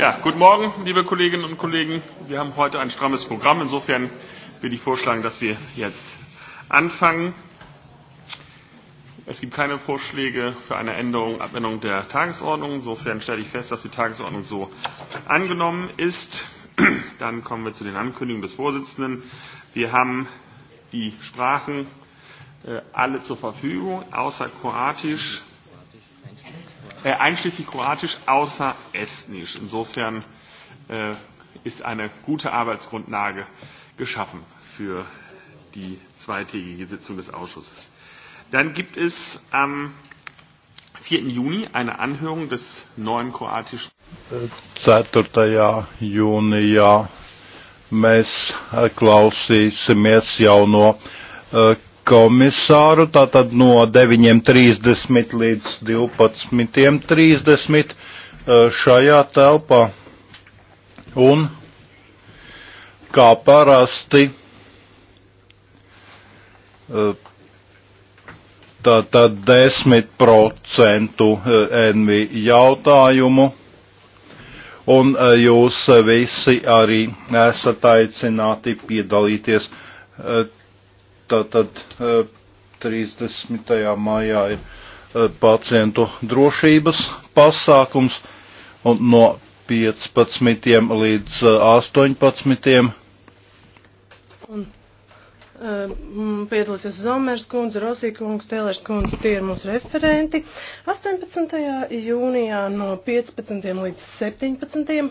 Ja, guten Morgen, liebe Kolleginnen und Kollegen. Wir haben heute ein strammes Programm. Insofern würde ich vorschlagen, dass wir jetzt anfangen. Es gibt keine Vorschläge für eine Änderung, Abänderung der Tagesordnung. Insofern stelle ich fest, dass die Tagesordnung so angenommen ist. Dann kommen wir zu den Ankündigungen des Vorsitzenden. Wir haben die Sprachen äh, alle zur Verfügung, außer Kroatisch, äh, einschließlich Kroatisch, außer Estnisch. Insofern äh, ist eine gute Arbeitsgrundlage geschaffen für die zweitägige Sitzung des Ausschusses. Dann gibt es am 4. Juni eine Anhörung des neuen kroatischen. 4. jūnijā mēs äh, klausīsimies jauno äh, komisāru, tātad no 9.30 līdz 12.30 e, šajā telpā. Un kā parasti, tātad 10% NV jautājumu. Un e, jūs visi arī esat aicināti piedalīties e, Tātad 30. maijā ir pacientu drošības pasākums un no 15. līdz 18. Un piedalīsies Zomers kundze, Rosija kungs, Tēlers kundze, tie ir mūsu referenti. 18. jūnijā no 15. līdz 17.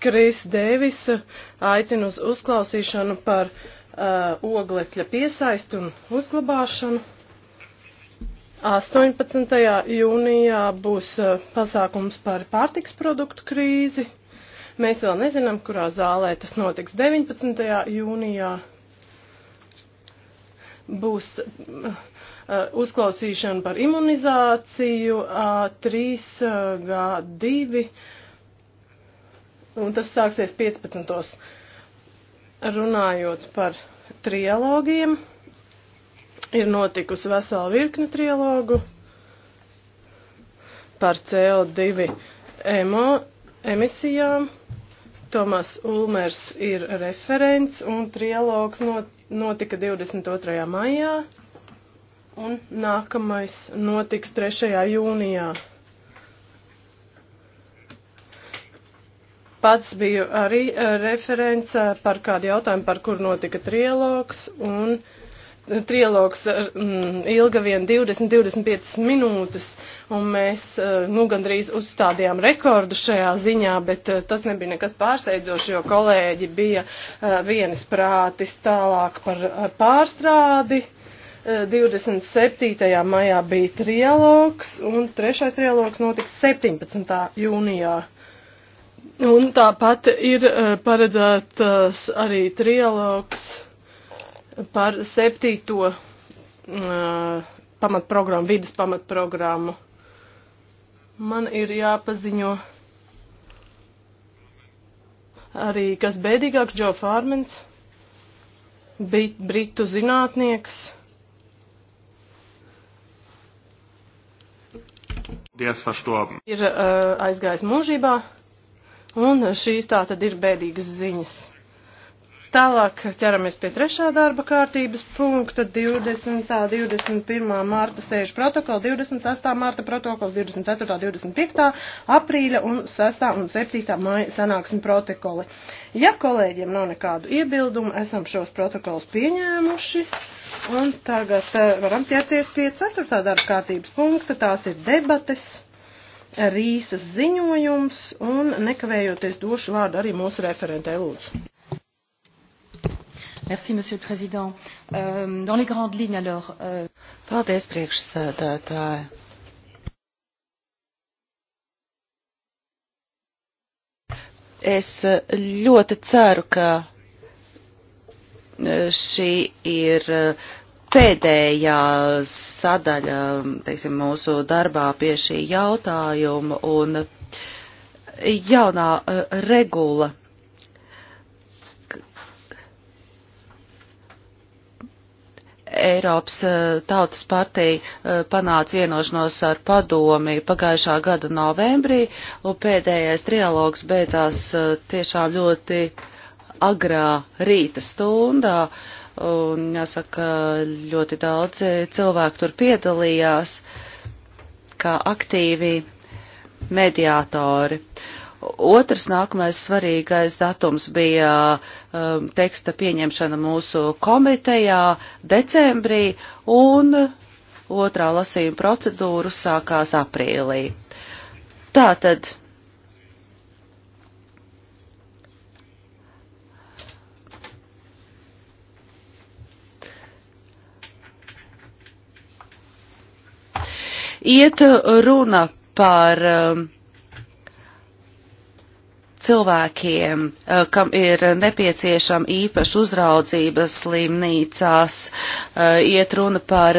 Kris Dēvis aicina uz uzklausīšanu par uh, oglekļa piesaistu un uzglabāšanu. 18. jūnijā būs uh, pasākums par pārtiks produktu krīzi. Mēs vēl nezinām, kurā zālē tas notiks. 19. jūnijā būs uh, uzklausīšana par imunizāciju, uh, 3G2. Uh, un tas sāksies 15. Runājot par trilogiem, ir notikusi vesela virkne trilogu par CO2 emo, emisijām. Tomas Ulmers ir referents un trilogs not, notika 22. maijā un nākamais notiks 3. jūnijā. pats biju arī e, referents e, par kādu jautājumu, par kur notika trialogs, un trialogs e, ilga vien 20-25 minūtes, un mēs, nu, gandrīz uzstādījām rekordu šajā ziņā, bet tas nebija nekas pārsteidzošs, jo kolēģi bija vienas prātis tālāk par pārstrādi. 27. maijā bija trialogs, un trešais trialogs notiks 17. jūnijā. Un tāpat ir e, paredzētas arī trialogs par septīto uh, pamatprogrammu, vidas pamatprogrammu. Man ir jāpaziņo arī, kas bēdīgāks, Džo Fārmens, britu zinātnieks. Ir uh, aizgājis mūžībā. Un šīs tā tad ir bēdīgas ziņas. Tālāk ķeramies pie trešā darba kārtības punkta 20. 21. mārta sēžu protokola, 28. mārta protokola, 24. 25. aprīļa un 6. un 7. māja sanāksim protokoli. Ja kolēģiem nav nekādu iebildumu, esam šos protokolus pieņēmuši. Un tagad eh, varam ķerties pie 4. darba kārtības punkta, tās ir debates Rīsas ziņojums un nekavējoties došu vārdu arī mūsu referentē lūdzu. Merci, Monsieur le Président. Euh, dans les grandes lignes, alors. Euh... Paldies, priekšsēdētāji. Es eh, ļoti ceru, ka eh, šī ir eh, pēdējā sadaļa, teiksim, mūsu darbā pie šī jautājuma un jaunā eh, regula. Eiropas eh, Tautas partija eh, panāca vienošanos ar padomi pagājušā gada novembrī, un pēdējais trialogs beidzās tiešām ļoti agrā rīta stundā. Uh, un jāsaka, ļoti daudz cilvēku tur piedalījās kā aktīvi mediātori. Otrs nākamais svarīgais datums bija um, teksta pieņemšana mūsu komitejā decembrī un otrā lasījuma procedūra sākās aprīlī. Tātad iet uh, runa par um, cilvēkiem, uh, kam ir nepieciešama īpaša uzraudzība slimnīcās, uh, iet runa par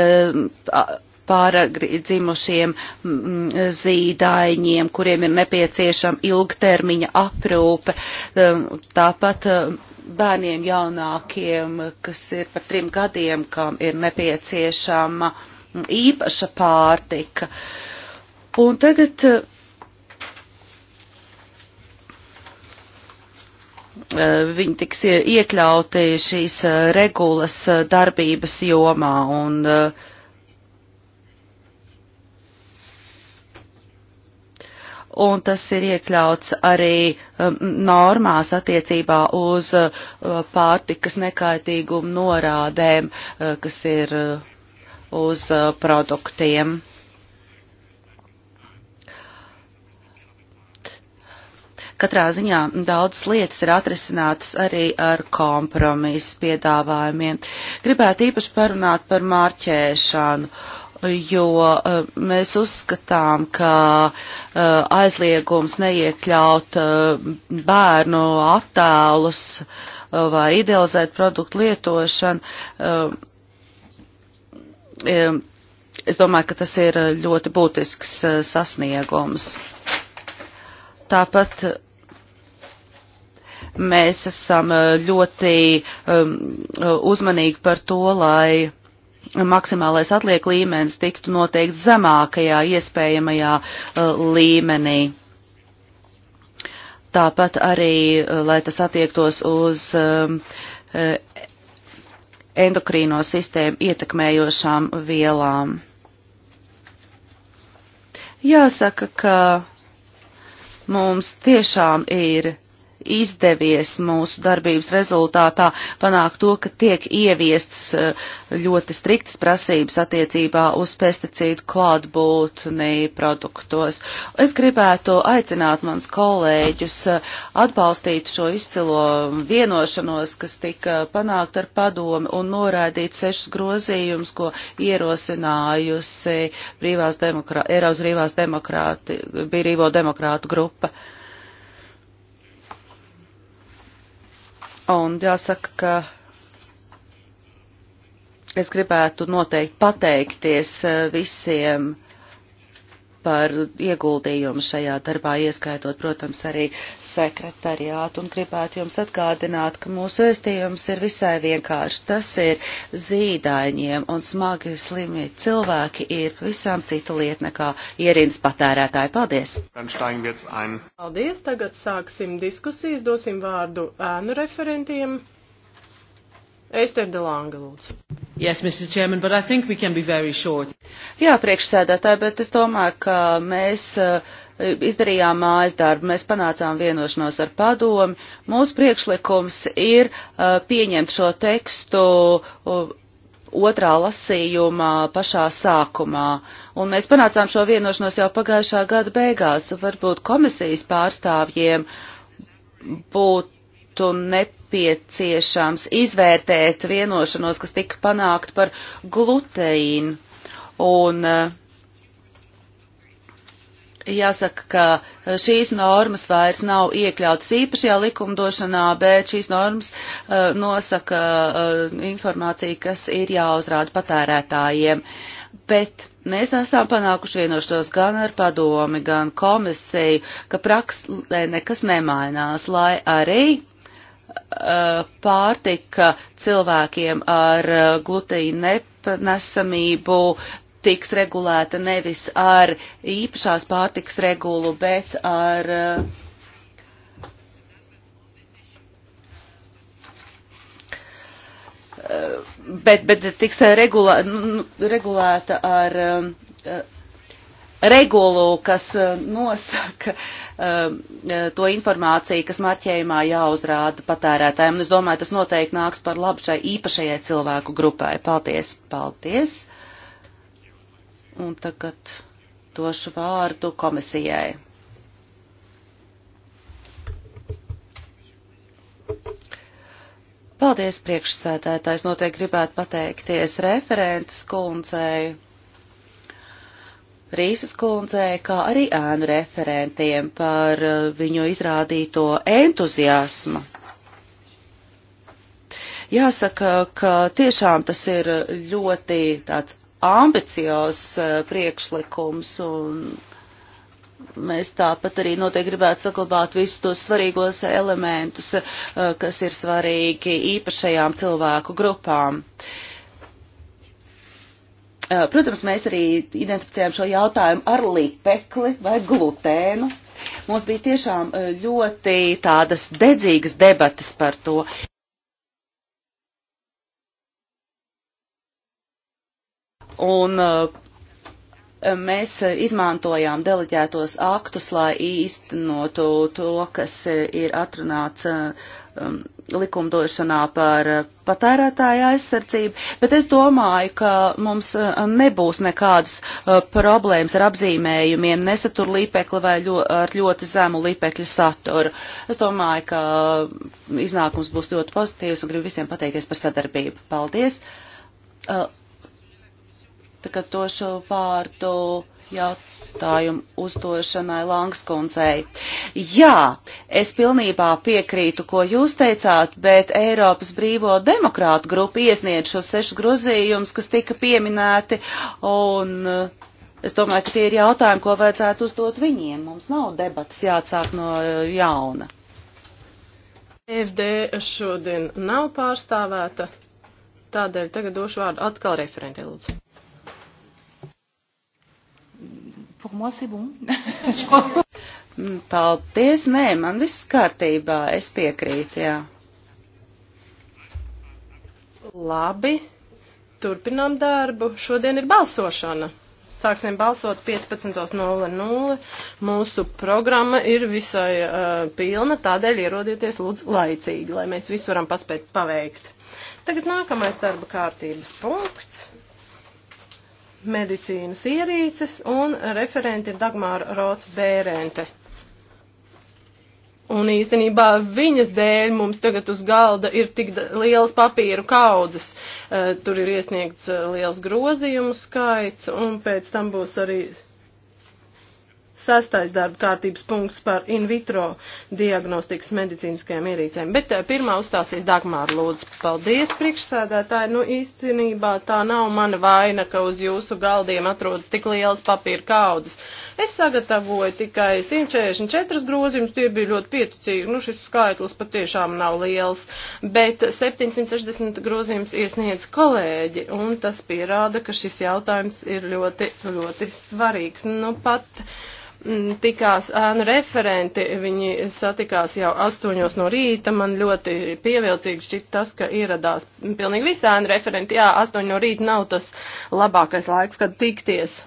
pāragri dzimušiem zīdaiņiem, kuriem ir nepieciešama ilgtermiņa aprūpe, um, tāpat bērniem jaunākiem, kas ir par trim gadiem, kam ir nepieciešama uh, īpaša pārtika. Un tagad eh, viņi tiks iekļauti šīs eh, regulas eh, darbības jomā. Un, un tas ir iekļauts arī normās attiecībā uz pārtikas nekaitīgumu norādēm, kas ir uz uh, produktiem. Katrā ziņā daudzas lietas ir atrisinātas arī ar kompromisu piedāvājumiem. Gribētu īpaši parunāt par mārķēšanu, jo uh, mēs uzskatām, ka uh, aizliegums neiekļaut bērnu attēlus vai idealizēt produktu lietošanu es domāju, ka tas ir eh, ļoti būtisks eh, sasniegums. Tāpat eh, mēs esam ļoti uzmanīgi par to, lai maksimālais atliek līmenis tiktu noteikts zemākajā iespējamajā līmenī. Tāpat arī, lai tas attiektos uz endokrīno sistēmu ietekmējošām vielām. Jāsaka, ka mums tiešām ir izdevies mūsu darbības rezultātā panākt to, ka tiek ieviestas eh, ļoti striktas prasības attiecībā uz pesticīdu klātbūtni produktos. Es gribētu aicināt mans kolēģus eh, atbalstīt šo izcilo vienošanos, kas tika panākt ar padomi un noraidīt sešas grozījumus, ko ierosinājusi brīvās demokrā, Eiropas brīvās demokrāti, brīvo demokrātu grupa. Uh, Un jāsaka, ka es gribētu noteikti pateikties eh, visiem par ieguldījumu šajā darbā, ieskaitot, protams, arī sekretariātu. Un gribētu jums atgādināt, ka mūsu vēstījums ir visai vienkārši. Tas ir zīdaiņiem un smagi slimi cilvēki ir visām cita lieta nekā ierīnas patērētāji. Paldies! Paldies! Tagad sāksim diskusijas, dosim vārdu ēnu referentiem. Ester de Lange, lūdzu. Yes, Mr. Chairman, but I think we can be very short. Jā, priekšsēdētāji, bet es domāju, ka mēs eh, izdarījām mājas darbu, mēs panācām vienošanos ar padomi. Mūsu priekšlikums ir eh, pieņemt šo tekstu eh, otrā lasījumā pašā sākumā. Un mēs panācām šo vienošanos jau pagājušā gada beigās. Varbūt komisijas pārstāvjiem būtu būtu ne, nepieciešams izvērtēt vienošanos, kas tika panākt par gluteīnu. Un eh, jāsaka, ka šīs normas vairs nav iekļautas īpašajā likumdošanā, bet šīs normas uh, nosaka uh, informāciju, kas ir jāuzrāda patērētājiem. Bet mēs esam panākuši vienošanos gan ar padomi, gan komisiju, ka praksē nekas nemainās, lai arī pārtika cilvēkiem ar uh, gluteīnu nepanesamību tiks regulēta nevis ar īpašās pārtikas regulu, bet ar uh, bet, bet tiks uh, regulā, regulēta ar regulu, kas nosaka uh, Um, to informāciju, kas marķējumā jāuzrāda patērētājiem. Un es domāju, tas noteikti nāks par labu šai īpašajai cilvēku grupai. Paldies! Paldies! Un tagad došu vārdu komisijai. Paldies, priekšsēdētājs. Noteikti gribētu pateikties referentes kundzei Rīsas kundzei, kā arī ēnu referentiem par uh, viņu izrādīto entuziasmu. Jāsaka, ka tiešām tas ir ļoti tāds ambiciozs uh, priekšlikums un mēs tāpat arī noteikti gribētu saglabāt visus tos svarīgos elementus, uh, kas ir svarīgi īpašajām cilvēku grupām. Uh, Eh, protams, mēs arī identificējām šo jautājumu ar lipekli vai glutēnu. Mums bija tiešām eh, ļoti tādas dedzīgas debatas par to. Un eh, mēs izmantojām deleģētos aktus, lai īstenotu to, kas ir atrunāts um, likumdošanā par uh, patērētāju aizsardzību, bet es domāju, ka mums uh, nebūs nekādas uh, problēmas ar apzīmējumiem, nesatur līpekli vai ļo, ar ļoti zemu līpekļu saturu. Es domāju, ka iznākums būs ļoti pozitīvs un gribu visiem pateikties par sadarbību. Paldies! Tagad došu vārdu jautājumu jautājumu uzdošanai Langskundzei. Jā, es pilnībā piekrītu, ko jūs teicāt, bet Eiropas brīvo demokrātu grupa iesniedz šos sešus grozījumus, kas tika pieminēti, un uh, es domāju, ka tie ir jautājumi, ko vajadzētu uzdot viņiem. Mums nav debatas jāatsāk no uh, jauna. FD šodien nav pārstāvēta, tādēļ tagad došu vārdu atkal referentē, lūdzu. Pour moi, c'est bon. Mm, paldies, nē, man viss kārtībā, es piekrītu, jā. Labi, turpinām darbu. Šodien ir balsošana. Sāksim balsot 15.00. Mūsu programma ir visai uh, pilna, tādēļ ierodieties lūdzu laicīgi, lai mēs visu varam paspēt paveikt. Tagad nākamais darba kārtības punkts medicīnas ierīces un referenti ir Dagmāra Rota Bērente. Un īstenībā viņas dēļ mums tagad uz galda ir tik liels papīru kaudzes. Eh, tur ir iesniegts eh, liels grozījumu skaits, un pēc tam būs arī Sastais darba kārtības punkts par in vitro diagnostikas medicīniskajām ierīcēm. Bet eh, pirmā uzstāsies Dagmāra Lūdzu. Paldies, priekšsēdētāji. Nu, īstenībā tā nav mana vaina, ka uz jūsu galdiem atrodas tik liels papīra kaudzes. Es sagatavoju tikai 144 grozījumus, tie bija ļoti pietucīgi. Nu, šis skaitlis patiešām nav liels, bet 760 grozījumus iesniedz kolēģi, un tas pierāda, ka šis jautājums ir ļoti, ļoti svarīgs. Nu, pat Mm, tikās ēnu referenti, viņi satikās jau astoņos no rīta, man ļoti pievilcīgi šķiet tas, ka ieradās pilnīgi visi ēnu referenti, jā, astoņi no rīta nav tas labākais laiks, kad tikties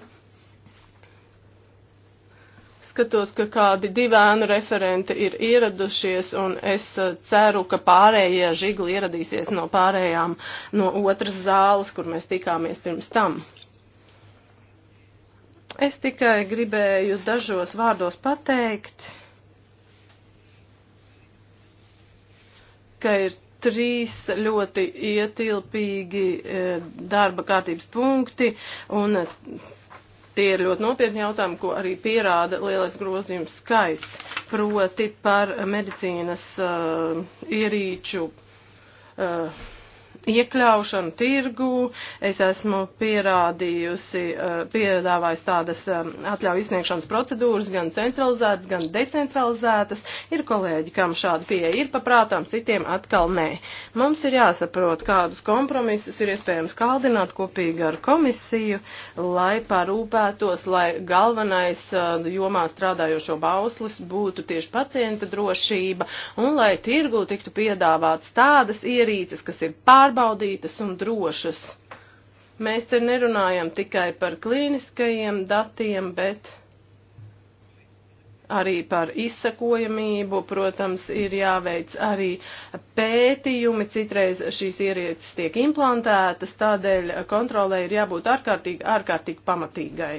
skatos, ka kādi divi ēnu referenti ir ieradušies, un es uh, ceru, ka pārējie žigli ieradīsies no pārējām, no otras zāles, kur mēs tikāmies pirms tam. Es tikai gribēju dažos vārdos pateikt, ka ir trīs ļoti ietilpīgi e, darba kārtības punkti, un tie ir ļoti nopietni jautājumi, ko arī pierāda lielais grozījums skaits, proti par medicīnas uh, ierīču. Uh, iekļaušanu tirgū. Es esmu pierādījusi, eh, piedāvājusi tādas eh, atļauju izsniegšanas procedūras, gan centralizētas, gan decentralizētas. Ir kolēģi, kam šāda pieeja ir paprātām, citiem atkal nē. Mums ir jāsaprot, kādus kompromisus ir iespējams kaldināt kopīgi ar komisiju, lai parūpētos, lai galvenais eh, jomā strādājošo bauslis būtu tieši pacienta drošība un lai tirgū tiktu piedāvāts tādas ierīces, kas ir pār pārbaudītas un drošas. Mēs te nerunājam tikai par klīniskajiem datiem, bet arī par izsakojamību, protams, ir jāveic arī pētījumi, citreiz šīs ierieces tiek implantētas, tādēļ kontrolē ir jābūt ārkārtīgi, ārkārtīgi pamatīgai.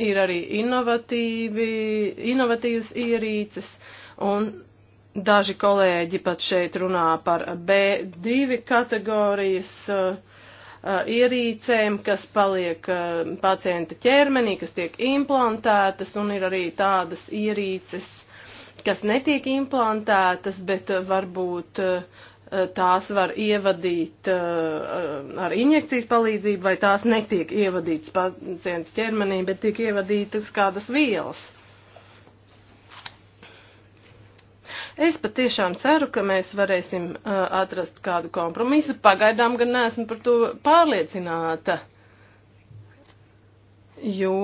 Ir arī inovatīvi, inovatīvas ierīces, un Daži kolēģi pat šeit runā par B2 kategorijas uh, uh, ierīcēm, kas paliek uh, pacienta ķermenī, kas tiek implantētas, un ir arī tādas ierīces, kas netiek implantētas, bet varbūt tās var ievadīt ar injekcijas palīdzību, vai tās netiek ievadītas pacienta ķermenī, bet tiek ievadītas kādas vielas. Es patiešām ceru, ka mēs varēsim uh, atrast kādu kompromisu. Pagaidām gan neesmu par to pārliecināta, jo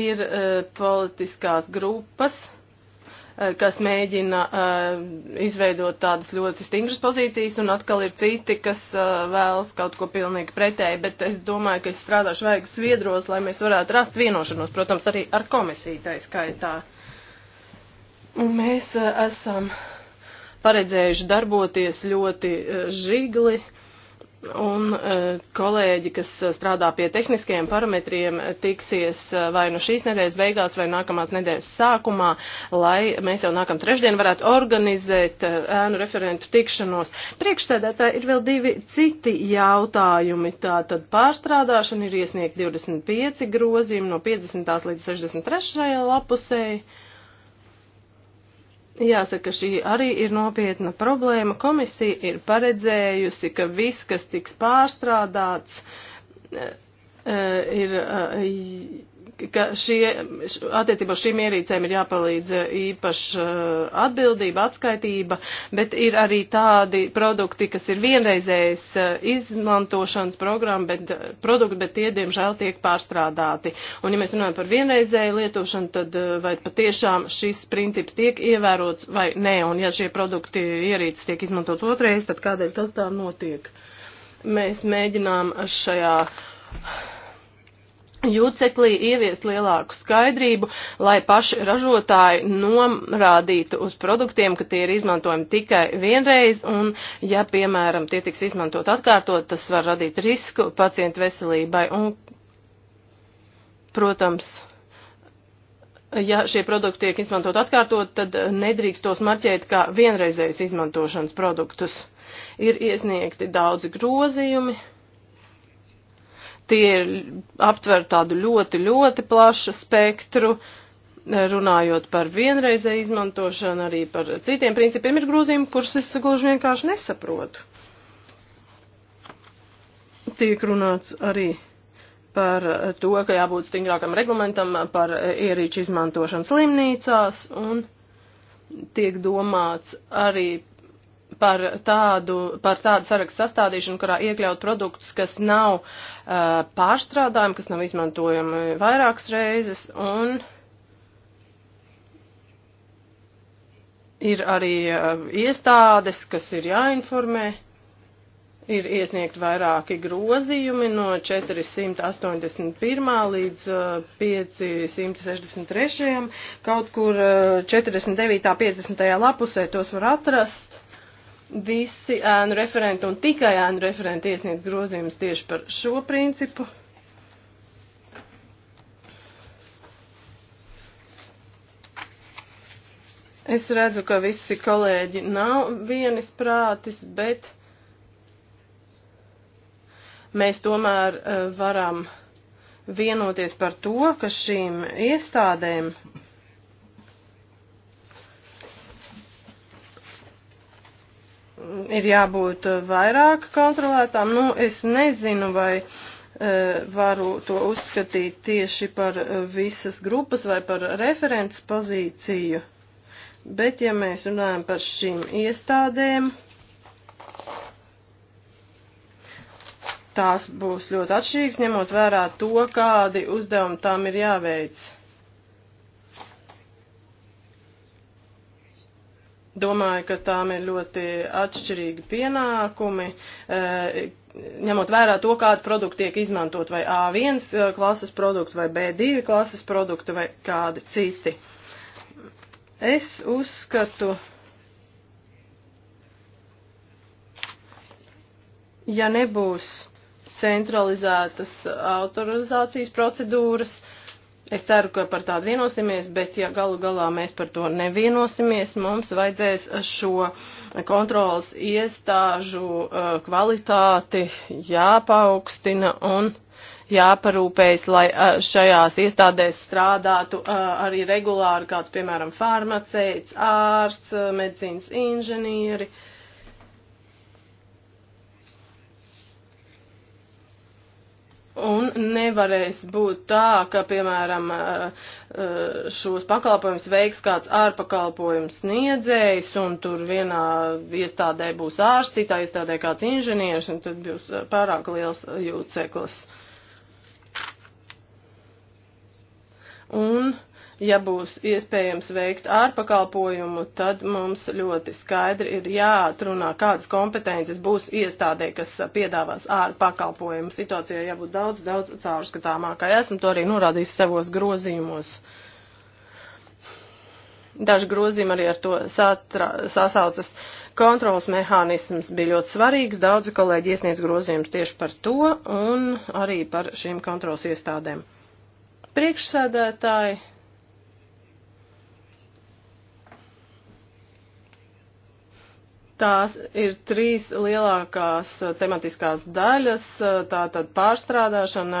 ir uh, politiskās grupas, uh, kas mēģina uh, izveidot tādas ļoti stingras pozīcijas, un atkal ir citi, kas uh, vēlas kaut ko pilnīgi pretēji, bet es domāju, ka es strādāšu vajag sviedros, lai mēs varētu rast vienošanos, protams, arī ar komisiju tā skaitā. Uh, Un mēs eh, esam paredzējuši darboties ļoti eh, žigli. Un eh, kolēģi, kas strādā pie tehniskajiem parametriem, tiksies vai nu šīs nedēļas beigās, vai nākamās nedēļas sākumā, lai mēs jau nākam trešdien varētu organizēt ēnu referentu tikšanos. Priekšsēdētā ir vēl divi citi jautājumi. Tātad pārstrādāšana ir iesniegt 25 grozījumi no 50. līdz 63. lapusēji. Jāsaka, šī arī ir nopietna problēma. Komisija ir paredzējusi, ka viss, kas tiks pārstrādāts, eh, eh, ir eh, ka šie, attiecībā šīm ierīcēm ir jāpalīdz eh, īpaša eh, atbildība, atskaitība, bet ir arī tādi produkti, kas ir vienreizējas eh, izmantošanas programma, bet produkti, bet tie, diemžēl, tiek pārstrādāti. Un, ja mēs runājam par vienreizēju lietošanu, tad vai patiešām šis princips tiek ievērots vai nē, un ja šie produkti ierīces tiek izmantots otrais, tad kādēļ tas tā notiek? Mēs mēģinām šajā juceklī ieviest lielāku skaidrību, lai paši ražotāji norādītu uz produktiem, ka tie ir izmantojami tikai vienreiz, un ja, piemēram, tie tiks izmantot atkārtot, tas var radīt risku pacientu veselībai. Un, protams, ja šie produkti tiek izmantot atkārtot, tad nedrīkst tos marķēt kā vienreizējas izmantošanas produktus. Ir iesniegti daudzi grozījumi tie aptver tādu ļoti, ļoti plašu spektru, runājot par vienreizēju izmantošanu, arī par citiem principiem ir grūzījumi, kurus es gluži vienkārši nesaprotu. Tiek runāts arī par to, ka jābūt stingrākam reglamentam par ierīču izmantošanu slimnīcās un tiek domāts arī par tādu, par tādu sarakstu sastādīšanu, kurā iekļaut produktus, kas nav uh, pārstrādājumi, kas nav izmantojami vairākas reizes, un ir arī uh, iestādes, kas ir jāinformē. Ir iesniegt vairāki grozījumi no 481. līdz uh, 563. Kaut kur uh, 49. 50. lapusē tos var atrast visi ēnu referenti un tikai ēnu referenti iesniedz grozījumus tieši par šo principu. Es redzu, ka visi kolēģi nav vienis prātis, bet mēs tomēr eh, varam vienoties par to, ka šīm iestādēm ir jābūt eh, vairāk kontrolētām. Nu, es nezinu, vai eh, varu to uzskatīt tieši par eh, visas grupas vai par referents pozīciju. Bet, ja mēs runājam par šīm iestādēm, tās būs ļoti atšķirīgas, ņemot vērā to, kādi uzdevumi tām ir jāveic. Domāju, ka tām ir ļoti atšķirīgi pienākumi, eh, ņemot vērā to, kādu produktu tiek izmantot, vai A1 eh, klases produktu, vai B2 klases produktu, vai kādi citi. Es uzskatu, ja nebūs centralizētas autorizācijas procedūras, uh, Es ceru, ka par tādu vienosimies, bet ja galu galā mēs par to nevienosimies, mums vajadzēs šo kontrolas iestāžu uh, kvalitāti jāpaukstina un jāparūpējas, lai uh, šajās iestādēs strādātu uh, arī regulāri kāds, piemēram, farmaceits, ārsts, medicīnas inženieri. Uh, Un nevarēs būt tā, ka, piemēram, eh, eh, šos pakalpojumus veiks kāds ārpakalpojums sniedzējs, un tur vienā iestādē būs ārsts, citā iestādē kāds inženieris, un tad būs eh, pārāk liels jūceklis. Un ja būs iespējams veikt ārpakalpojumu, tad mums ļoti skaidri ir jāatrunā, kādas kompetences būs iestādē, kas piedāvās ārpakalpojumu. Situācijai jābūt daudz, daudz caurskatāmākai. Esmu to arī norādījis savos grozījumos. Daži grozījumi arī ar to satra, sasaucas. Kontrols mehānisms bija ļoti svarīgs, daudzi kolēģi iesniedz grozījumus tieši par to un arī par šīm kontrols iestādēm. Priekšsēdētāji Tās ir trīs lielākās eh, tematiskās daļas eh, - tātad pārstrādāšana,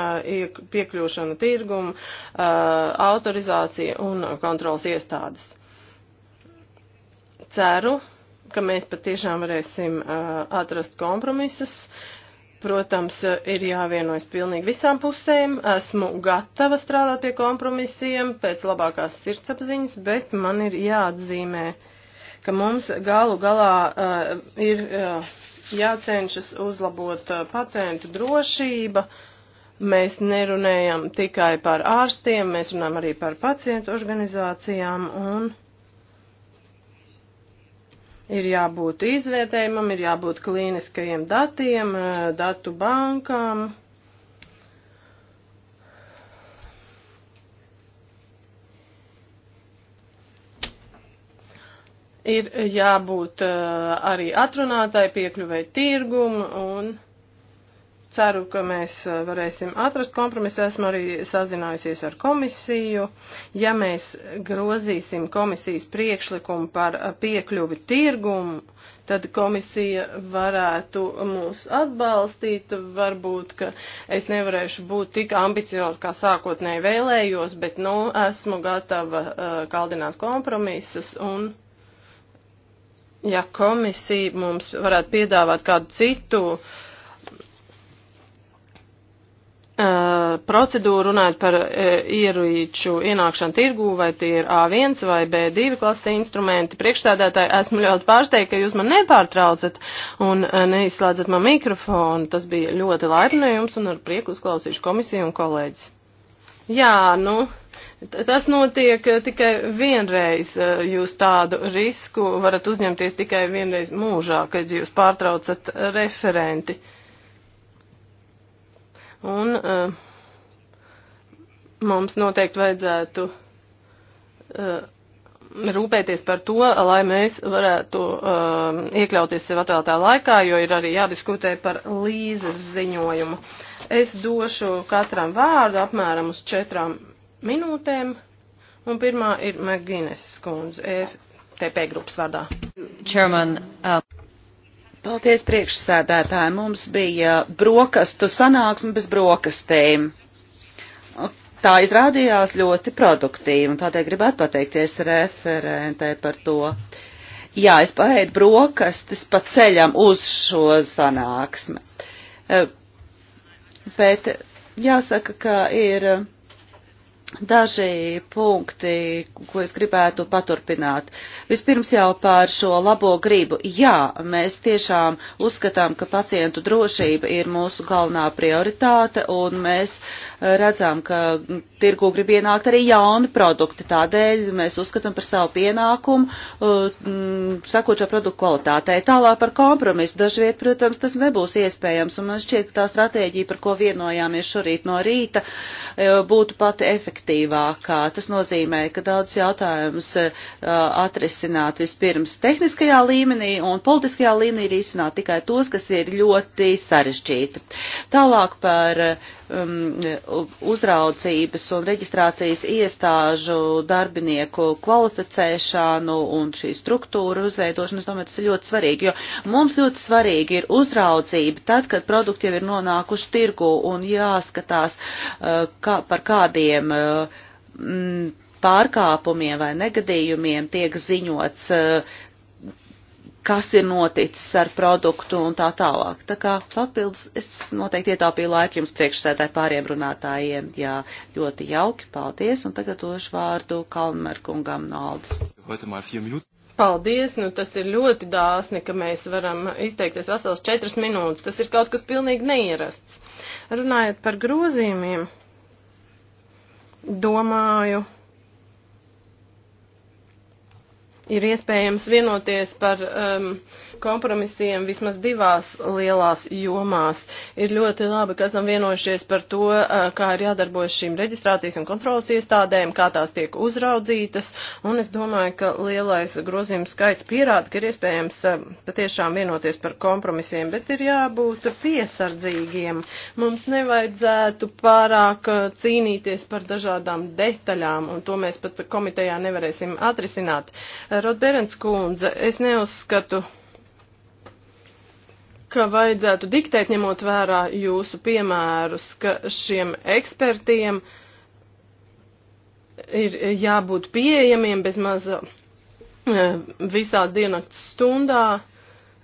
piekļūšana tirgumu, eh, autorizācija un kontrols iestādes. Ceru, ka mēs patiešām varēsim atrast kompromisus. Protams, ir jāvienojas pilnīgi visām pusēm. Esmu gatava strādāt pie kompromisiem pēc labākās sirdsapziņas, bet man ir jāatzīmē ka mums galu galā uh, ir uh, jācenšas uzlabot uh, pacientu drošība. Mēs nerunējam tikai par ārstiem, mēs runājam arī par pacientu organizācijām un ir jābūt izvērtējumam, ir jābūt klīniskajiem datiem, uh, datu bankām. Ir jābūt eh, arī atrunātai piekļuvai tirgumu un ceru, ka mēs eh, varēsim atrast kompromisu. Esmu arī sazinājusies ar komisiju. Ja mēs grozīsim komisijas priekšlikumu par eh, piekļuvi tirgumu, tad komisija varētu mūs atbalstīt. Varbūt, ka es nevarēšu būt tik ambiciozs, kā sākotnēji vēlējos, bet, nu, esmu gatava uh, kaldināt kompromisus un ja komisija mums varētu piedāvāt kādu citu uh, procedūru runājot par uh, ierīču ienākšanu tirgū, vai tie ir A1 vai B2 klases instrumenti. Priekšstādātāji esmu ļoti pārsteigta, ka jūs man nepārtraucat un uh, neizslēdzat man mikrofonu. Tas bija ļoti laipni no jums un ar prieku uzklausīšu komisiju un kolēģis. Jā, nu. Tas notiek eh, tikai vienreiz. Eh, jūs tādu risku varat uzņemties tikai vienreiz mūžā, kad jūs pārtraucat referenti. Un uh, mums noteikti vajadzētu uh, rūpēties par to, lai mēs varētu uh, iekļauties sev atvēlētā laikā, jo ir arī jādiskutē par līzes ziņojumu. Es došu katram vārdu apmēram uz četrām minūtēm, un pirmā ir Magīnes skundze, FTP e grupas vārdā. Chairman, um... Paldies priekšsēdētāji, mums bija brokastu sanāksme bez brokastēm. Tā izrādījās ļoti produktīva, un tādēļ gribētu pateikties referentē par to. Jā, es paēdu brokastis pa ceļam uz šo sanāksmi. Uh, bet jāsaka, ka ir daži punkti, ko es gribētu paturpināt. Vispirms jau par šo labo gribu. Jā, mēs tiešām uzskatām, ka pacientu drošība ir mūsu galvenā prioritāte, un mēs eh, redzam, ka tirgu grib ienākt arī jauni produkti. Tādēļ mēs uzskatām par savu pienākumu eh, sakot šo produktu kvalitātei. Tālāk par kompromisu. Dažviet, protams, tas nebūs iespējams, un man šķiet, ka tā stratēģija, par ko vienojāmies šorīt no rīta, eh, būtu pati efektīva efektīvākā. Tas nozīmē, ka daudz jautājumus eh, atrisināt vispirms tehniskajā līmenī un politiskajā līmenī risināt tikai tos, kas ir ļoti sarežģīti. Tālāk par uh, um, uzraudzības un reģistrācijas iestāžu darbinieku kvalificēšanu un šī struktūra uzveidošanu, es domāju, tas ir ļoti svarīgi, jo mums ļoti svarīgi ir uzraudzība tad, kad produkti jau ir nonākuši tirgu un jāskatās uh, kā, par kādiem uh, m, pārkāpumiem vai negadījumiem tiek ziņots uh, kas ir noticis ar produktu un tā tālāk. Tā kā papildus es noteikti ietaupīju laiku jums priekšsētāji pāriem runātājiem. Jā, ļoti jauki, paldies, un tagad došu vārdu Kalmerkungam no Aldas. Paldies, nu tas ir ļoti dāsni, ka mēs varam izteikties vesels četras minūtes. Tas ir kaut kas pilnīgi neierasts. Runājot par grozījumiem, domāju, ir iespējams vienoties par um, kompromisiem vismaz divās lielās jomās. Ir ļoti labi, ka esam vienojušies par to, eh, kā ir jādarbojas šīm reģistrācijas un kontrolas iestādēm, kā tās tiek uzraudzītas, un es domāju, ka lielais grozījums skaits pierāda, ka ir iespējams eh, patiešām vienoties par kompromisiem, bet ir jābūt piesardzīgiem. Mums nevajadzētu pārāk eh, cīnīties par dažādām detaļām, un to mēs pat komitejā nevarēsim atrisināt. Rodberens kundze, es neuzskatu, ka vajadzētu diktēt, ņemot vērā jūsu piemērus, ka šiem ekspertiem ir jābūt pieejamiem bez maza eh, visās dienakts stundā,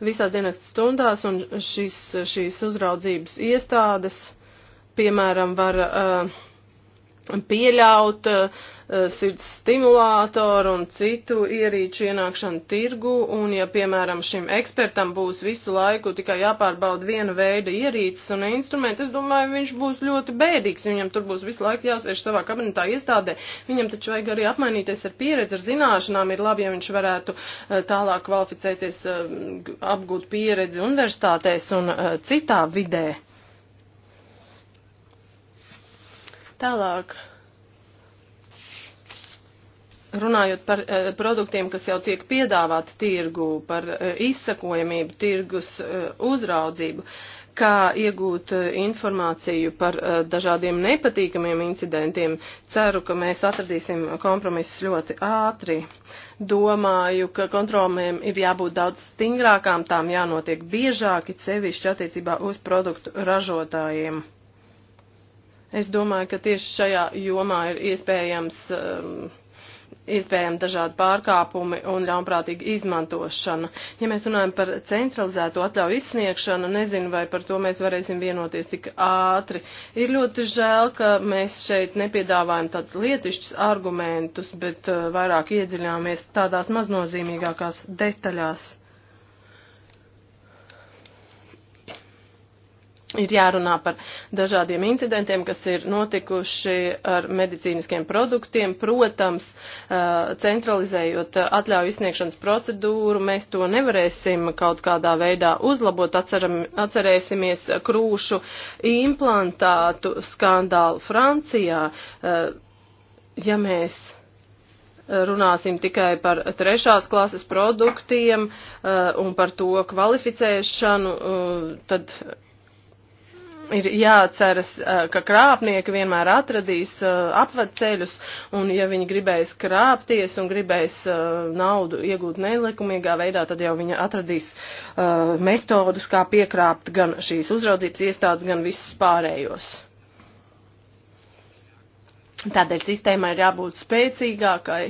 visās dienakts stundās, un šis, šīs uzraudzības iestādes, piemēram, var uh, pieļaut uh, sirds stimulātoru un citu ierīču ienākšanu tirgu, un ja, piemēram, šim ekspertam būs visu laiku tikai jāpārbauda viena veida ierīces un instrumenti, es domāju, viņš būs ļoti bēdīgs, viņam tur būs visu laiku jāsēž savā kabinetā iestādē, viņam taču vajag arī apmainīties ar pieredzi, ar zināšanām, ir labi, ja viņš varētu uh, tālāk kvalificēties, uh, apgūt pieredzi universitātēs un citā vidē. Tālāk. Runājot par e, produktiem, kas jau tiek piedāvāti tirgu, par e, izsakojamību, tirgus e, uzraudzību, kā iegūt informāciju par dažādiem nepatīkamiem incidentiem. Ceru, ka mēs atradīsim kompromisus ļoti ātri. Domāju, ka kontrolēm ir jābūt daudz stingrākām, tām jānotiek biežāk, it sevišķi attiecībā uz produktu ražotājiem. Es domāju, ka tieši šajā jomā ir iespējams, um, iespējami dažādi pārkāpumi un ļaunprātīga izmantošana. Ja mēs runājam par centralizēto atļauju izsniegšanu, nezinu, vai par to mēs varēsim vienoties tik ātri. Ir ļoti žēl, ka mēs šeit nepiedāvājam tādus lietišķus argumentus, bet uh, vairāk iedziļāmies tādās maznozīmīgākās detaļās. ir jārunā par dažādiem incidentiem, kas ir notikuši ar medicīniskiem produktiem. Protams, centralizējot atļauju izsniegšanas procedūru, mēs to nevarēsim kaut kādā veidā uzlabot. Atceram, atcerēsimies krūšu implantātu skandālu Francijā. Ja mēs runāsim tikai par trešās klases produktiem un par to kvalificēšanu, tad ir jāatceras, ka krāpnieki vienmēr atradīs apvedceļus, un ja viņi gribēs krāpties un gribēs naudu iegūt nelikumīgā veidā, tad jau viņi atradīs metodus, kā piekrāpt gan šīs uzraudzības iestādes, gan visus pārējos. Tādēļ sistēmai ir jābūt spēcīgākai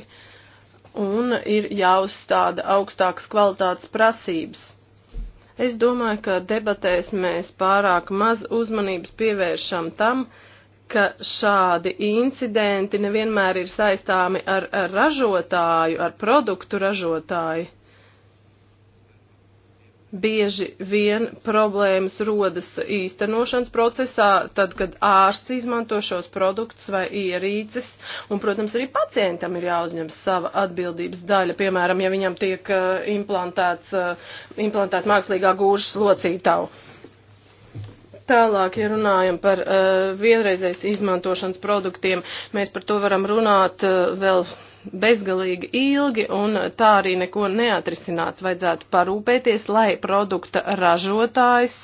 un ir jāuzstāda augstākas kvalitātes prasības. Es domāju, ka debatēs mēs pārāk maz uzmanības pievēršam tam, ka šādi incidenti nevienmēr ir saistāmi ar, ar ražotāju, ar produktu ražotāju bieži vien problēmas rodas īstenošanas procesā, tad, kad ārsts izmanto šos produktus vai ierīces, un, protams, arī pacientam ir jāuzņem sava atbildības daļa, piemēram, ja viņam tiek eh, implantēts, eh, implantēt mākslīgā gūžas locītavu. Tālāk, ja runājam par uh, vienreizējas izmantošanas produktiem, mēs par to varam runāt uh, vēl bezgalīgi ilgi un tā arī neko neatrisināt. Vajadzētu parūpēties, lai produkta ražotājs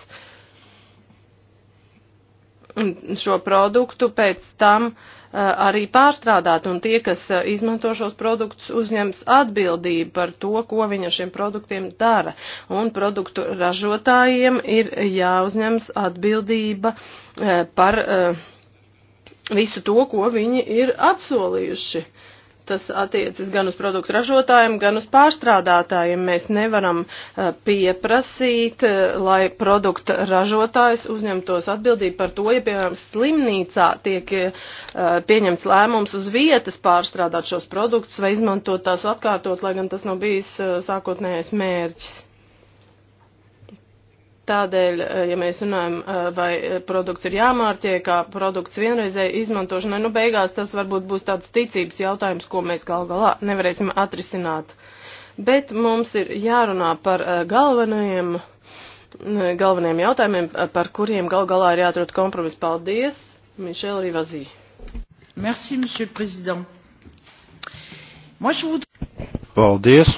šo produktu pēc tam eh, arī pārstrādāt un tie, kas eh, izmanto šos produktus, uzņems atbildību par to, ko viņi ar šiem produktiem dara. Un produktu ražotājiem ir jāuzņems atbildība eh, par visu to, ko viņi ir atsolījuši. Uh, Tas attiecas gan uz produktu ražotājiem, gan uz pārstrādātājiem. Mēs nevaram eh, pieprasīt, eh, lai produktu ražotājs uzņemtos atbildību par to, ja, piemēram, slimnīcā tiek eh, pieņemts lēmums uz vietas pārstrādāt šos produktus vai izmantot tās atkārtot, lai gan tas nav bijis sākotnējais mērķis. Tādēļ, eh, ja mēs runājam, eh, vai eh, produkts ir jāmārķē, kā produkts vienreizē izmantošanai, nu beigās tas varbūt būs tāds ticības jautājums, ko mēs gal galā nevarēsim atrisināt. Bet mums ir jārunā par galvenajiem, galvenajiem jautājumiem, par kuriem gal galā ir jāatrod kompromis. Paldies, Mišela Rivazī. Merci, monsieur le président. Moi, je voudrais... Paldies.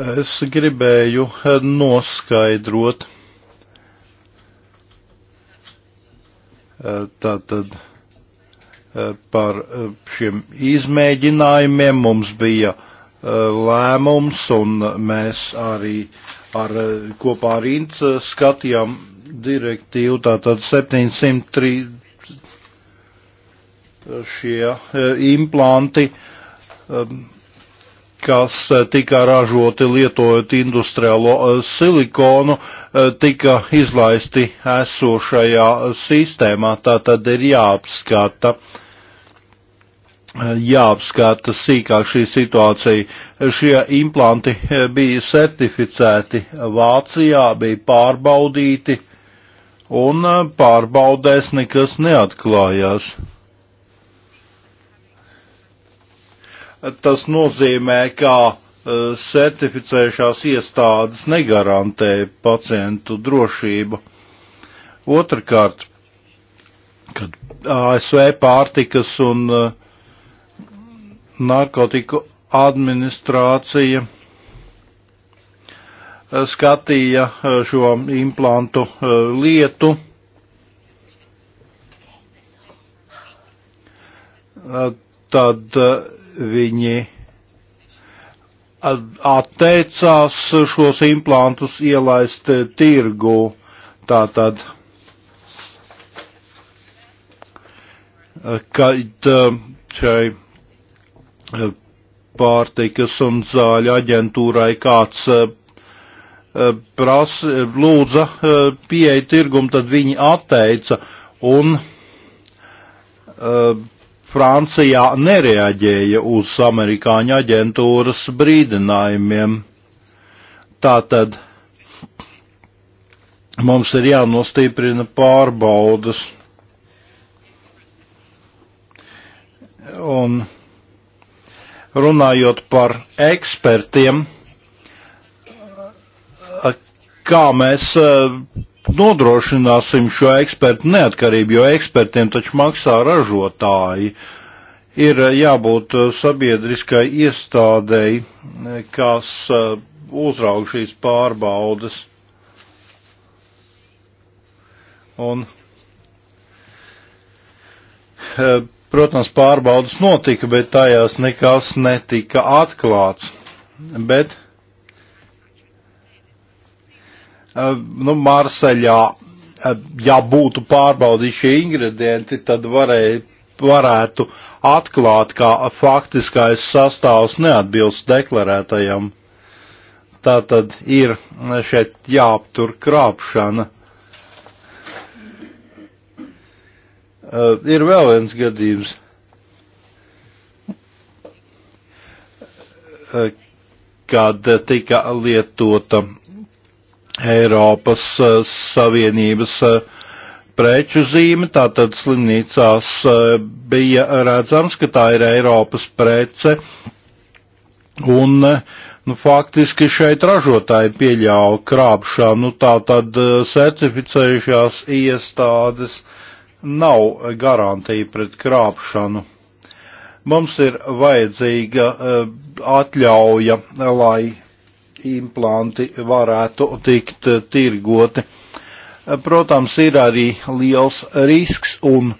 Es gribēju noskaidrot. Tātad par šiem izmēģinājumiem mums bija e, lēmums un mēs arī ar, kopā ar Ints skatījām direktīvu, tātad 703 šie e, implanti. Um, kas eh, tika ražoti lietojot industriālo eh, silikonu, eh, tika izlaisti esošajā sistēmā. Tā tad ir jāapskata, jāapskata sīkāk šī situācija. Šie implanti bija certificēti Vācijā, bija pārbaudīti, un pārbaudēs nekas neatklājās. Tas nozīmē, ka e, certificējušās iestādes negarantē pacientu drošību. Otrakārt, kad ASV pārtikas un e, narkotiku administrācija e, skatīja šo implantu lietu, tad viņi atteicās šos implantus ielaist tirgu. Tātad, kad šai e, pārtikas un zāļu aģentūrai kāds e, e, pras, lūdza pieeja tirgumu, tad viņi atteica un Francijā nereaģēja uz amerikāņu aģentūras brīdinājumiem. Tātad mums ir jānostiprina pārbaudas. Un runājot par ekspertiem, kā mēs eh, nodrošināsim šo ekspertu neatkarību, jo ekspertiem taču maksā ražotāji. Ir eh, jābūt eh, sabiedriskai iestādēji, eh, kas uzraug šīs pārbaudas. Un, protams, pārbaudas notika, bet tajās nekas netika atklāts. Bet Eh, nu, Marseļā, eh, ja būtu pārbaudīti šie ingredienti, tad varēja, varētu atklāt, ka faktiskais sastāvs neatbilst deklarētajam. Tā tad ir šeit jāaptur krāpšana. Eh, ir vēl viens gadījums. kad tika lietota Eiropas eh, Savienības eh, preču zīme, tātad slimnīcās eh, bija redzams, ka tā ir Eiropas prece, un nu, faktiski šeit ražotāji pieļāva krāpšanu, tātad certificējušās iestādes nav garantija pret krāpšanu. Mums ir vajadzīga atļauja, lai implanti varētu tikt tirgoti. Protams, ir arī liels risks un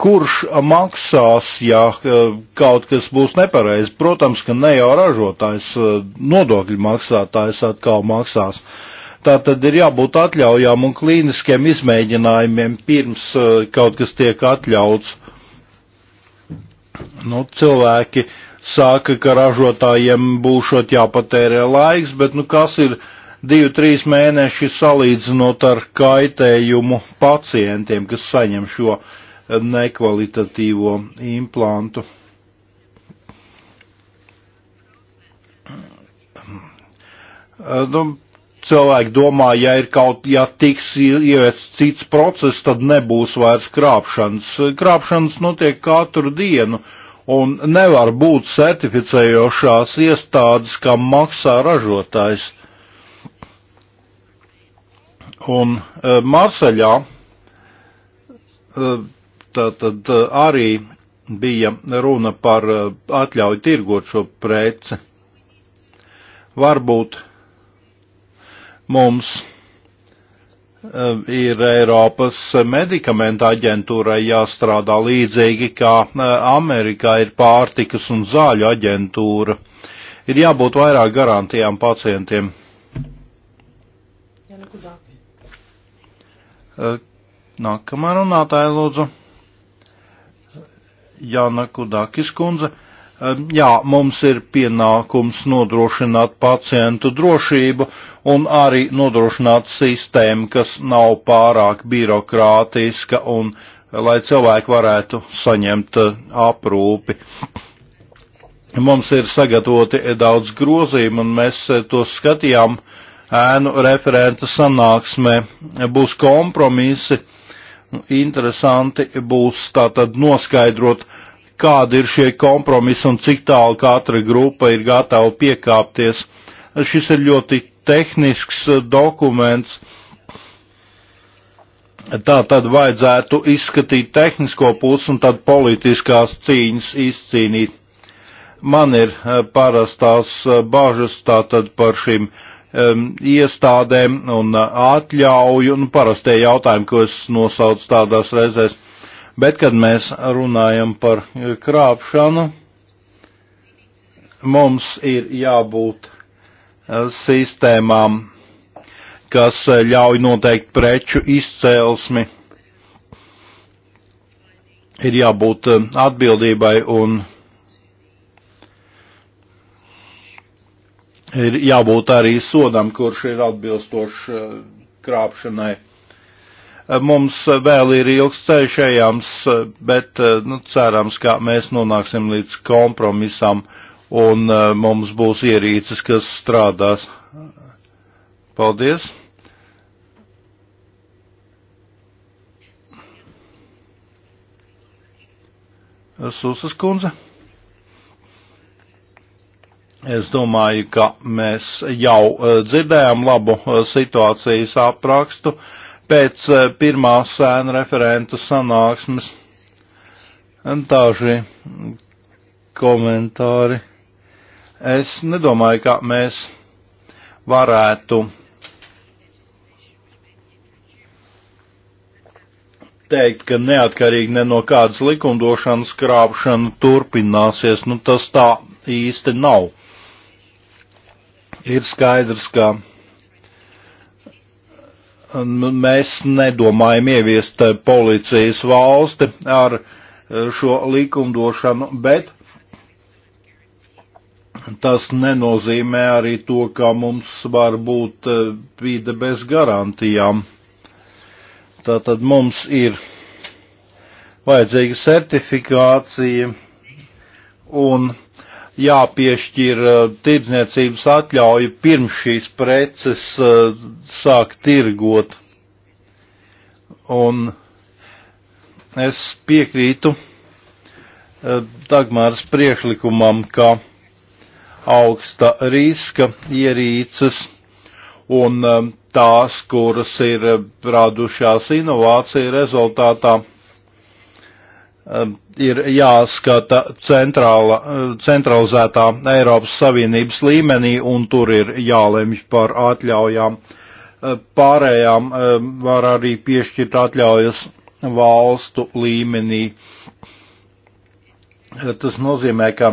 kurš maksās, ja e, kaut kas būs nepareizi. Protams, ka ne jau ražotājs, e, nodokļu maksātājs atkal maksās. Tā tad ir jābūt atļaujām un klīniskiem izmēģinājumiem pirms e, kaut kas tiek atļauts. Nu, cilvēki uh, saka, ka ražotājiem būšot jāpatērē laiks, bet nu kas ir divi, trīs mēneši salīdzinot ar kaitējumu pacientiem, kas saņem šo nekvalitatīvo implantu. Nu, cilvēki domā, ja ir kaut, ja tiks ievests cits process, tad nebūs vairs krāpšanas. Krāpšanas notiek katru dienu. Uh, un nevar būt certificējošās iestādes, kam maksā ražotājs. Un e, Marseļā e, tātad e, arī bija runa par atļauju tirgot šo preci. Varbūt mums Eh, ir Eiropas medikamenta aģentūrai jāstrādā līdzīgi, kā eh, Amerikā ir pārtikas un zāļu aģentūra. Ir jābūt vairāk garantijām pacientiem. Eh, nākamā runātāja lūdzu. Jāna Kudakis kundze. Jā, mums ir pienākums nodrošināt pacientu drošību un arī nodrošināt sistēmu, kas nav pārāk birokrātiska un lai cilvēki varētu saņemt eh, aprūpi. Mums ir sagatavoti daudz grozījumu un mēs eh, tos skatījām ēnu referenta sanāksmē. Būs kompromisi, interesanti būs tātad noskaidrot, kādi ir šie kompromisi un cik tālu katra grupa ir gatava piekāpties. Šis ir ļoti tehnisks eh, dokuments. Tā tad vajadzētu izskatīt tehnisko pusi un tad politiskās cīņas izcīnīt. Man ir eh, parastās eh, bažas tātad par šīm um, iestādēm un atļauju un parastie jautājumi, ko es nosaucu tādās reizēs. Bet, kad mēs runājam par krāpšanu, mums ir jābūt Eh, sistēmām, kas eh, ļauj noteikt preču izcēlesmi. Ir jābūt eh, atbildībai un ir jābūt arī sodam, kurš ir atbilstošs krāpšanai. Mums vēl ir ilgs ceļš ejams, bet nu, cerams, ka mēs nonāksim līdz kompromisam un uh, mums būs ierīces, kas strādās. Paldies! Susas kundze. Es domāju, ka mēs jau uh, dzirdējām labu uh, situācijas aprakstu pēc pirmās sēna referentu sanāksmes. Daži komentāri. Es nedomāju, ka mēs varētu teikt, ka neatkarīgi ne no kādas likumdošanas krāpšana turpināsies, nu tas tā īsti nav. Ir skaidrs, ka nu, mēs nedomājam ieviest policijas valsti ar eh, šo likumdošanu, bet tas nenozīmē arī to, ka mums var būt eh, vide bez garantijām. Tātad mums ir vajadzīga certifikācija un jāpiešķir eh, tirdzniecības atļauja pirms šīs preces eh, sāk tirgot. Un es piekrītu Dagmāras priekšlikumam, ka augsta riska ierīces un um, tās, kuras ir uh, radušās inovācija rezultātā, um, ir jāskata centrāla, uh, centralizētā Eiropas Savienības līmenī un tur ir jālemj par atļaujām. Uh, pārējām um, var arī piešķirt atļaujas valstu līmenī. Tas nozīmē, ka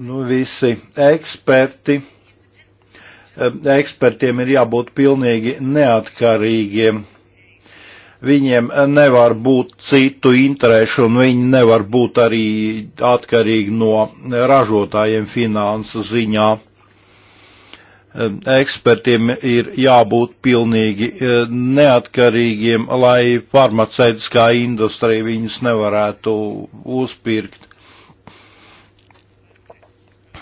nu, visi eksperti. Ekspertiem ir jābūt pilnīgi neatkarīgiem. Viņiem nevar būt citu interešu, un viņi nevar būt arī atkarīgi no ražotājiem finansu ziņā. Ekspertiem ir jābūt pilnīgi neatkarīgiem, lai farmaceitiskā industrija viņus nevarētu uzpirkt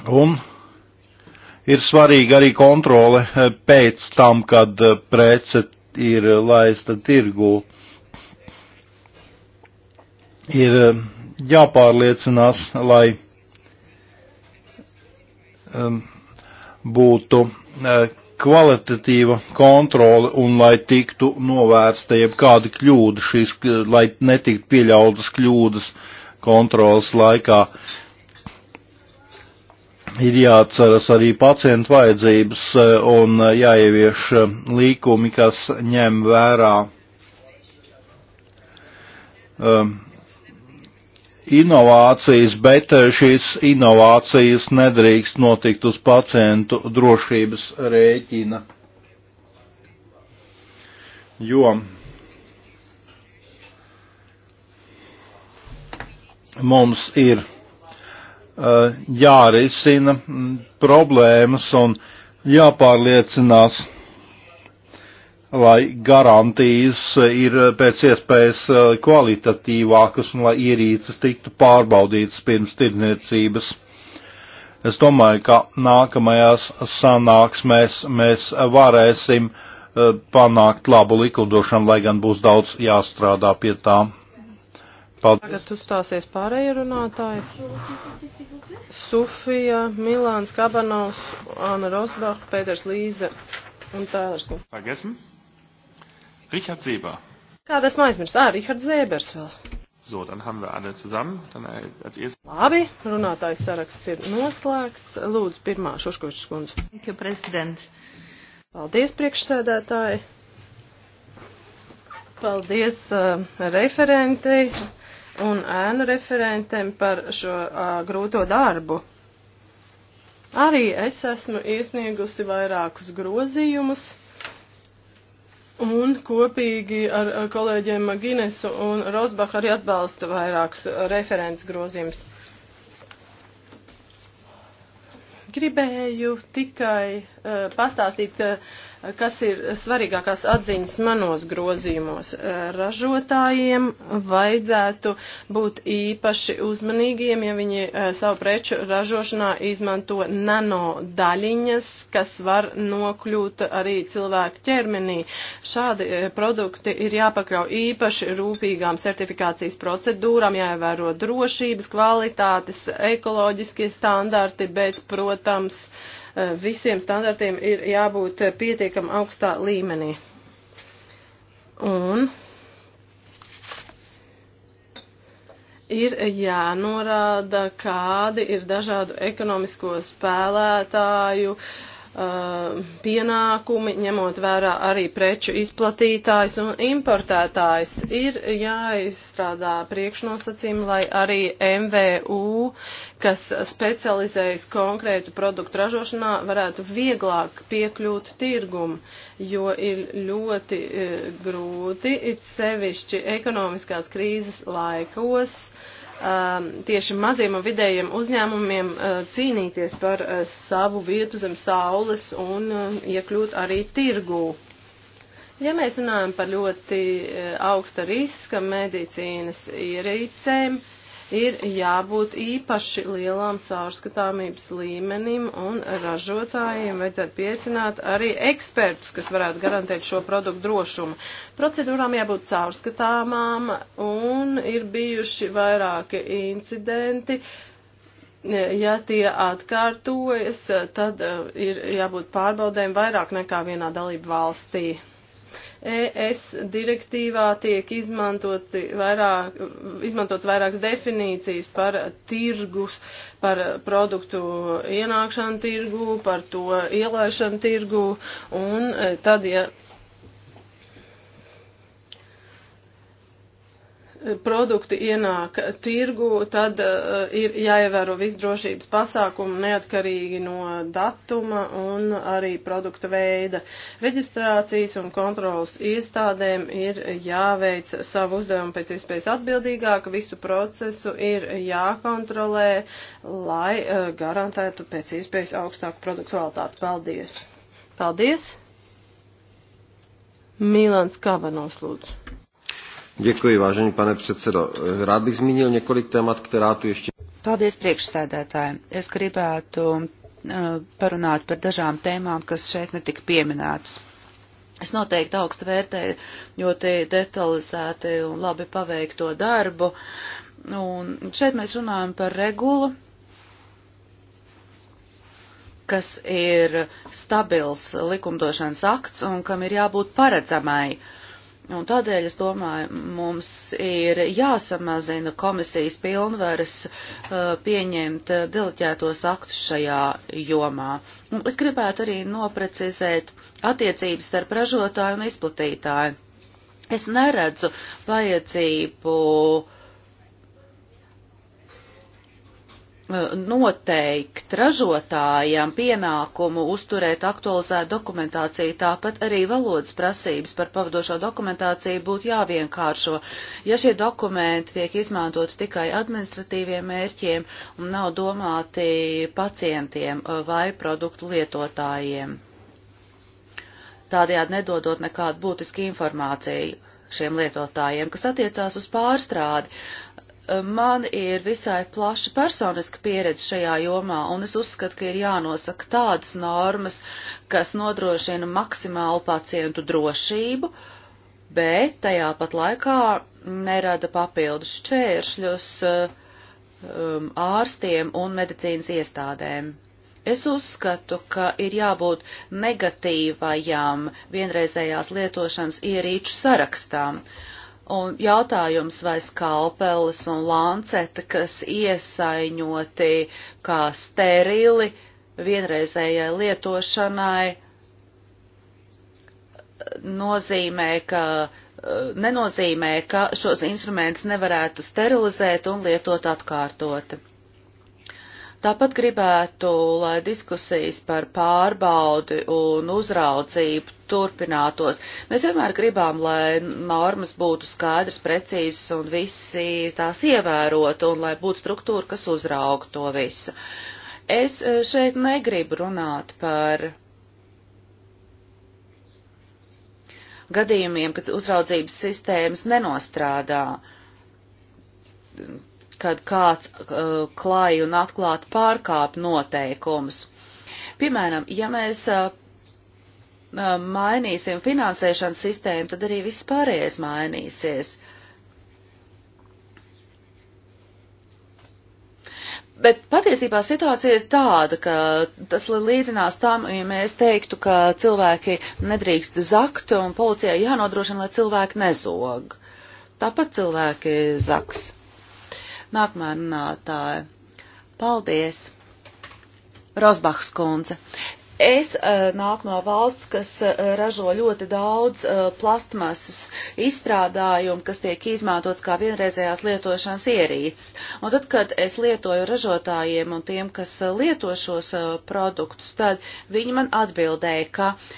Un ir svarīga arī kontrole eh, pēc tam, kad eh, prece ir laista tirgū. Ir eh, jāpārliecinās, lai um, būtu uh, kvalitatīva kontrole un lai tiktu novērsta jebkāda kļūda, šīs, lai netiktu pieļautas kļūdas kontrolas laikā. Uh, ir jāatceras arī pacientu vajadzības e, un e, jāievieš e, līkumi, kas ņem vērā inovācijas, bet šīs inovācijas nedrīkst notikt uz pacientu drošības rēķina. Jo mums ir Eh, jārisina mm, problēmas un jāpārliecinās, lai garantijas ir pēc iespējas eh, kvalitatīvākas un lai ierīces tiktu pārbaudītas pirms tirniecības. Es domāju, ka nākamajās sanāksmēs mēs varēsim eh, panākt labu likumdošanu, lai gan būs daudz jāstrādā pie tām. Paldies. Tagad uzstāsies pārējie runātāji. Sufija, Milāns Kabanovs, Anna Rosbach, Pēters Līze un Tēlers. Pagaisam. Richard Zēber. Kā tas aizmirst? Ā, Richard Zēbers vēl. So, dann haben wir alle zusammen. Dann äh, als erst... Labi, runātājs saraksts ir noslēgts. Lūdzu, pirmā Šuškovičs kundze. Thank you, prezident. Paldies, priekšsēdētāji. Paldies uh, referentei un ēnu referentiem par šo uh, grūto darbu. Arī es esmu iesniegusi vairākus grozījumus. Un kopīgi ar, ar kolēģiem Maginesu un Rosbachu arī atbalstu vairākus referents grozījumus. Gribēju tikai uh, pastāstīt, uh, kas ir svarīgākās atziņas manos grozījumos. Ražotājiem vajadzētu būt īpaši uzmanīgiem, ja viņi eh, savu preču ražošanā izmanto nano daļiņas, kas var nokļūt arī cilvēku ķermenī. Šādi eh, produkti ir jāpakļau īpaši rūpīgām certifikācijas procedūrām, jāievēro drošības, kvalitātes, ekoloģiskie standarti, bet, protams, uh, visiem standartiem ir jābūt pietiekam augstā līmenī. Un ir jānorāda, kādi ir dažādu ekonomisko spēlētāju uh, uh, pienākumi, ņemot vērā arī preču izplatītājs un importētājs, ir jāizstrādā priekšnosacījumi, lai arī MVU, kas specializējas konkrētu produktu ražošanā, varētu vieglāk piekļūt tirgumu, jo ir ļoti uh, grūti, it sevišķi ekonomiskās krīzes laikos, Um, tieši maziem un vidējiem uzņēmumiem uh, cīnīties par uh, savu vietu zem saules un uh, iekļūt arī tirgū. Ja mēs runājam par ļoti augsta riska medicīnas ierīcēm, uh, ir jābūt īpaši lielam caurskatāmības līmenim un ražotājiem vajadzētu piecināt arī ekspertus, kas varētu garantēt šo produktu drošumu. Procedūrām jābūt caurskatāmām un ir bijuši vairāki incidenti. Ja tie atkārtojas, tad eh, ir jābūt pārbaudēm vairāk nekā vienā dalību valstī. ES direktīvā tiek vairāk, izmantots vairākas definīcijas par tirgus, par produktu ienākšanu tirgu, par to ielaišanu tirgu, un e, tad, ja produkti ienāk tirgu, tad uh, ir jāievēro visdrošības pasākumi neatkarīgi no datuma un arī produkta veida. Reģistrācijas un kontrolas iestādēm ir jāveic savu uzdevumu pēc iespējas atbildīgāk, visu procesu ir jākontrolē, lai uh, garantētu pēc iespējas augstāku produktu kvalitāti. Paldies! Paldies! Mīlāns Kavanos lūdzu. Děkuji, vážený pane předsedo. Rád bych zmínil několik témat, která tu ještě. Paldies, priekšsēdētāji. Es gribētu eh, parunāt par dažām tēmām, kas šeit netika pieminētas. Es noteikti augstu vērtēju ļoti detalizēti un labi paveikto darbu. Un šeit mēs runājam par regulu, kas ir stabils likumdošanas akts un kam ir jābūt paredzamai. Uh, Un tādēļ es domāju, mums ir jāsamazina komisijas pilnvaras uh, pieņemt uh, deleģētos aktus šajā jomā. Un es gribētu arī noprecizēt attiecības starp ražotāju un izplatītāju. Es neredzu vajadzību uh, noteikt ražotājiem pienākumu uzturēt aktualizētu dokumentāciju, tāpat arī valodas prasības par pavadošo dokumentāciju būtu jāvienkāršo. Ja šie dokumenti tiek izmantoti tikai administratīviem mērķiem un nav domāti pacientiem eh, vai produktu lietotājiem, tādējādi nedodot nekādu būtisku informāciju šiem lietotājiem, kas attiecās uz pārstrādi. Uh, man ir visai plaša personiska pieredze šajā jomā, un es uzskatu, ka ir jānosaka tādas normas, kas nodrošina maksimālu pacientu drošību, bet tajā pat laikā nerada papildus šķēršļus um, ārstiem un medicīnas iestādēm. Es uzskatu, ka ir jābūt negatīvajām vienreizējās lietošanas ierīču sarakstām. Uh, Un jautājums, vai skalpelis un lanceta, kas iesaiņoti kā sterili vienreizējai lietošanai, nozīmē, ka eh, nenozīmē, ka šos instrumentus nevarētu sterilizēt un lietot atkārtoti. Tāpat gribētu, lai diskusijas par pārbaudi un uzraudzību turpinātos. Mēs vienmēr gribām, lai normas būtu skaidrs, precīzes un visi tās ievērotu un lai būtu struktūra, kas uzraug to visu. Es e, šeit negribu runāt par gadījumiem, kad uzraudzības sistēmas nenostrādā, kad kāds uh, klāj un atklāt pārkāp noteikumus. Piemēram, ja mēs uh, Uh, mainīsim finansēšanas sistēmu, tad arī viss pārējais mainīsies. Bet patiesībā situācija ir tāda, ka tas līdzinās tam, ja mēs teiktu, ka cilvēki nedrīkst zakt un policijai jānodrošina, lai cilvēki nezog. Tāpat cilvēki zaks. Nākamā runātāja. Paldies! Rosbachs kundze. Es uh, eh, nāku no valsts, kas uh, ražo ļoti daudz uh, plastmasas izstrādājumu, kas tiek izmantots kā vienreizējās lietošanas ierīces. Un tad, kad es lietoju ražotājiem un tiem, kas lieto šos produktus, tad viņi man atbildēja, ka uh,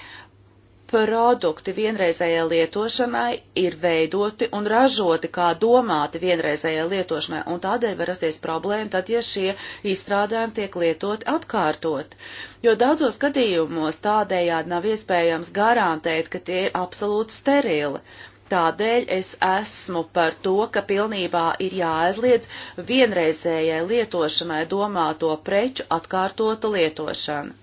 produkti vienreizējai lietošanai ir veidoti un ražoti kā domāti vienreizējai lietošanai, un tādēļ var rasties problēma, tad, ja šie izstrādājumi tiek lietoti atkārtot. Jo daudzos gadījumos tādējādi nav iespējams garantēt, ka tie ir absolūti sterili. Tādēļ es esmu par to, ka pilnībā ir jāaizliedz vienreizējai lietošanai domāto preču atkārtotu lietošanu.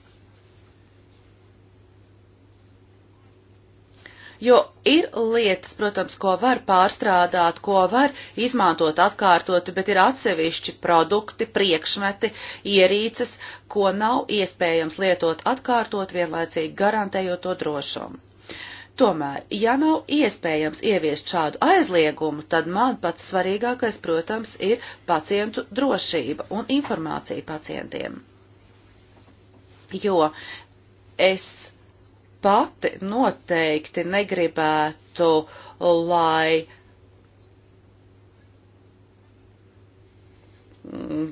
Jo ir lietas, protams, ko var pārstrādāt, ko var izmantot atkārtoti, bet ir atsevišķi produkti, priekšmeti, ierīces, ko nav iespējams lietot atkārtot, vienlaicīgi garantējot to drošumu. Tomēr, ja nav iespējams ieviest šādu aizliegumu, tad man pats svarīgākais, protams, ir pacientu drošība un informācija pacientiem. Jo es pati noteikti negribētu, lai mm,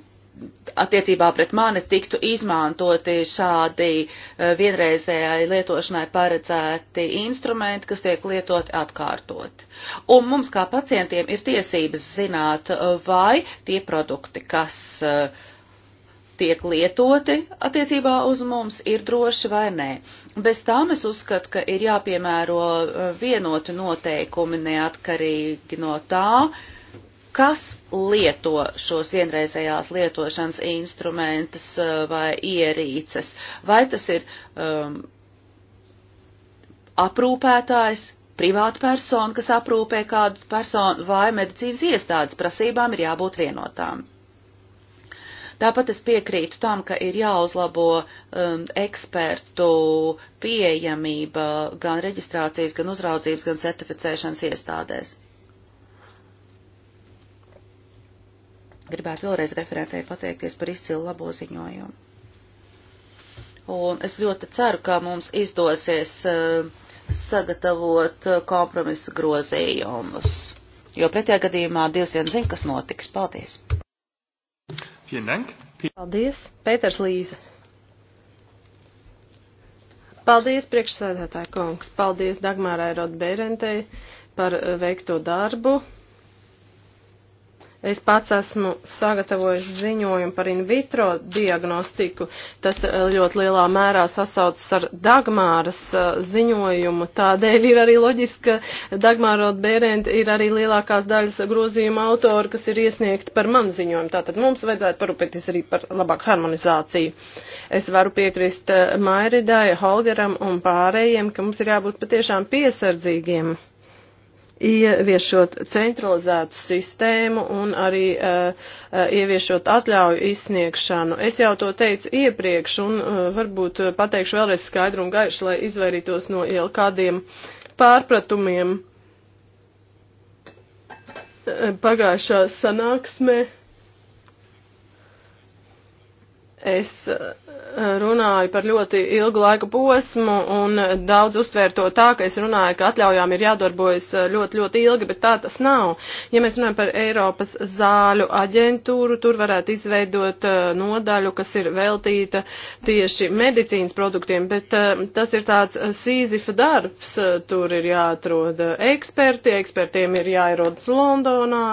attiecībā pret mani tiktu izmantoti šādi eh, vienreizējai lietošanai paredzēti instrumenti, kas tiek lietoti atkārtot. Un mums kā pacientiem ir tiesības zināt, eh, vai tie produkti, kas uh, tiek lietoti attiecībā uz mums, ir droši vai nē. Bez tām es uzskatu, ka ir jāpiemēro eh, vienoti noteikumi neatkarīgi no tā, kas lieto šos vienreizējās lietošanas instrumentus eh, vai ierīces. Vai tas ir um, aprūpētājs, privāta persona, kas aprūpē kādu personu, vai medicīnas iestādes prasībām ir jābūt vienotām. Tāpat es piekrītu tam, ka ir jāuzlabo um, ekspertu pieejamība gan reģistrācijas, gan uzraudzības, gan certificēšanas iestādēs. Gribētu vēlreiz referentēji pateikties par izcilu labo ziņojumu. Un es ļoti ceru, ka mums izdosies um, uh, sagatavot kompromisa grozījumus, jo pretējā gadījumā Dievs vien zina, kas notiks. Paldies! Paldies, Pēters Līze. Paldies, priekšsēdētāja kungs. Paldies Dagmārai Rotbērentei par veikto darbu. Es pats esmu sagatavojis ziņojumu par in vitro diagnostiku. Tas eh, ļoti lielā mērā sasaucas ar Dagmāras eh, ziņojumu. Tādēļ ir arī loģiski, ka Dagmāra Bērenta ir arī lielākās daļas grozījuma autori, kas ir iesniegti par manu ziņojumu. Tātad mums vajadzētu parūpēties arī par labāku harmonizāciju. Es varu piekrist eh, Mairidai, Holgeram un pārējiem, ka mums ir jābūt patiešām piesardzīgiem ieviešot centralizētu sistēmu un arī uh, ieviešot atļauju izsniegšanu. Es jau to teicu iepriekš un uh, varbūt pateikšu vēlreiz skaidru un gaišu, lai izvairītos no jau kādiem pārpratumiem pagājušā sanāksmē. Es uh, runāju par ļoti ilgu laika posmu un daudz uztvēru to tā, ka es runāju, ka atļaujām ir jādarbojas eh, ļoti, ļoti ilgi, bet tā tas nav. Ja mēs runājam par Eiropas zāļu aģentūru, tur varētu izveidot eh, nodaļu, kas ir veltīta tieši medicīnas produktiem, bet eh, tas ir tāds sīzifa darbs, tur ir jāatrod eksperti, ekspertiem ir jāierodas Londonā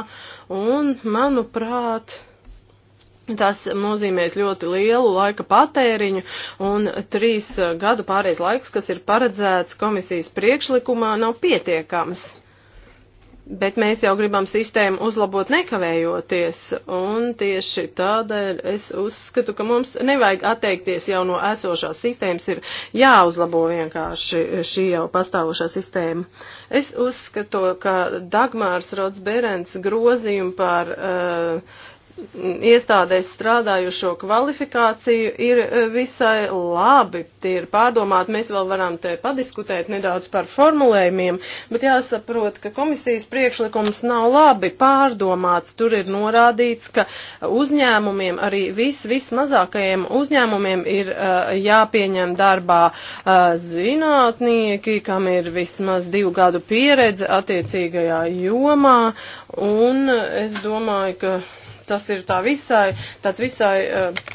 un, manuprāt, Tas nozīmēs ļoti lielu laika patēriņu un trīs eh, gadu pārējais laiks, kas ir paredzēts komisijas priekšlikumā, nav pietiekams. Bet mēs jau gribam sistēmu uzlabot nekavējoties, un tieši tādēļ es uzskatu, ka mums nevajag atteikties jau no esošās sistēmas, ir jāuzlabo vienkārši šī jau pastāvošā sistēma. Es uzskatu, ka Dagmārs Rods Berends grozījumi par uh, iestādēs strādājušo kvalifikāciju ir e, visai labi, tie ir pārdomāti, mēs vēl varam te padiskutēt nedaudz par formulējumiem, bet jāsaprot, ka komisijas priekšlikums nav labi pārdomāts, tur ir norādīts, ka uzņēmumiem, arī vis, vismazākajiem uzņēmumiem ir uh, jāpieņem darbā uh, zinātnieki, kam ir vismaz divu gadu pieredze attiecīgajā jomā, un es domāju, ka tas ir tā visai, tāds visai uh,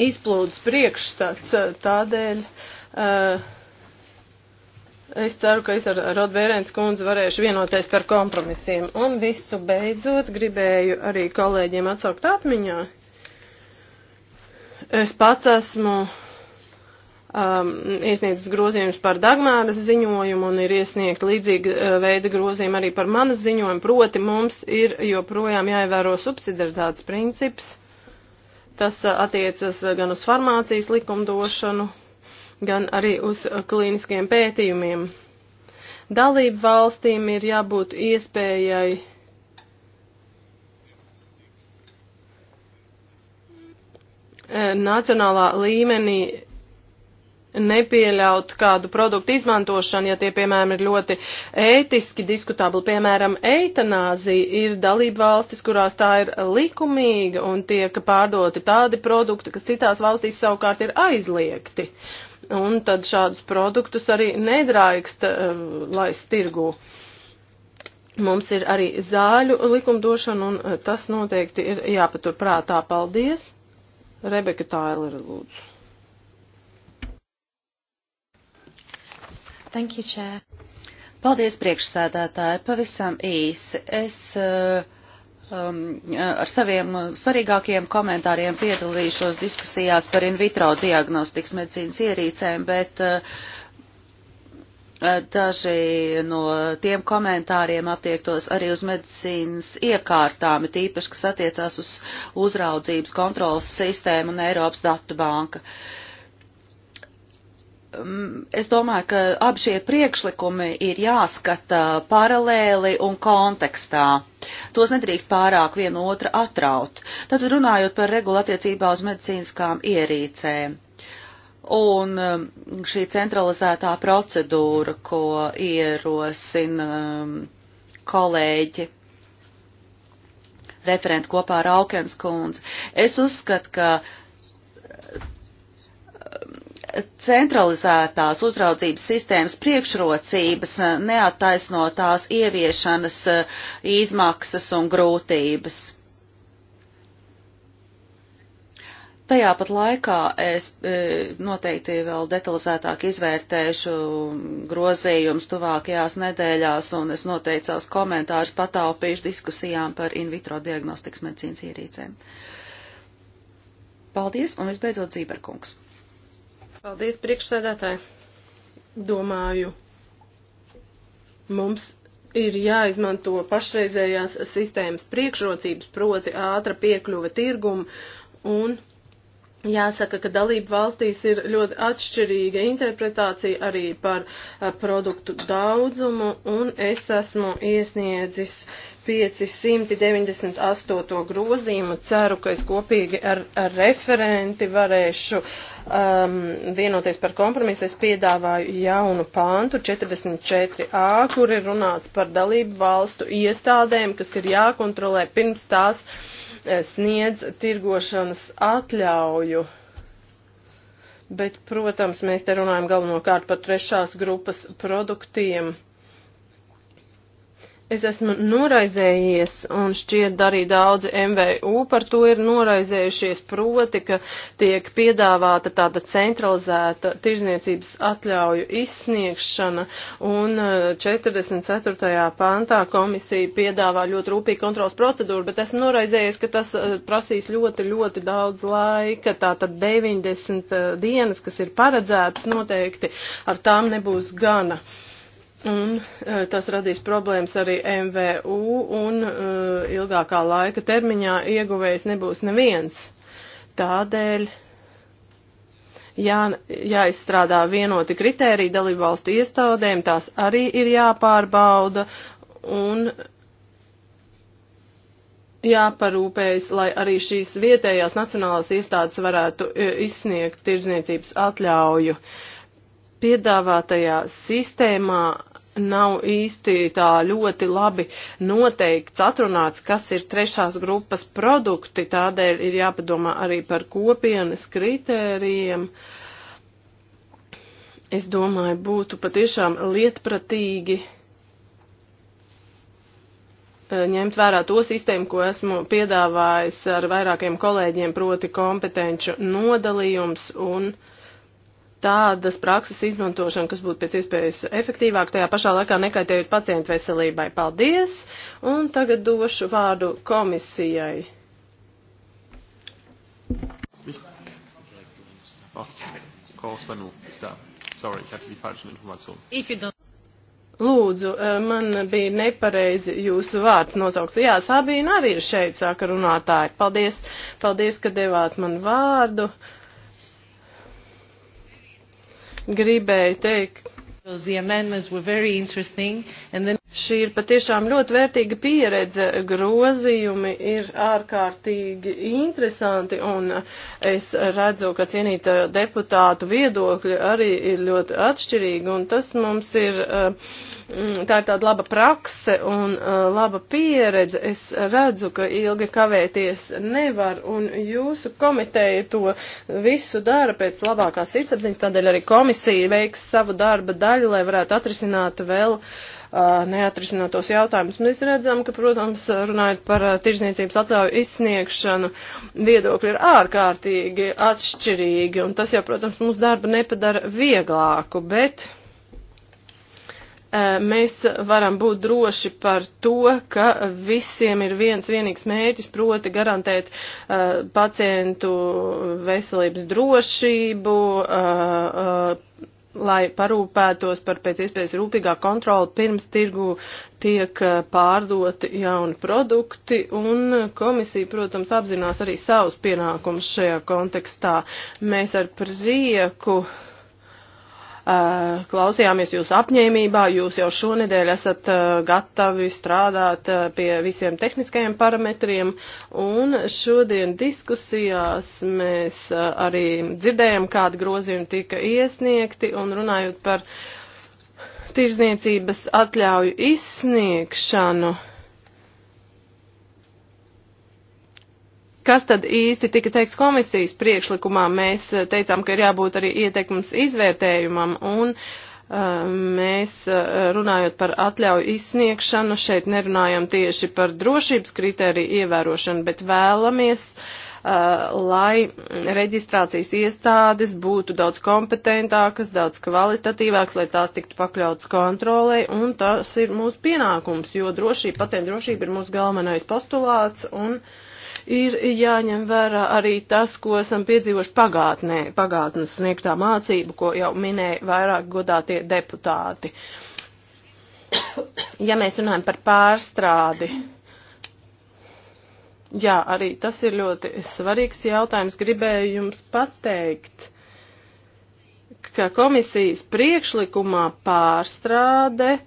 izplūdes priekšstats eh, tādēļ. Uh, Es ceru, ka es ar Rodbērēns kundzi varēšu vienoties par kompromisiem. Un visu beidzot gribēju arī kolēģiem atsaukt atmiņā. Es pats esmu uh, um, iesniedzis grozījums par Dagmāras ziņojumu un ir iesniegt līdzīga uh, veida grozījumi arī par manu ziņojumu. Proti mums ir joprojām jāievēro subsidaritātes princips. Tas uh, attiecas gan uz farmācijas likumdošanu, gan arī uz uh, klīniskiem pētījumiem. Dalību valstīm ir jābūt iespējai nacionālā līmenī nepieļaut kādu produktu izmantošanu, ja tie, piemēram, ir ļoti ētiski diskutabli. Piemēram, eitanāzija ir dalība valstis, kurās tā ir likumīga un tiek pārdoti tādi produkti, kas citās valstīs savukārt ir aizliegti. Un tad šādus produktus arī nedrākst uh, laist tirgū. Mums ir arī zāļu likumdošana, un eh, tas noteikti ir jāpatur prātā. Paldies! Rebeka Tailera lūdzu. Thank you, Chair. Paldies, priekšsēdētāji. Pavisam īsi. Es uh, um, eh, ar saviem svarīgākajiem komentāriem piedalīšos diskusijās par in vitro diagnostikas medicīnas ierīcēm, bet uh, daži no tiem komentāriem attiektos arī uz medicīnas iekārtām, tīpaši, kas attiecās uz uzraudzības kontrolas sistēmu un Eiropas datu banka. Uh, Mm, es domāju, ka abi šie priekšlikumi ir jāskata paralēli un kontekstā. Tos nedrīkst pārāk vienu otru atraut. Tad runājot par regulu attiecībā uz medicīniskām ierīcēm. Un mm, šī centralizētā procedūra, ko ierosina mm, kolēģi referenti kopā ar Aukens kundzi, es uzskatu, ka centralizētās uzraudzības sistēmas priekšrocības eh, neattaisno tās ieviešanas eh, izmaksas un grūtības. Tajā pat laikā es eh, noteikti vēl detalizētāk izvērtēšu grozījumus tuvākajās nedēļās, un es noteikti savus komentārus pataupīšu diskusijām par in vitro diagnostikas medicīnas ierīcēm. Paldies, un visbeidzot Zīberkungs. Paldies, priekšsēdētāji. Domāju, mums ir jāizmanto pašreizējās sistēmas priekšrocības, proti ātra piekļuve tirgumu un Jāsaka, ka dalību valstīs ir ļoti atšķirīga interpretācija arī par eh, produktu daudzumu, un es esmu iesniedzis 598. grozījumu. Ceru, ka es kopīgi ar, ar referenti varēšu uh, um, vienoties par kompromisu, es piedāvāju jaunu pāntu 44a, kur ir runāts par dalību valstu iestādēm, kas ir jākontrolē pirms tās eh, sniedz tirgošanas atļauju. Bet, protams, mēs te runājam galvenokārt par trešās grupas produktiem. Es esmu noraizējies, un šķiet arī daudzi MVU par to ir noraizējušies, proti, ka tiek piedāvāta tāda centralizēta tirzniecības atļauju izsniegšana, un 44. E, pantā komisija piedāvā ļoti rūpīgi kontrols procedūru, bet esmu noraizējies, ka tas e, prasīs ļoti, ļoti daudz laika, tātad 90 e, dienas, kas ir paredzētas noteikti, ar tām nebūs gana. Uh, Un e, tas radīs problēmas arī MVU, un uh, ilgākā laika termiņā ieguvējs nebūs neviens. Tādēļ jā, jāizstrādā vienoti kriteriji dalību valstu iestādēm, tās arī ir jāpārbauda, un jāparūpējas, lai arī šīs vietējās nacionālās iestādes varētu e, izsniegt tirdzniecības atļauju. Piedāvātajā sistēmā nav īsti tā ļoti labi noteikts, atrunāts, kas ir trešās grupas produkti, tādēļ ir jāpadomā arī par kopienas kritērijiem. Es domāju, būtu patiešām lietpratīgi eh, ņemt vērā to sistēmu, ko esmu piedāvājis ar vairākiem kolēģiem, proti kompetenču nodalījums un uh, tādas prakses izmantošana, kas būtu pēc iespējas efektīvāk, tajā pašā laikā nekaitējot pacientu veselībai. Paldies! Un tagad došu vārdu komisijai. Lūdzu, eh, man bija nepareizi jūsu vārds nosaukts. Jā, Sabīna arī ir šeit, sāka runātāji. Paldies, paldies, ka devāt man vārdu. Uh, gribēju teikt. Then... Šī ir patiešām ļoti vērtīga pieredze. Grozījumi ir ārkārtīgi interesanti, un es redzu, ka cienīta deputātu viedokļi arī ir ļoti atšķirīgi, un tas mums ir. Uh, Mm, tā ir tāda laba prakse un uh, laba pieredze. Es redzu, ka ilgi kavēties nevar, un jūsu komiteja to visu dara pēc labākās sirdsapziņas, tādēļ arī komisija veiks savu darba daļu, lai varētu atrisināt vēl uh, neatrisinātos jautājumus. Mēs redzam, ka, protams, runājot par uh, tirzniecības atļauju izsniegšanu, viedokļi ir ārkārtīgi atšķirīgi, un tas jau, protams, mūsu darbu nepadara vieglāku, bet Eh, mēs varam būt droši par to, ka visiem ir viens vienīgs mērķis, proti garantēt uh, pacientu veselības drošību, uh, uh, lai parūpētos par pēc iespējas rūpīgāku kontroli pirms tirgu tiek pārdoti jauni produkti, un komisija, protams, apzinās arī savus pienākumus šajā kontekstā. Mēs ar prieku uh, klausījāmies jūsu apņēmībā, jūs jau šonedēļ esat gatavi strādāt pie visiem tehniskajiem parametriem, un šodien diskusijās mēs arī dzirdējam, kādi grozījumi tika iesniegti, un runājot par tirzniecības atļauju izsniegšanu Kas tad īsti tika teikts komisijas priekšlikumā? Mēs eh, teicām, ka ir jābūt arī ietekmes izvērtējumam un eh, mēs eh, runājot par atļauju izsniegšanu, šeit nerunājam tieši par drošības kritēriju ievērošanu, bet vēlamies uh, lai reģistrācijas iestādes būtu daudz kompetentākas, daudz kvalitatīvākas, lai tās tiktu pakļautas kontrolē, un tas ir mūsu pienākums, jo drošība, pacienta drošība ir mūsu galvenais postulāts, un uh, Ir jāņem vērā arī tas, ko esam piedzīvojuši pagātnē, pagātnes sniegtā mācība, ko jau minēja vairāk godātie deputāti. Ja mēs runājam par pārstrādi, jā, arī tas ir ļoti svarīgs jautājums, gribēju jums pateikt ka komisijas priekšlikumā pārstrāde uh,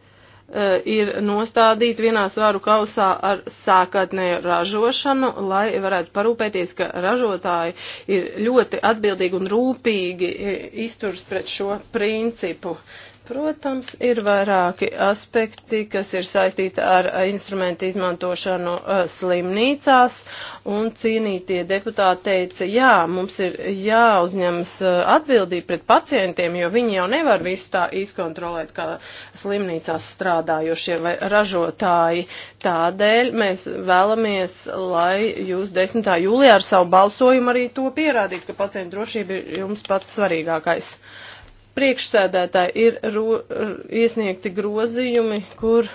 Eh, ir nostādīti vienā svaru kausā ar sākotnēju ražošanu, lai varētu parūpēties, ka ražotāji ir ļoti atbildīgi un rūpīgi eh, izturs pret šo principu. Uh, Protams, ir vairāki aspekti, kas ir saistīti ar eh, instrumentu izmantošanu eh, slimnīcās, un cīnītie deputāti teica, jā, mums ir jāuzņemas eh, atbildība pret pacientiem, jo viņi jau nevar visu tā izkontrolēt, kā slimnīcās strādājošie vai ražotāji. Tādēļ mēs vēlamies, lai jūs 10. jūlijā ar savu balsojumu arī to pierādītu, ka pacientu drošība ir jums pats svarīgākais. Uh, priekšsēdētāji ir ro, iesniegti grozījumi, kur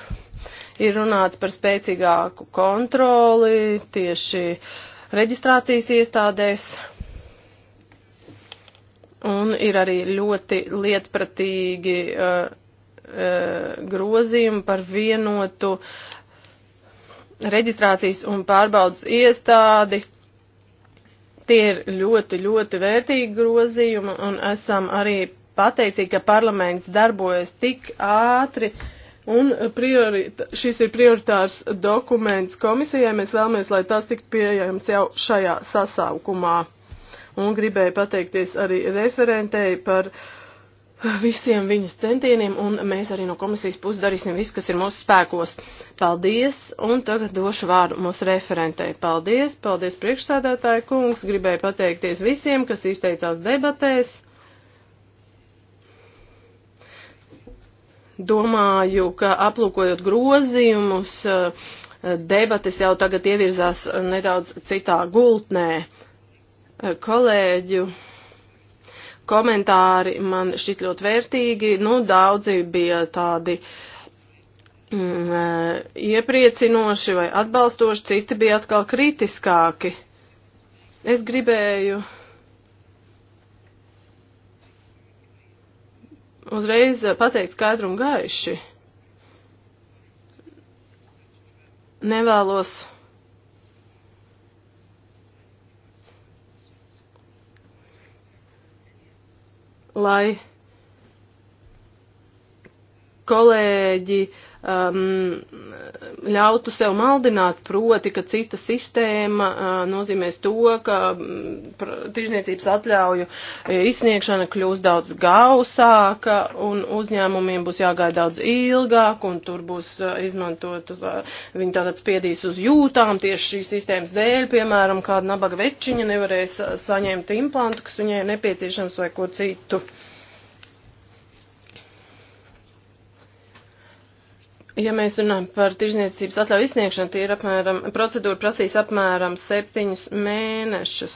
ir runāts par spēcīgāku kontroli tieši reģistrācijas iestādēs. Un ir arī ļoti lietpratīgi uh, uh, grozījumi par vienotu reģistrācijas un pārbaudas iestādi, tie ir ļoti, ļoti vērtīgi grozījumi un esam arī pateicīgi, ka parlaments darbojas tik ātri. Un priori, šis ir prioritārs dokuments komisijai. Mēs vēlamies, lai tas tik pieejams jau šajā sasaukumā. Un gribēju pateikties arī referentei par visiem viņas centieniem, un mēs arī no komisijas puses darīsim visu, kas ir mūsu spēkos. Paldies, un tagad došu vārdu mūsu referentei. Paldies, paldies priekšsādātāju kungs, gribēju pateikties visiem, kas izteicās debatēs domāju, ka aplūkojot grozījumus, eh, debates jau tagad ievirzās nedaudz citā gultnē. Eh, kolēģu komentāri man šķiet ļoti vērtīgi, nu daudzi bija tādi mm, eh, iepriecinoši vai atbalstoši, citi bija atkal kritiskāki. Es gribēju uzreiz eh, pateikt skaidru un gaiši. Nevēlos lai kolēģi um, ļautu sev maldināt, proti, ka cita sistēma uh, nozīmēs to, ka mm, tirzniecības atļauju e, izsniegšana kļūs daudz gausāka un uzņēmumiem būs jāgaida daudz ilgāk un tur būs uh, izmantot, uz, uh, viņi tātad spiedīs uz jūtām tieši šīs sistēmas dēļ, piemēram, kāda nabaga večiņa nevarēs uh, saņemt implantu, kas viņai nepieciešams vai ko citu. Uh, Ja mēs runājam par tirzniecības atļauju izsniegšanu, tie ir apmēram, procedūra prasīs apmēram septiņus mēnešus.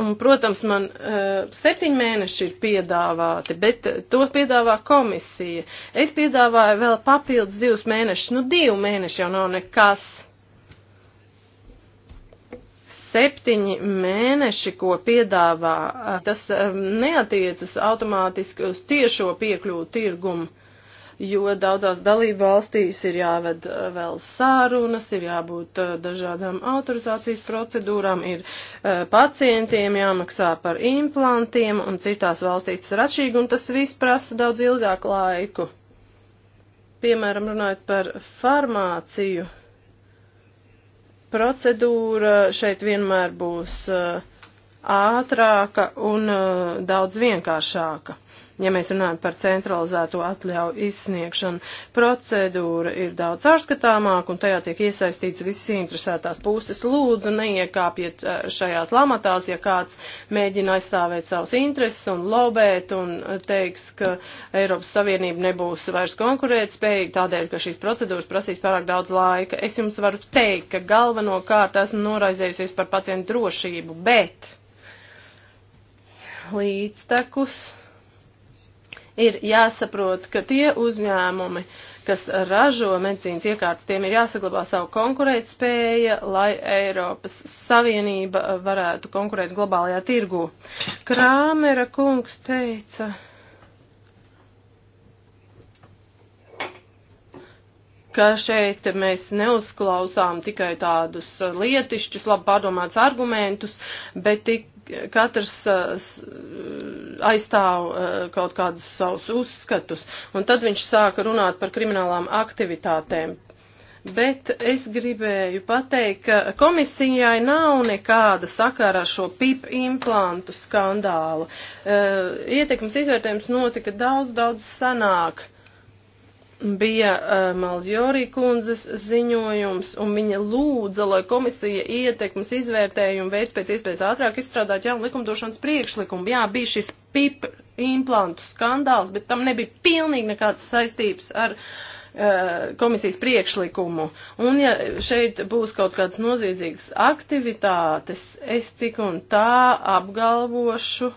Un, protams, man uh, septiņi mēneši ir piedāvāti, bet to piedāvā komisija. Es piedāvāju vēl papildus divus mēnešus. Nu, divi mēneši jau nav nekas. Septiņi mēneši, ko piedāvā, eh, tas um, neatiecas automātiski uz tiešo piekļuvu tirgumu jo daudzās dalību valstīs ir jāved eh, vēl sārunas, ir jābūt eh, dažādām autorizācijas procedūrām, ir eh, pacientiem jāmaksā par implantiem, un citās valstīs tas ir atšķirīgi, un tas viss prasa daudz ilgāku laiku. Piemēram, runājot par farmāciju, procedūra šeit vienmēr būs ātrāka un daudz vienkāršāka ja mēs runājam par centralizēto atļauju izsniegšanu. Procedūra ir daudz ārskatāmāka un tajā tiek iesaistīts visas interesētās puses. Lūdzu, neiekāpiet eh, šajās lamatās, ja kāds mēģina aizstāvēt savus intereses un lobēt un eh, teiks, ka Eiropas Savienība nebūs vairs konkurētspējīga tādēļ, ka šīs procedūras prasīs pārāk daudz laika. Es jums varu teikt, ka galvenokārt esmu noraizējusies par pacientu drošību, bet līdztekus ir jāsaprot, ka tie uzņēmumi, kas ražo medicīnas iekārtas, tiem ir jāsaglabā savu konkurētspēja, lai Eiropas Savienība varētu konkurēt globālajā tirgū. Krāmera kungs teica, ka šeit mēs neuzklausām tikai tādus lietišķus, labi pārdomāts argumentus, bet tik katrs uh, uh, aizstāv uh, kaut kādus savus uzskatus, un tad viņš sāka runāt par kriminālām aktivitātēm. Bet es gribēju pateikt, ka komisijai nav nekāda sakara ar šo PIP implantu skandālu. Ietekmes izvērtējums notika daudz, daudz sanāk bija uh, eh, Maljorī kundzes ziņojums, un viņa lūdza, lai komisija ietekmes izvērtējumu veids pēc iespējas ātrāk izstrādāt jaunu likumdošanas priekšlikumu. Jā, bija šis PIP implantu skandāls, bet tam nebija pilnīgi nekādas saistības ar uh, komisijas priekšlikumu. Un ja šeit būs kaut kādas noziedzīgas aktivitātes, es tik un tā apgalvošu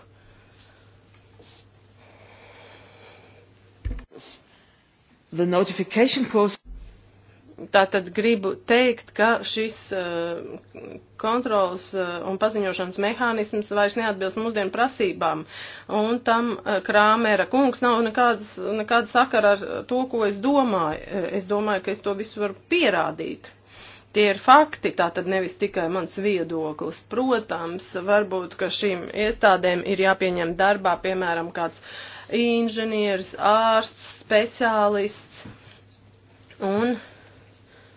the notification process. Tātad gribu teikt, ka šis uh, kontrols uh, un paziņošanas mehānisms vairs neatbilst mūsdienu prasībām, un tam uh, Krāmera kungs nav nekādas, nekāda sakara ar to, ko es domāju. Uh, es domāju, ka es to visu varu pierādīt. Tie ir fakti, tā tad nevis tikai mans viedoklis. Protams, varbūt, ka šīm iestādēm ir jāpieņem darbā, piemēram, kāds uh, inženieris, ārsts, speciālists. Un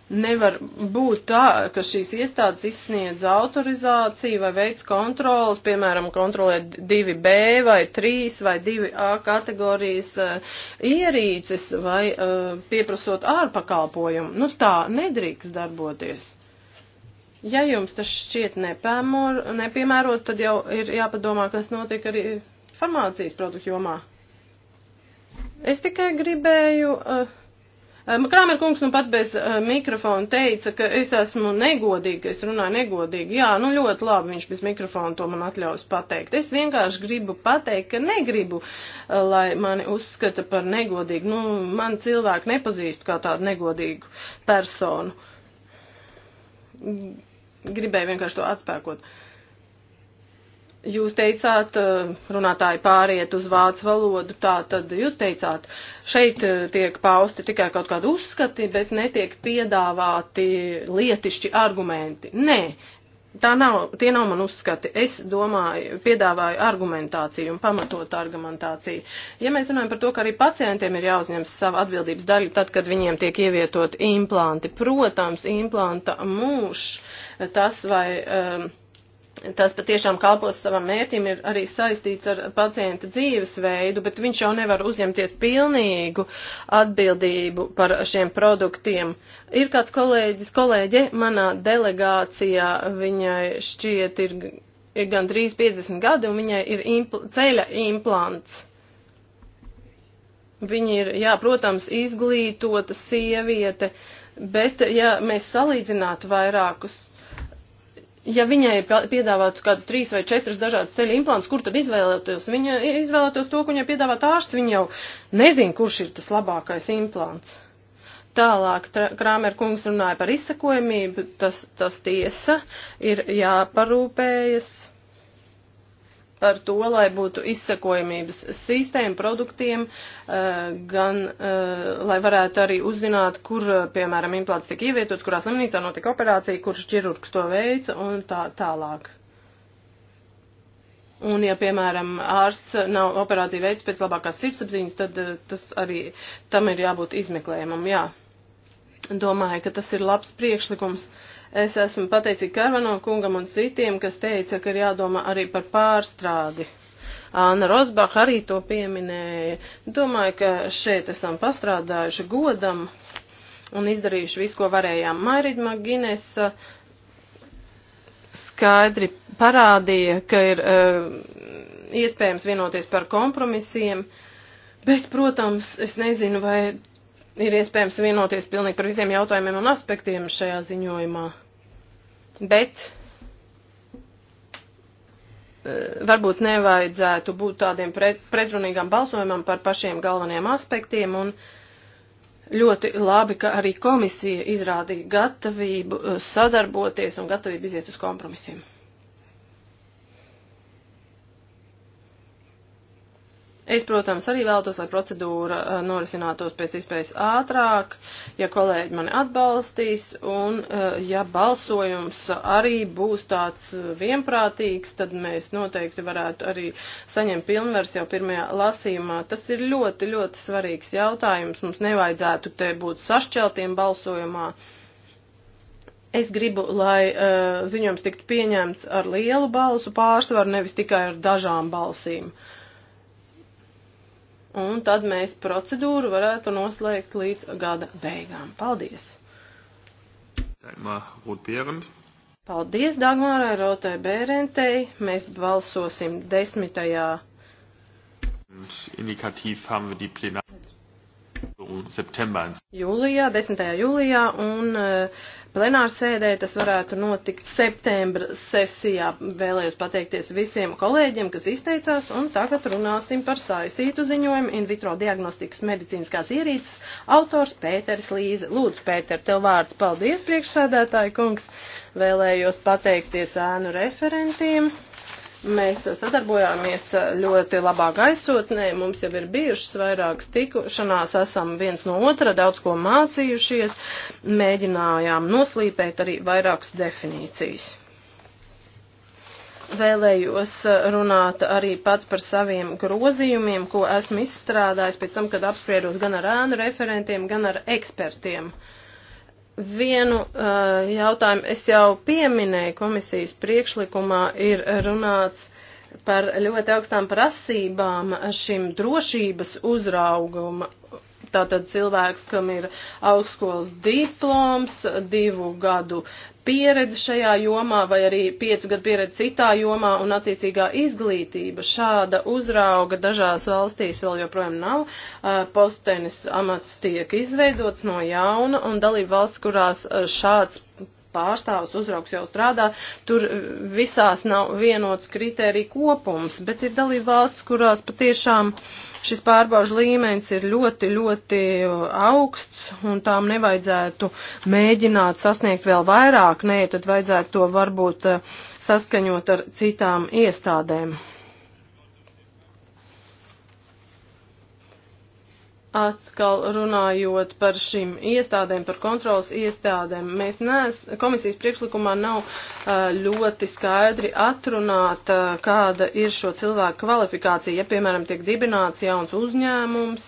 nevar būt tā, ka šīs iestādes izsniedz autorizāciju vai veids kontrolas, piemēram, kontrolēt 2B vai 3 vai 2A kategorijas uh, ierīces vai uh, pieprasot ārpakalpojumu. Nu tā nedrīkst darboties. Ja jums tas šķiet nepēmor, nepiemērot, tad jau ir jāpadomā, kas notiek arī farmācijas produktu jomā. Es tikai gribēju. Uh, eh, eh, Krāmer kungs nu pat bez uh, mikrofona teica, ka es esmu negodīgi, ka es runāju negodīgi. Jā, nu ļoti labi viņš bez mikrofona to man atļaus pateikt. Es vienkārši gribu pateikt, ka negribu, uh, lai mani uzskata par negodīgu. Nu, man cilvēki nepazīst kā tādu negodīgu personu. Gribēju vienkārši to atspēkot. Uh, Jūs teicāt, eh, runātāji pāriet uz vācu valodu, tā tad jūs teicāt, šeit eh, tiek pausti tikai kaut kādi uzskati, bet netiek piedāvāti lietišķi argumenti. Nē, tā nav, tie nav man uzskati. Es domāju, piedāvāju argumentāciju un pamatot argumentāciju. Ja mēs runājam par to, ka arī pacientiem ir jāuzņems sava atbildības daļa tad, kad viņiem tiek ievietot implanti, protams, implanta mūžs, tas vai. Um, tas patiešām kalpos savam mērķim, ir arī saistīts ar pacienta dzīvesveidu, bet viņš jau nevar uzņemties pilnīgu atbildību par šiem produktiem. Ir kāds kolēģis, kolēģe manā delegācijā, viņai šķiet ir, ir gandrīz 50 gadi un viņai ir impl ceļa implants. Viņa ir, jā, protams, izglītota sieviete, bet, ja mēs salīdzinātu vairākus ja viņai piedāvātu kādas trīs vai četras dažādas ceļu implants, kur tad izvēlētos? Viņa izvēlētos to, ko viņai piedāvāt ārsts, viņa jau nezin, kurš ir tas labākais implants. Tālāk Krāmer kungs runāja par izsakojamību, tas, tas tiesa ir jāparūpējas. Ja par to, lai būtu izsakojamības sistēma produktiem, eh, gan, eh, lai varētu arī uzzināt, kur, eh, piemēram, implants tika ievietots, kurā slimnīcā notika operācija, kurš ķirurgs to veica un tā tālāk. Un, ja, piemēram, ārsts nav operāciju veids pēc labākās sirdsapziņas, tad tas arī tam ir jābūt izmeklējumam, jā. Domāju, ka tas ir labs priekšlikums. Uh, Es esmu pateicīga Karvano kungam un citiem, kas teica, ka ir jādomā arī par pārstrādi. Āna Rosbach arī to pieminēja. Domāju, ka šeit esam pastrādājuši godam un izdarījuši visu, ko varējām. Mairid Magines uh, skaidri parādīja, ka ir uh, iespējams vienoties par kompromisiem, bet, protams, es nezinu, vai ir iespējams vienoties pilnīgi par visiem jautājumiem un aspektiem šajā ziņojumā. Bet eh, varbūt nevajadzētu būt tādiem pret, pretrunīgam balsojumam par pašiem galvenajiem aspektiem un ļoti labi, ka arī komisija izrādīja gatavību eh, sadarboties un gatavību iziet uz kompromisiem. Es, protams, arī vēlētos, lai procedūra eh, norisinātos pēc iespējas ātrāk, ja kolēģi mani atbalstīs, un eh, ja balsojums arī būs tāds eh, vienprātīgs, tad mēs noteikti varētu arī saņemt pilnvers jau pirmajā lasījumā. Tas ir ļoti, ļoti svarīgs jautājums. Mums nevajadzētu te būt sašķeltiem balsojumā. Es gribu, lai uh, ziņojums tiktu pieņemts ar lielu balsu pārsvaru, nevis tikai ar dažām balsīm. Uh, un tad mēs procedūru varētu noslēgt līdz gada beigām. Paldies! Paldies Dagmārai Rotai Bērentei. Mēs balsosim 10. Indikatīvi haben wir die Plenā. September. Jūlijā, 10. jūlijā un eh, plenārsēdē tas varētu notikt septembra sesijā. Vēlējos pateikties visiem kolēģiem, kas izteicās un tagad runāsim par saistītu ziņojumu in vitro diagnostikas medicīniskās ierīces autors Pēteris Līze. Lūdzu, Pēter, tev vārds. Paldies, priekšsēdētāji kungs. Vēlējos pateikties ēnu referentiem. Mēs sadarbojāmies ļoti labā gaisotnē, mums jau ir bijušas vairākas tikšanās, esam viens no otra daudz ko mācījušies, mēģinājām noslīpēt arī vairākas definīcijas. Vēlējos runāt arī pats par saviem grozījumiem, ko esmu izstrādājis pēc tam, kad apspriedos gan ar ēnu referentiem, gan ar ekspertiem. Uh, Vienu uh, jautājumu es jau pieminēju, komisijas priekšlikumā ir runāts par ļoti augstām prasībām šim drošības uzrauguma, Tātad cilvēks, kam ir augstskolas diploms, divu gadu pieredze šajā jomā vai arī piecu gadu pieredze citā jomā un attiecīgā izglītība. Šāda uzrauga dažās valstīs vēl joprojām nav. Postenis amats tiek izveidots no jauna un dalība valsts, kurās šāds pārstāvs uzraugs jau strādā, tur visās nav vienots kritērija kopums, bet ir dalība valsts, kurās patiešām uh, Šis pārbaužu līmenis ir ļoti, ļoti augsts, un tām nevajadzētu mēģināt sasniegt vēl vairāk, nē, tad vajadzētu to varbūt eh, saskaņot ar citām iestādēm. Atkal runājot par šīm iestādēm, par kontrolas iestādēm, mēs nes, komisijas priekšlikumā nav ļoti skaidri atrunāt, kāda ir šo cilvēku kvalifikācija. Ja, piemēram, tiek dibināts jauns uzņēmums,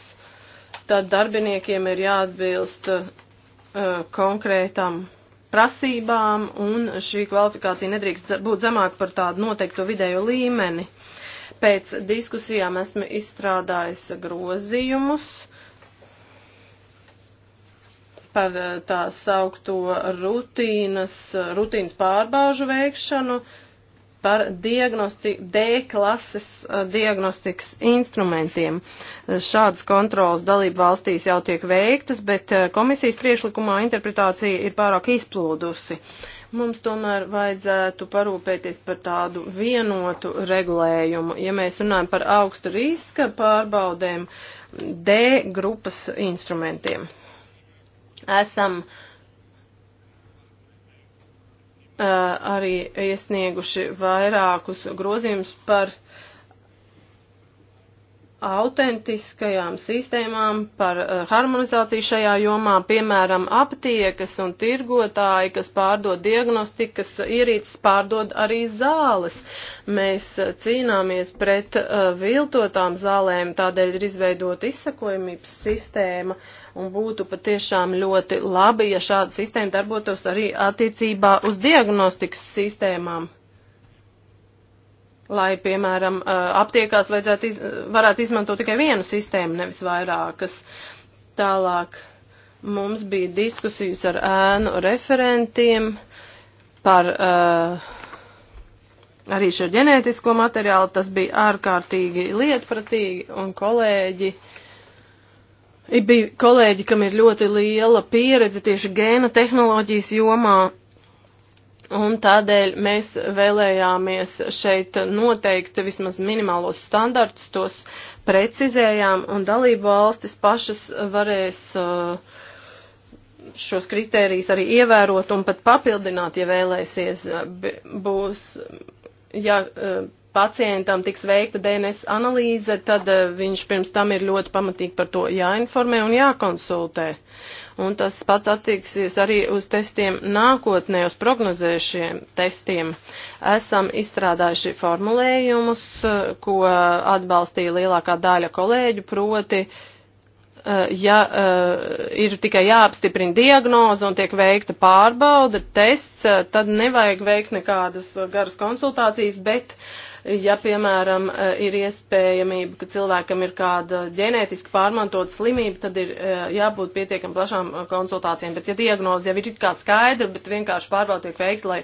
tad darbiniekiem ir jāatbilst konkrētam prasībām, un šī kvalifikācija nedrīkst būt zemāka par tādu noteikto vidējo līmeni. Pēc diskusijām esmu izstrādājis grozījumus par eh, tā saukto rutīnas, eh, rutīnas pārbaužu veikšanu, par diagnosti, D klases eh, diagnostikas instrumentiem. Šādas kontrolas dalību valstīs jau tiek veiktas, bet komisijas priešlikumā interpretācija ir pārāk izplūdusi. Mums tomēr vajadzētu parūpēties par tādu vienotu regulējumu. Ja mēs runājam par augsta riska pārbaudēm, D grupas instrumentiem esam uh, arī iesnieguši vairākus grozījumus par uh, autentiskajām sistēmām par eh, harmonizāciju šajā jomā, piemēram, aptiekas un tirgotāji, kas pārdod diagnostikas ierīces, pārdod arī zāles. Mēs eh, cīnāmies pret eh, viltotām zālēm, tādēļ ir izveidota izsakojumības sistēma un būtu patiešām ļoti labi, ja šāda sistēma darbotos arī attiecībā uz diagnostikas sistēmām lai, piemēram, aptiekās vajadzētu, iz, varētu izmantot tikai vienu sistēmu, nevis vairākas. Tālāk mums bija diskusijas ar ēnu referentiem par uh, arī šo ģenētisko materiālu. Tas bija ārkārtīgi lietpratīgi un kolēģi. Ir bija kolēģi, kam ir ļoti liela pieredze tieši gēna tehnoloģijas jomā, Un tādēļ mēs vēlējāmies šeit noteikt vismaz minimālos standartus, tos precizējām, un dalību valstis pašas varēs uh, šos kritērijus arī ievērot un pat papildināt, ja vēlēsies. Būs, ja uh, pacientam tiks veikta DNS analīze, tad uh, viņš pirms tam ir ļoti pamatīgi par to jāinformē un jākonsultē. Uh, Un tas pats attieksies arī uz testiem nākotnē, uz prognozējušiem testiem. Esam izstrādājuši formulējumus, ko atbalstīja lielākā daļa kolēģu, proti, eh, ja eh, ir tikai jāapstiprina diagnoze un tiek veikta pārbauda, tests, eh, tad nevajag veikt nekādas garas konsultācijas, bet uh, Ja, piemēram, e, ir iespējamība, ka cilvēkam ir kāda ģenētiski pārmantota slimība, tad ir e, jābūt pietiekam plašām e, konsultācijām. Bet, ja diagnoze jau ir it kā skaidra, bet vienkārši pārbauda tiek veikta, lai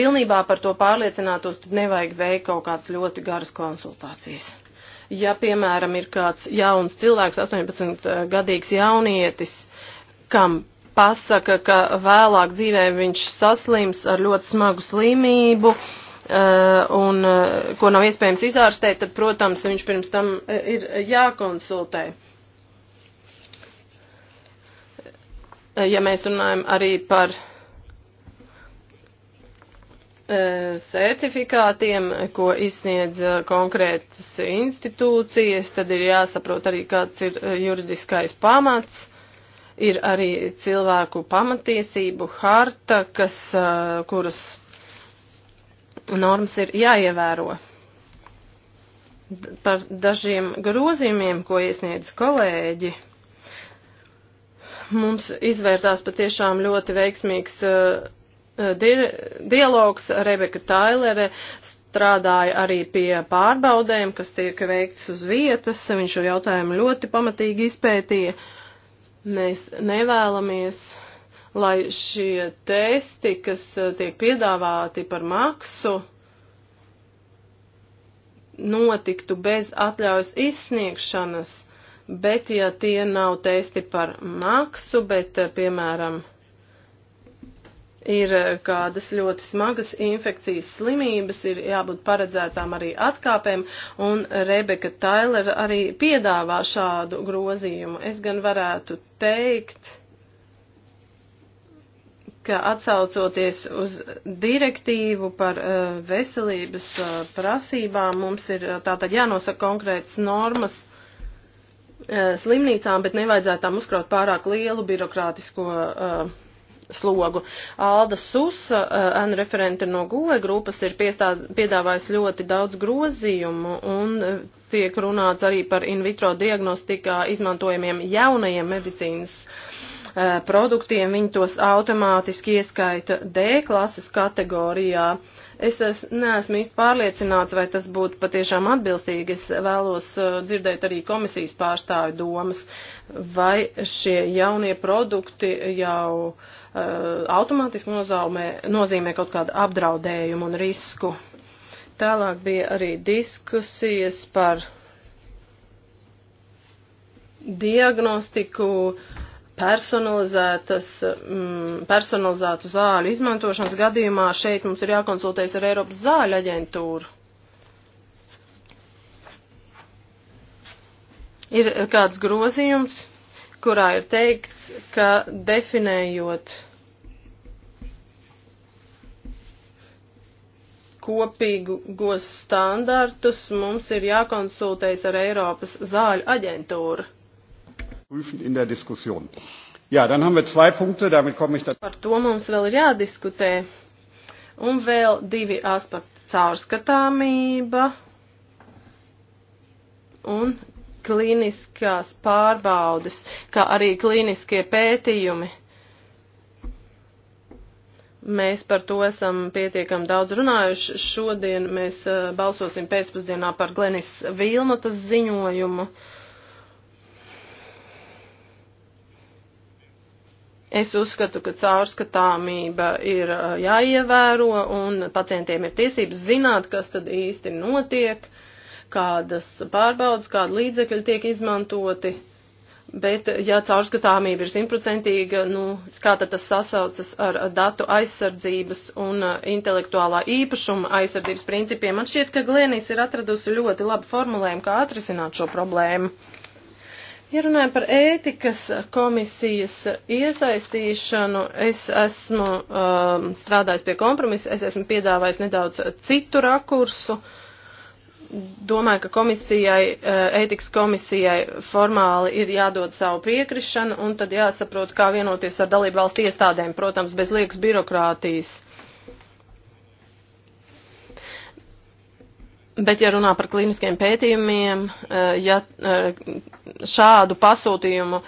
pilnībā par to pārliecinātos, tad nevajag veikt kaut kādas ļoti garas konsultācijas ja, piemēram, ir kāds jauns cilvēks, 18-gadīgs jaunietis, kam pasaka, ka vēlāk dzīvē viņš saslims ar ļoti smagu slimību, uh, Eh, un eh, ko nav iespējams izārstēt, tad, protams, viņš pirms tam eh, ir jākonsultē. Ja mēs runājam arī par certifikātiem, ko izsniedz konkrētas institūcijas, tad ir jāsaprot arī, kāds ir juridiskais pamats ir arī cilvēku pamatiesību harta, kas, kuras normas ir jāievēro. Par dažiem grozījumiem, ko iesniedz kolēģi, mums izvērtās patiešām ļoti veiksmīgs uh, uh di dialogs. Rebeka Tailere strādāja arī pie pārbaudēm, kas tiek veikts uz vietas. Viņš šo jautājumu ļoti pamatīgi izpētīja. Mēs nevēlamies lai šie testi, kas eh, tiek piedāvāti par maksu, notiktu bez atļaujas izsniegšanas, bet ja tie nav testi par maksu, bet, eh, piemēram, ir eh, kādas ļoti smagas infekcijas slimības, ir jābūt paredzētām arī atkāpēm, un Rebeka Tailera arī piedāvā šādu grozījumu. Es gan varētu teikt, ka atsaucoties uz direktīvu par uh, veselības uh, prasībām, mums ir uh, tātad jānosaka konkrētas normas uh, slimnīcām, bet nevajadzētu tām uzkraut pārāk lielu birokrātisko uh, slogu. Alda Susa, uh, referente no GUE grupas, ir piedāvājis ļoti daudz grozījumu un uh, tiek runāts arī par in vitro diagnostikā izmantojamiem jaunajiem medicīnas uh, Eh, produktiem, viņi tos automātiski ieskaita D klases kategorijā. Es es neesmu īsti pārliecināts, vai tas būtu patiešām atbilstīgi. Es vēlos eh, dzirdēt arī komisijas pārstāju domas, vai šie jaunie produkti jau uh, automātiski nozaumē, nozīmē kaut kādu apdraudējumu un risku. Tālāk bija arī diskusijas par diagnostiku, uh, personalizētas, mm, personalizētu zāļu izmantošanas gadījumā šeit mums ir jākonsultējas ar Eiropas zāļu aģentūru. Ir kāds grozījums, kurā ir teikts, ka definējot kopīgos standartus, mums ir jākonsultējas ar Eiropas zāļu aģentūru prüfen in der Diskussion. Ja, dann haben wir zwei Punkte, damit komme ich dann. Par to mums vēl ir jādiskutē. Un vēl divi aspekti - caurskatāmība un klīniskās pārbaudes, kā arī klīniskie pētījumi. Mēs par to esam pietiekam daudz runājuši. Šodien mēs eh, balsosim pēcpusdienā par Glenis Vilmotas ziņojumu. Uh, Es uzskatu, ka caurskatāmība ir uh, jāievēro un pacientiem ir tiesības zināt, kas tad īsti notiek, kādas pārbaudas, kāda līdzekļa tiek izmantoti. Bet, ja caurskatāmība ir simtprocentīga, nu, kā tad tas sasaucas ar datu aizsardzības un uh, intelektuālā īpašuma aizsardzības principiem? Man šķiet, ka Glēnijas ir atradusi ļoti labu formulējumu, kā atrisināt šo problēmu. Ja runājam par ētikas komisijas iesaistīšanu, es esmu um, strādājis pie kompromisa, es esmu piedāvājis nedaudz citu rakursu. Domāju, ka komisijai, eh, ētikas komisijai formāli ir jādod savu piekrišanu un tad jāsaprot, kā vienoties ar dalību valstu iestādēm, protams, bez liekas birokrātijas. Bet, ja runā par klīniskiem pētījumiem, eh, ja eh, šādu pasūtījumu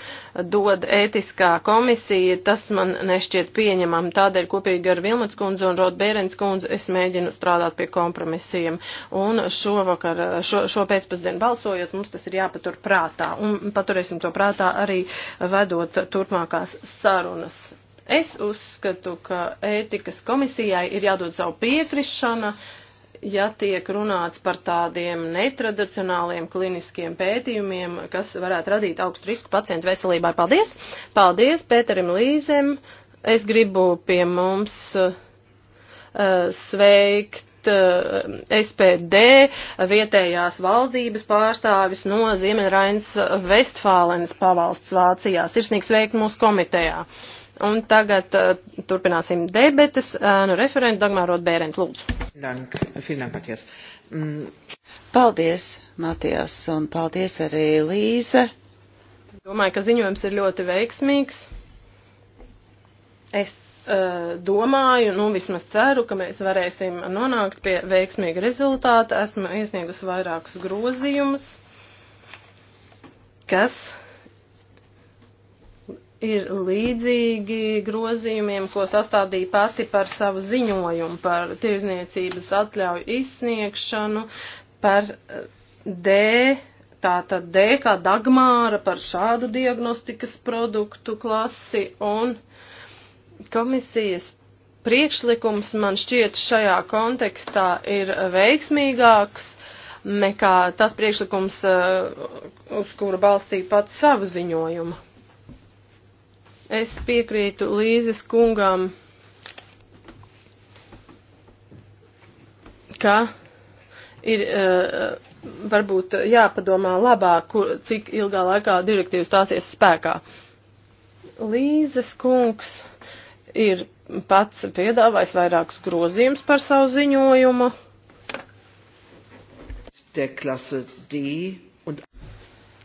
dod ētiskā komisija, tas man nešķiet pieņemam. Tādēļ kopīgi ar Vilmats kundzi un Rod Bērens kundzi es mēģinu strādāt pie kompromisiem. Un šovakar, šo, šo pēcpusdienu balsojot, mums tas ir jāpatur prātā. Un paturēsim to prātā arī vedot turpmākās sarunas. Es uzskatu, ka ētikas komisijai ir jādod savu piekrišana, uh, ja tiek runāts par tādiem netradicionāliem kliniskiem pētījumiem, kas varētu radīt augstu risku pacientu veselībai. Paldies! Paldies Pēterim Līzem! Es gribu pie mums uh, sveikt uh, eh, SPD vietējās valdības pārstāvis no Ziemeļrains Vestfālenes pavalsts Vācijā. Sirsnīgi sveikt mūsu komitejā. Un tagad uh, turpināsim debetes. Uh, nu, referenta Dagmārot Bērent, lūdzu. Dank, Dank, Matijas. Mm. Paldies, Matijas, un paldies arī Līze. Domāju, ka ziņojums ir ļoti veiksmīgs. Es uh, domāju, nu vismaz ceru, ka mēs varēsim nonākt pie veiksmīga rezultāta. Esmu iesniegusi vairākus grozījumus, kas ir līdzīgi grozījumiem, ko sastādīja pati par savu ziņojumu par tirzniecības atļauju izsniegšanu, par eh, D, tātad D kā Dagmāra par šādu diagnostikas produktu klasi un komisijas priekšlikums man šķiet šajā kontekstā ir veiksmīgāks nekā tas priekšlikums, eh, uz kura balstīja pats savu ziņojumu. Es piekrītu Līzes kungam, ka ir. Uh, varbūt jāpadomā labāk, kur, cik ilgā laikā direktīva stāsies spēkā. Līzes kungs ir pats piedāvājis vairākus grozījumus par savu ziņojumu. D klase D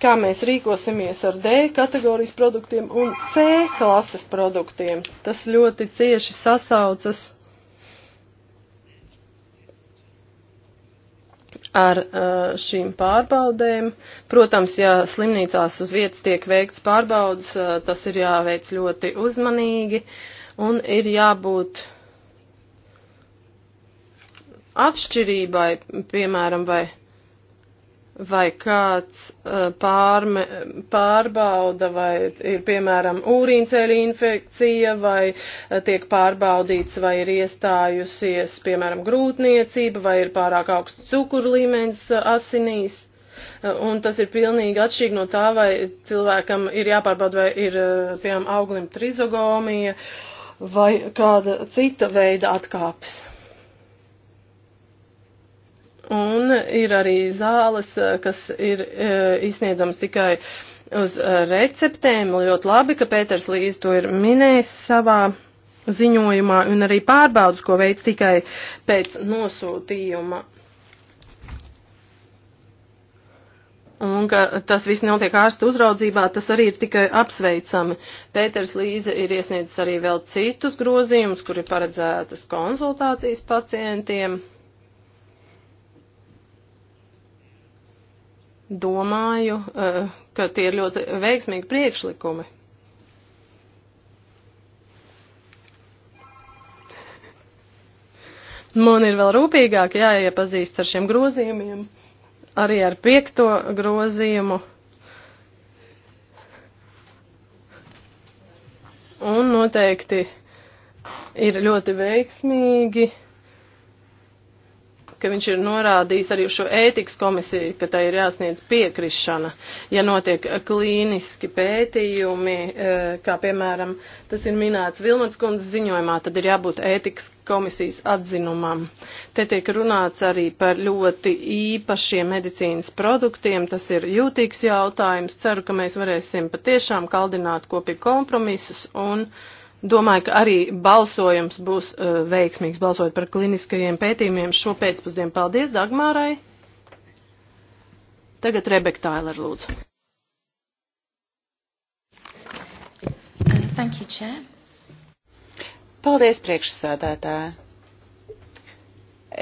kā mēs rīkosimies ar D kategorijas produktiem un C klases produktiem. Tas ļoti cieši sasaucas ar uh, šīm pārbaudēm. Protams, ja slimnīcās uz vietas tiek veikts pārbaudas, uh, tas ir jāveic ļoti uzmanīgi un ir jābūt atšķirībai, piemēram, vai vai kāds uh, pārme, pārbauda, vai ir piemēram ūrīnceļa infekcija, vai uh, tiek pārbaudīts, vai ir iestājusies, piemēram, grūtniecība, vai ir pārāk augsts cukuru līmenis uh, asinīs. Un tas ir pilnīgi atšķirīgi no tā, vai cilvēkam ir jāpārbauda, vai ir, piemēram, auglim trizogomija vai kāda cita veida atkāpes. Un ir arī zāles, eh, kas ir e, izsniedzamas tikai uz eh, receptēm. Ļoti labi, ka Pēters Līs to ir minējis savā ziņojumā un arī pārbaudas, ko veids tikai pēc nosūtījuma. Un ka tas viss notiek ārsta uzraudzībā, tas arī ir tikai apsveicami. Pēters Līze ir iesniedzis arī vēl citus grozījumus, kuri paredzētas konsultācijas pacientiem. domāju, eh, ka tie ir ļoti veiksmīgi priekšlikumi. Man ir vēl rūpīgāk jāiepazīst ar šiem grozījumiem, arī ar piekto grozījumu. Un noteikti ir ļoti veiksmīgi ka viņš ir norādījis arī šo ētikas komisiju, ka tai ir jāsniedz piekrišana, ja notiek klīniski pētījumi, eh, kā piemēram tas ir minēts Vilmats kundzes ziņojumā, tad ir jābūt ētikas komisijas atzinumam. Te tiek runāts arī par ļoti īpašiem medicīnas produktiem. Tas ir jūtīgs jautājums. Ceru, ka mēs varēsim patiešām kaldināt kopīgi kompromisus un uh, Domāju, ka arī balsojums būs uh, veiksmīgs, balsojot par kliniskajiem pētījumiem šo pēcpusdienu. Paldies Dagmārai. Tagad Rebeka Tailer lūdzu. Uh, thank you, Chair. Paldies, priekšsēdētāji.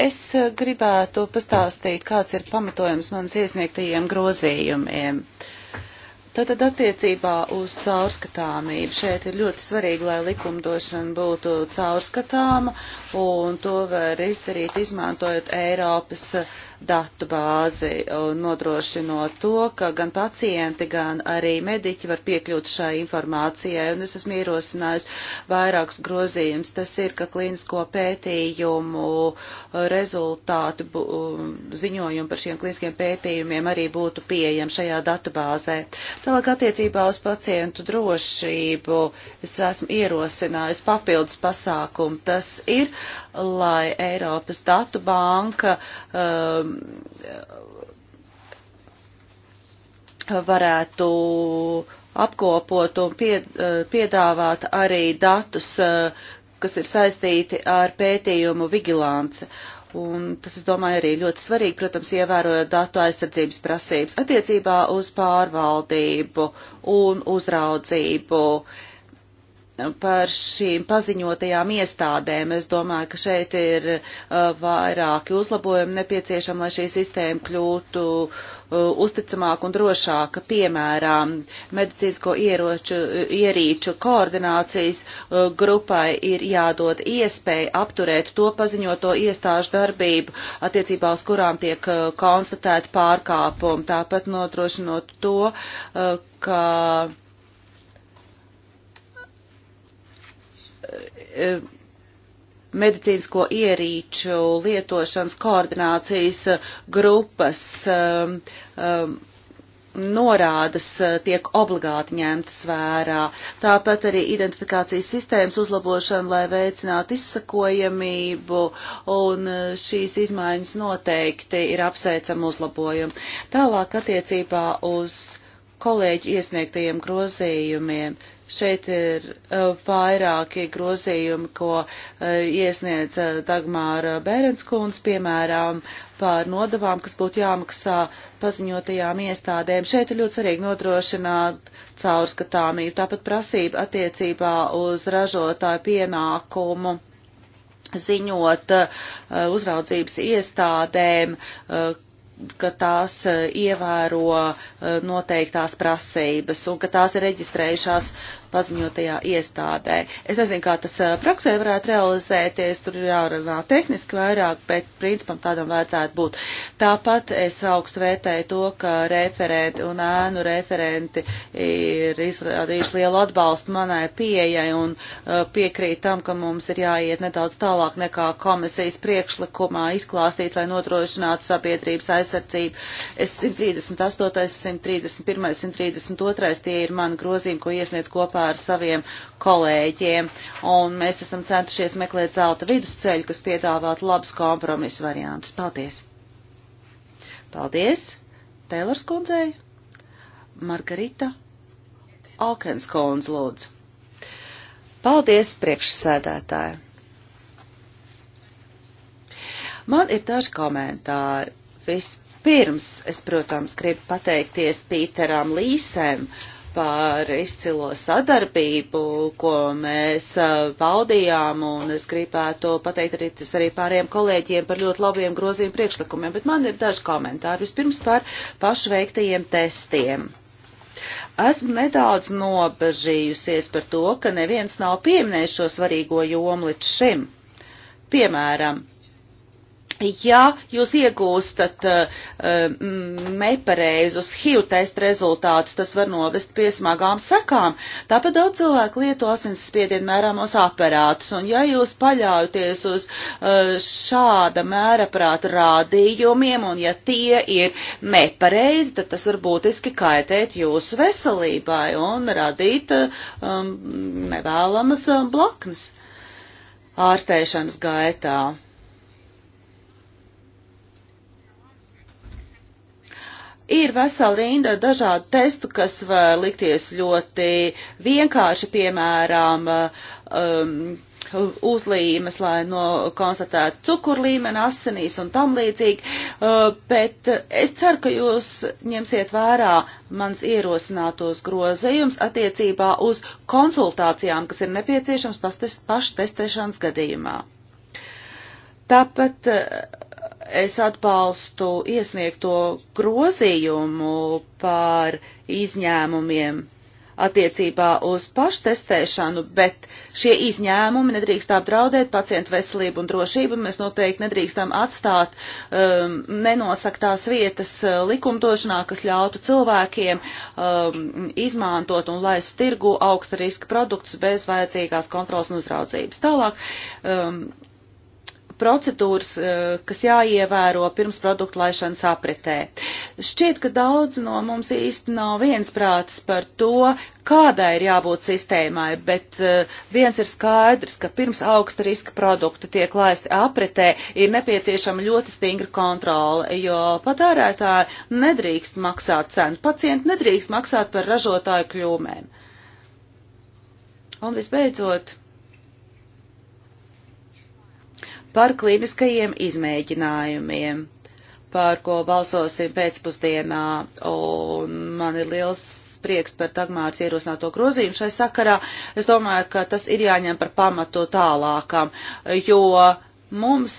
Es uh, gribētu pastāstīt, kāds ir pamatojums manas iesniegtajiem grozījumiem. Uh, Tātad attiecībā uz caurskatāmību šeit ir ļoti svarīgi, lai likumdošana būtu caurskatāma, un to var izdarīt izmantojot Eiropas uh, datu bāzi, uh, nodrošinot to, ka gan pacienti, gan arī mediķi var piekļūt šai informācijai. Un es esmu ierosinājusi vairākus grozījumus. Tas ir, ka klīnisko pētījumu uh, rezultātu um, ziņojumu par šiem klīniskiem pētījumiem arī būtu pieejami šajā datu bāzē. Tālāk attiecībā uz pacientu drošību es esmu ierosinājusi papildus pasākumu. Tas ir, lai Eiropas datu banka um, varētu apkopot un eh, piedāvāt arī datus, eh, kas ir saistīti ar pētījumu vigilance. Un tas, es domāju, arī ļoti svarīgi, protams, ievērojot datu aizsardzības prasības attiecībā uz pārvaldību un uzraudzību. Uh, par šīm paziņotajām iestādēm. Es domāju, ka šeit ir uh, vairāki uzlabojumi nepieciešami, lai šī sistēma kļūtu uh, uzticamāka un drošāka. Piemēram, medicīnisko ieroču, ierīču koordinācijas uh, grupai ir jādod iespēja apturēt to paziņoto iestāžu darbību, attiecībā uz kurām tiek konstatēti pārkāpumi, tāpat nodrošinot to, ka E, medicīnisko ierīču lietošanas koordinācijas grupas um, um, norādes tiek obligāti ņemtas vērā. Tāpat arī identifikācijas sistēmas uzlabošana, lai veicinātu izsakojamību, un šīs izmaiņas noteikti ir apsveicama uzlabojuma. Tālāk attiecībā uz kolēģi iesniegtajiem grozījumiem. Šeit ir eh, vairākie grozījumi, ko eh, iesniedz eh, Dagmāra Bērenskunds, piemēram, par nodavām, kas būtu jāmaksā paziņotajām iestādēm. Šeit ir ļoti svarīgi nodrošināt caurskatāmību, tāpat prasība attiecībā uz ražotāju pienākumu ziņot uzraudzības iestādēm, ka tās e, ievēro e, noteiktās prasības un ka tās ir reģistrējušās paziņotajā iestādē. Es nezinu, kā tas e, praksē varētu realizēties, tur ir jārunā tehniski vairāk, bet principam tādam vajadzētu būt. Tāpat es augstu vērtēju to, ka referenti un ēnu referenti ir izrādījuši lielu atbalstu manai pieejai un piekrīt tam, ka mums ir jāiet nedaudz tālāk nekā komisijas priekšlikumā izklāstīt, lai nodrošinātu sabiedrības aizsardzību aizsardzību. Es 138, 131, 132, tie ir mani grozījumi, ko iesniedz kopā ar saviem kolēģiem, un mēs esam centušies meklēt zelta vidusceļu, kas piedāvātu labus kompromisu variantus. Paldies! Paldies! Tēlors kundzei! Margarita Alkenskons lūdzu! Paldies, priekšsēdētāji! Man ir daži komentāri. Viss Pirms es, protams, gribu pateikties Pīteram Līsēm par izcilo sadarbību, ko mēs baudījām, un es gribētu pateikt arī, arī pāriem kolēģiem par ļoti labiem grozījumu priekšlikumiem, bet man ir daži komentāri. Vispirms par pašveiktajiem testiem. Esmu nedaudz nobežījusies par to, ka neviens nav pieminējis šo svarīgo jomu līdz šim. Piemēram, Ja jūs iegūstat uh, nepareizus HIV testa rezultātus, tas var novest pie smagām sekām. Tāpēc daudz cilvēku lieto asinsspiedienu mērāmos aparātus, un ja jūs paļaujaties uz uh, šāda mēraprāta rādījumiem, un ja tie ir nepareizi, tad tas var būtiski kaitēt jūsu veselībai un radīt um, nevēlamas um, blaknes ārstēšanas gaitā. Ir vesela rinda dažādu testu, kas var likties ļoti vienkārši, piemēram, um, uzlīmes, lai no konstatētu cukuru līmeni asinīs un tam līdzīgi, uh, bet es ceru, ka jūs ņemsiet vērā mans ierosinātos grozījums attiecībā uz konsultācijām, kas ir nepieciešams paštestēšanas gadījumā. Tāpat uh, es atbalstu iesniegto grozījumu par izņēmumiem attiecībā uz paštestēšanu, bet šie izņēmumi nedrīkst apdraudēt pacientu veselību un drošību. Mēs noteikti nedrīkstam atstāt um, nenosaktās vietas uh, likumdošanā, kas ļautu cilvēkiem um, izmantot un laist tirgu augsta riska produktus bez vajadzīgās kontrols un uzraudzības. Tālāk, um, procedūras, eh, kas jāievēro pirms produktu laišanas apritē. Šķiet, ka daudz no mums īsti nav viensprāts par to, kādai ir jābūt sistēmai, bet eh, viens ir skaidrs, ka pirms augsta riska produktu tiek laisti apritē, ir nepieciešama ļoti stingra kontrole, jo patērētāji nedrīkst maksāt cenu, pacienti nedrīkst maksāt par ražotāju kļūmēm. Un visbeidzot, par klīniskajiem izmēģinājumiem, par ko balsosim pēcpusdienā, un man ir liels prieks par Dagmāras ierosināto grozījumu šai sakarā. Es domāju, ka tas ir jāņem par pamatu tālākam, jo mums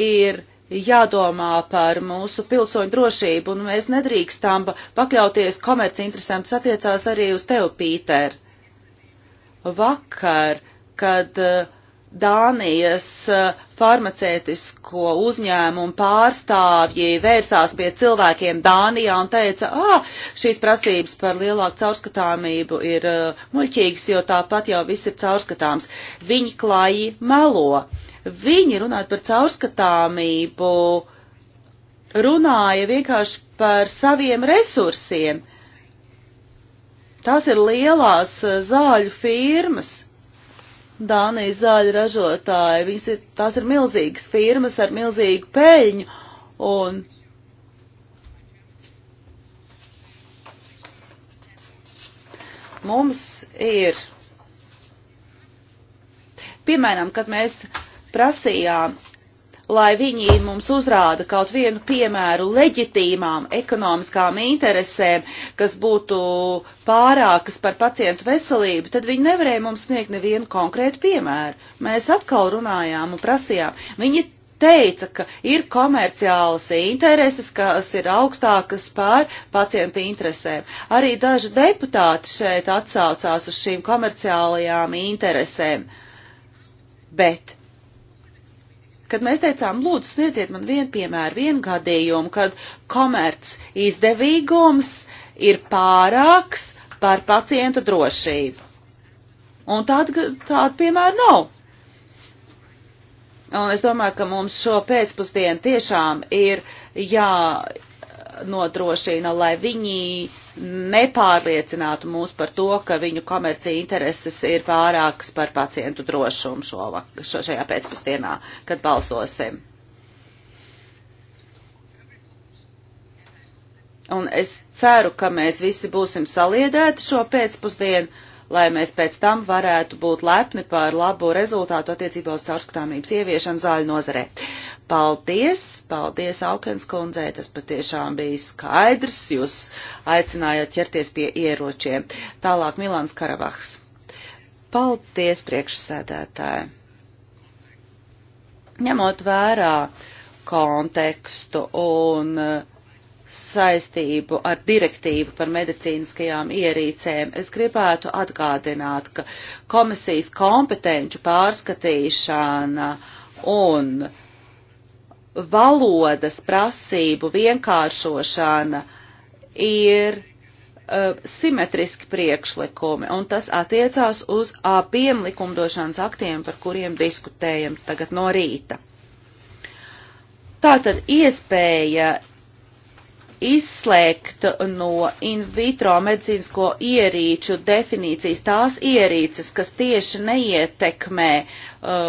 ir jādomā par mūsu pilsoņu drošību, un mēs nedrīkstam pakļauties komerci interesēm, tas attiecās arī uz tevi, Pīter. Vakar, kad uh, Dānijas eh, farmacētisko uzņēmumu pārstāvji vērsās pie cilvēkiem Dānijā un teica, ā, šīs prasības par lielāku caurskatāmību ir uh, muļķīgas, jo tāpat jau viss ir caurskatāms. Viņi klāji melo. Viņi runājot par caurskatāmību, runāja vienkārši par saviem resursiem. Tās ir lielās eh, zāļu firmas Dānijas zāļu ražotāji. Viņas ir, tās ir milzīgas firmas ar milzīgu peļņu un mums ir, piemēram, kad mēs prasījām lai viņi mums uzrāda kaut vienu piemēru leģitīmām ekonomiskām interesēm, kas būtu pārākas par pacientu veselību, tad viņi nevarēja mums sniegt nevienu konkrētu piemēru. Mēs atkal runājām un prasījām. Viņi teica, ka ir komerciālas intereses, kas ir augstākas pār pacienta interesēm. Arī daži deputāti šeit atsaucās uz šīm komerciālajām interesēm. Bet Kad mēs teicām, lūdzu, sniedziet man vienu piemēru, vienu gadījumu, kad komerc izdevīgums ir pārāks par pacientu drošību. Un tāda, tāda piemēra nav. Un es domāju, ka mums šo pēcpusdienu tiešām ir jā, nodrošina, lai viņi nepārliecinātu mūs par to, ka viņu komercija intereses ir pārākas par pacientu drošumu šo, šo, šajā pēcpusdienā, kad balsosim. Un es ceru, ka mēs visi būsim saliedēti šo pēcpusdienu lai mēs pēc tam varētu būt lepni par labo rezultātu attiecībā uz caurskatāmības ieviešanu zāļu nozarē. Paldies, paldies Aukens kundzei, tas patiešām bija skaidrs, jūs aicinājāt ķerties pie ieročiem. Tālāk Milāns Karavahs. Paldies, priekšsēdētāji. Ņemot vērā kontekstu un uh, saistību ar direktīvu par medicīniskajām ierīcēm, es gribētu atgādināt, ka komisijas kompetenču pārskatīšana un valodas prasību vienkāršošana ir uh, simetriski priekšlikumi, un tas attiecās uz abiem likumdošanas aktiem, par kuriem diskutējam tagad no rīta. Tātad iespēja izslēgt no in vitro medicīnisko ierīču definīcijas tās ierīces, kas tieši neietekmē uh,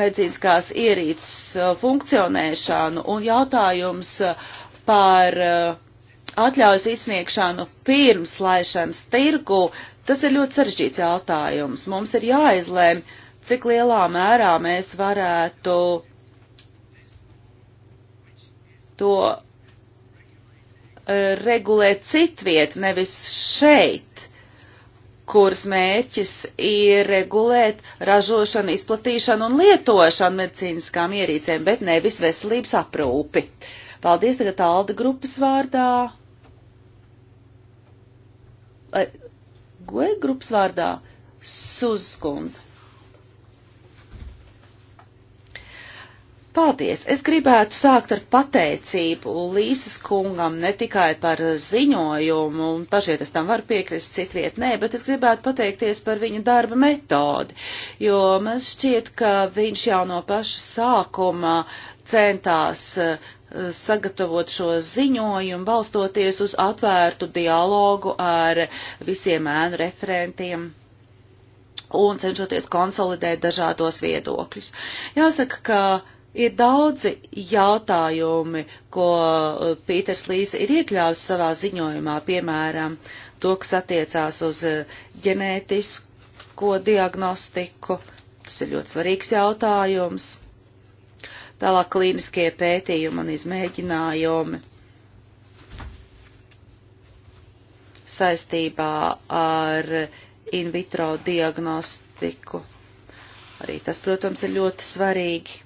medicīniskās ierīces uh, funkcionēšanu un jautājums uh, par uh, atļaujas izsniegšanu pirms laišanas tirgu, tas ir ļoti sarežģīts jautājums. Mums ir jāizlēm, cik lielā mērā mēs varētu to Eh, regulēt citviet, nevis šeit, kuras mērķis ir regulēt ražošanu, izplatīšanu un lietošanu medicīniskām ierīcēm, bet nevis veselības aprūpi. Paldies tagad Alda grupas vārdā. Eh, Goja grupas vārdā Suzkundze. Paldies! Es gribētu sākt ar pateicību Līsas kungam ne tikai par ziņojumu, dažiet es tam varu piekrist, citviet nē, bet es gribētu pateikties par viņa darba metodi, jo man šķiet, ka viņš jau no paša sākuma centās eh, sagatavot šo ziņojumu, balstoties uz atvērtu dialogu ar visiem ēnu referentiem un cenšoties konsolidēt dažādos viedokļus. Jāsaka, ka Ir daudzi jautājumi, ko uh, Pīters Līze ir iekļāvis savā ziņojumā, piemēram, to, kas attiecās uz uh, ģenētisko diagnostiku. Tas ir ļoti svarīgs jautājums. Tālāk klīniskie pētījumi un izmēģinājumi saistībā ar in vitro diagnostiku. Arī tas, protams, ir ļoti svarīgi.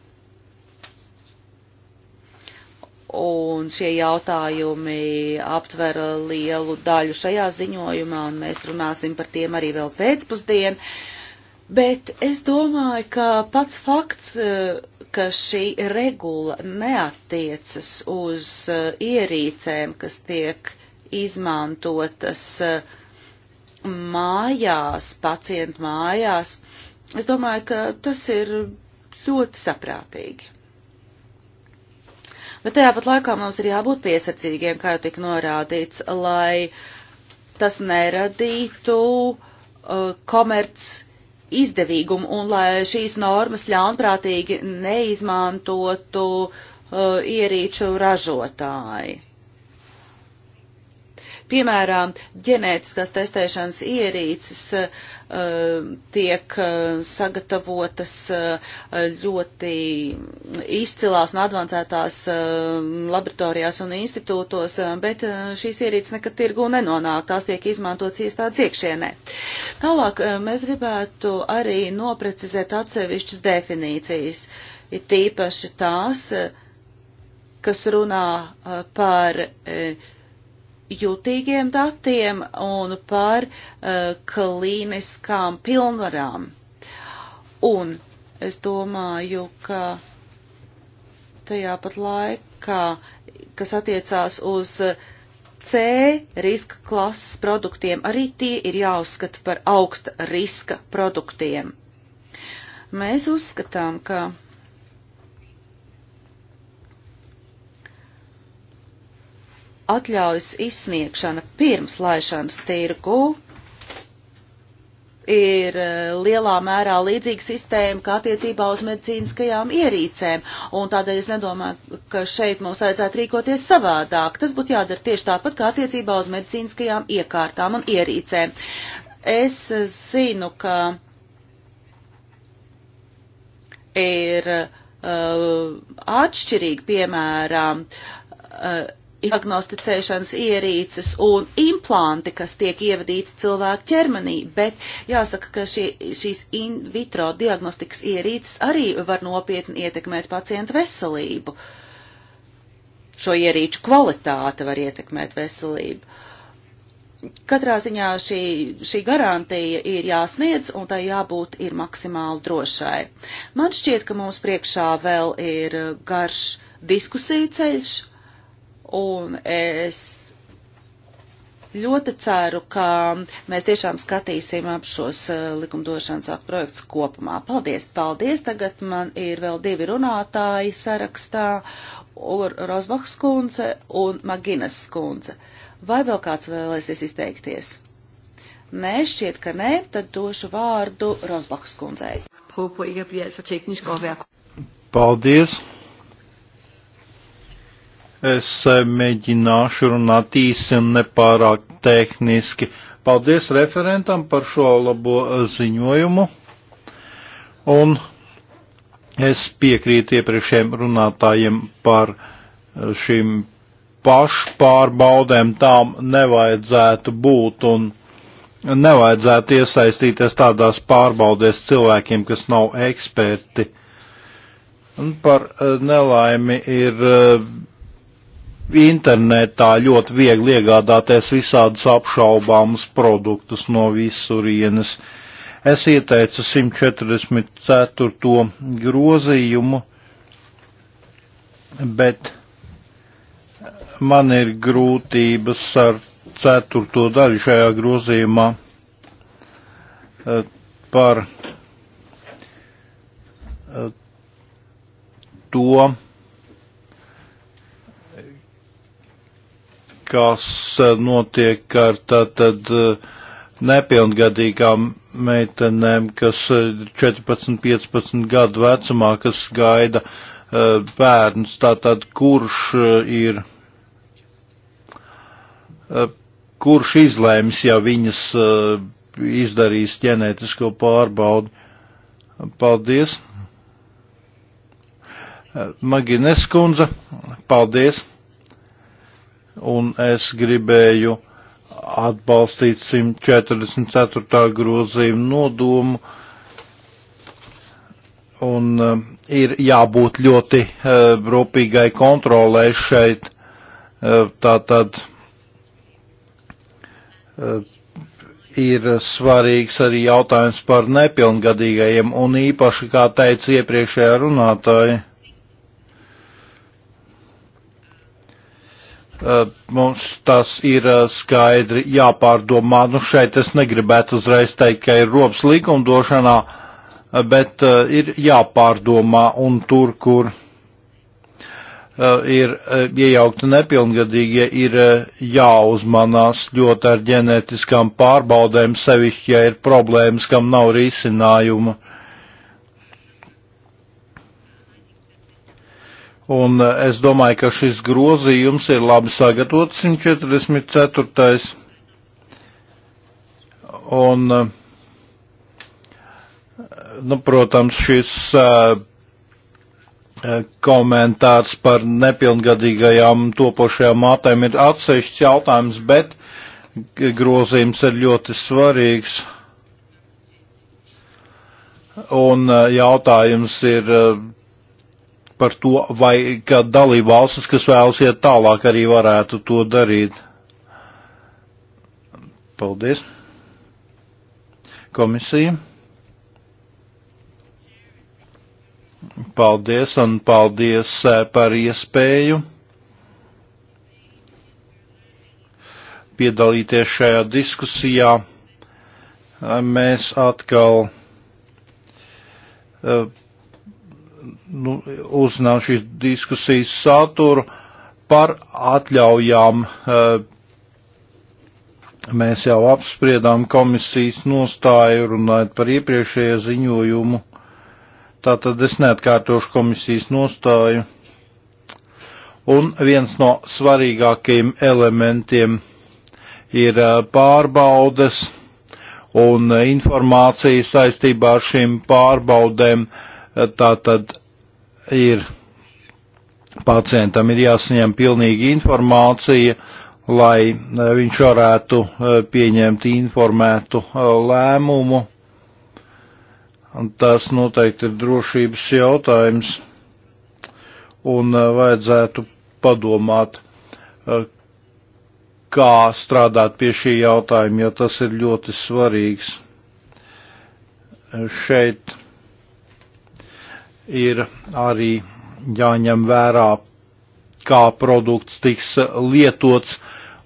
un šie jautājumi aptver lielu daļu šajā ziņojumā, un mēs runāsim par tiem arī vēl pēcpusdien. Bet es domāju, ka pats fakts, eh, ka šī regula neatiecas uz eh, ierīcēm, kas tiek izmantotas eh, mājās, pacientu mājās, es domāju, ka tas ir ļoti saprātīgi. Bet tajāpat laikā mums ir jābūt piesacīgiem, kā jau tik norādīts, lai tas neradītu uh, komerc izdevīgumu un lai šīs normas ļaunprātīgi neizmantotu uh, ierīču ražotāji. Piemēram, ģenētiskās testēšanas ierīces eh, tiek eh, sagatavotas eh, ļoti izcilās un advancētās laboratorijās un institūtos, bet šīs ierīces nekad tirgu nenonāk, tās tiek izmantotas iestādes iekšienē. Tālāk mēs gribētu arī noprecizēt atsevišķas definīcijas, ir tīpaši tās, kas runā par jutīgiem datiem un par uh, klīniskām pilnvarām. Un es domāju, ka tajā pat laikā, kas attiecās uz eh, C riska klases produktiem, arī tie ir jāuzskata par augsta riska produktiem. Mēs uzskatām, ka atļaujas izsniegšana pirms laišanas tirgu ir e, lielā mērā līdzīga sistēma kā attiecībā uz medicīniskajām ierīcēm, un tādēļ es nedomāju, ka šeit mums vajadzētu rīkoties savādāk. Tas būtu jādara tieši tāpat kā attiecībā uz medicīniskajām iekārtām un ierīcēm. Es e, zinu, ka ir uh, atšķirīgi, piemēram, uh, diagnosticēšanas ierīces un implanti, kas tiek ievadīti cilvēku ķermenī, bet jāsaka, ka šie, šīs in vitro diagnostikas ierīces arī var nopietni ietekmēt pacientu veselību. Šo ierīču kvalitāte var ietekmēt veselību. Katrā ziņā šī, šī garantija ir jāsniedz un tai jābūt ir maksimāli drošai. Man šķiet, ka mums priekšā vēl ir garš diskusiju ceļš, un es ļoti ceru, ka mēs tiešām skatīsim ap šos eh, likumdošanas aktu projektus kopumā. Paldies, paldies! Tagad man ir vēl divi runātāji sarakstā - Rozbachs kundze un Maginas skundze. Vai vēl kāds vēlēsies izteikties? Nē, šķiet, ka nē, tad došu vārdu Rozbachs kundzei. Paldies! Es eh, mēģināšu runāt īsi un nepārāk tehniski. Paldies referentam par šo labo eh, ziņojumu. Un es piekrītu iepriekšējiem runātājiem par eh, šīm pašpārbaudēm. Tām nevajadzētu būt un nevajadzētu iesaistīties tādās pārbaudēs cilvēkiem, kas nav eksperti. Un par nelaimi ir internetā ļoti viegli iegādāties visādus apšaubāmus produktus no visurienes. Es ieteicu 144. grozījumu, bet man ir grūtības ar ceturto daļu šajā grozījumā eh, par eh, to, kas eh, notiek ar tātad eh, nepilngadīgām meitenēm, kas 14-15 eh, gadu vecumā, kas gaida bērns, tātad kurš ir, kurš izlēmis, ja viņas izdarīs ģenētisko pārbaudi. Paldies! Magines kundze, paldies! un es gribēju atbalstīt 144. grozījumu nodomu. Un uh, ir jābūt ļoti uh, rūpīgai kontrolē šeit. Uh, tā tad uh, ir svarīgs arī jautājums par nepilngadīgajiem un īpaši, kā teica iepriekšējā runātāja Eh, mums tas ir eh, skaidri jāpārdomā. Nu, šeit es negribētu uzreiz teikt, ka ir robs likumdošanā, eh, bet ir jāpārdomā un tur, kur ir iejaukti nepilngadīgie, ir jāuzmanās ļoti ar ģenētiskām pārbaudēm, sevišķi, ja ir problēmas, kam nav risinājuma. Uh, Un eh, es domāju, ka šis grozījums ir labi sagatavots 144. Un, eh, nu, protams, šis eh, komentārs par nepilngadīgajām topošajām mātēm ir atsevišķs jautājums, bet grozījums ir ļoti svarīgs. Un jautājums ir par to, vai kā dalība valstis, kas vēlas iet tālāk, arī varētu to darīt. Paldies. Komisija. Paldies un paldies eh, par iespēju piedalīties šajā diskusijā. Eh, mēs atkal uh, nu, uzzināt šīs diskusijas saturu par atļaujām. Eh, mēs jau apspriedām komisijas nostāju runājot par iepriekšējo ziņojumu. Tātad es neatkārtošu komisijas nostāju. Un viens no svarīgākajiem elementiem ir eh, pārbaudes un eh, informācija saistībā ar šīm pārbaudēm. Tātad ir pacientam ir jāsaņem pilnīgi informācija, lai eh, viņš varētu eh, pieņemt informētu eh, lēmumu. Un tas noteikti ir drošības jautājums un vajadzētu padomāt, kā strādāt pie šī jautājuma, jo tas ir ļoti svarīgs. Šeit ir arī jāņem vērā, kā produkts tiks lietots,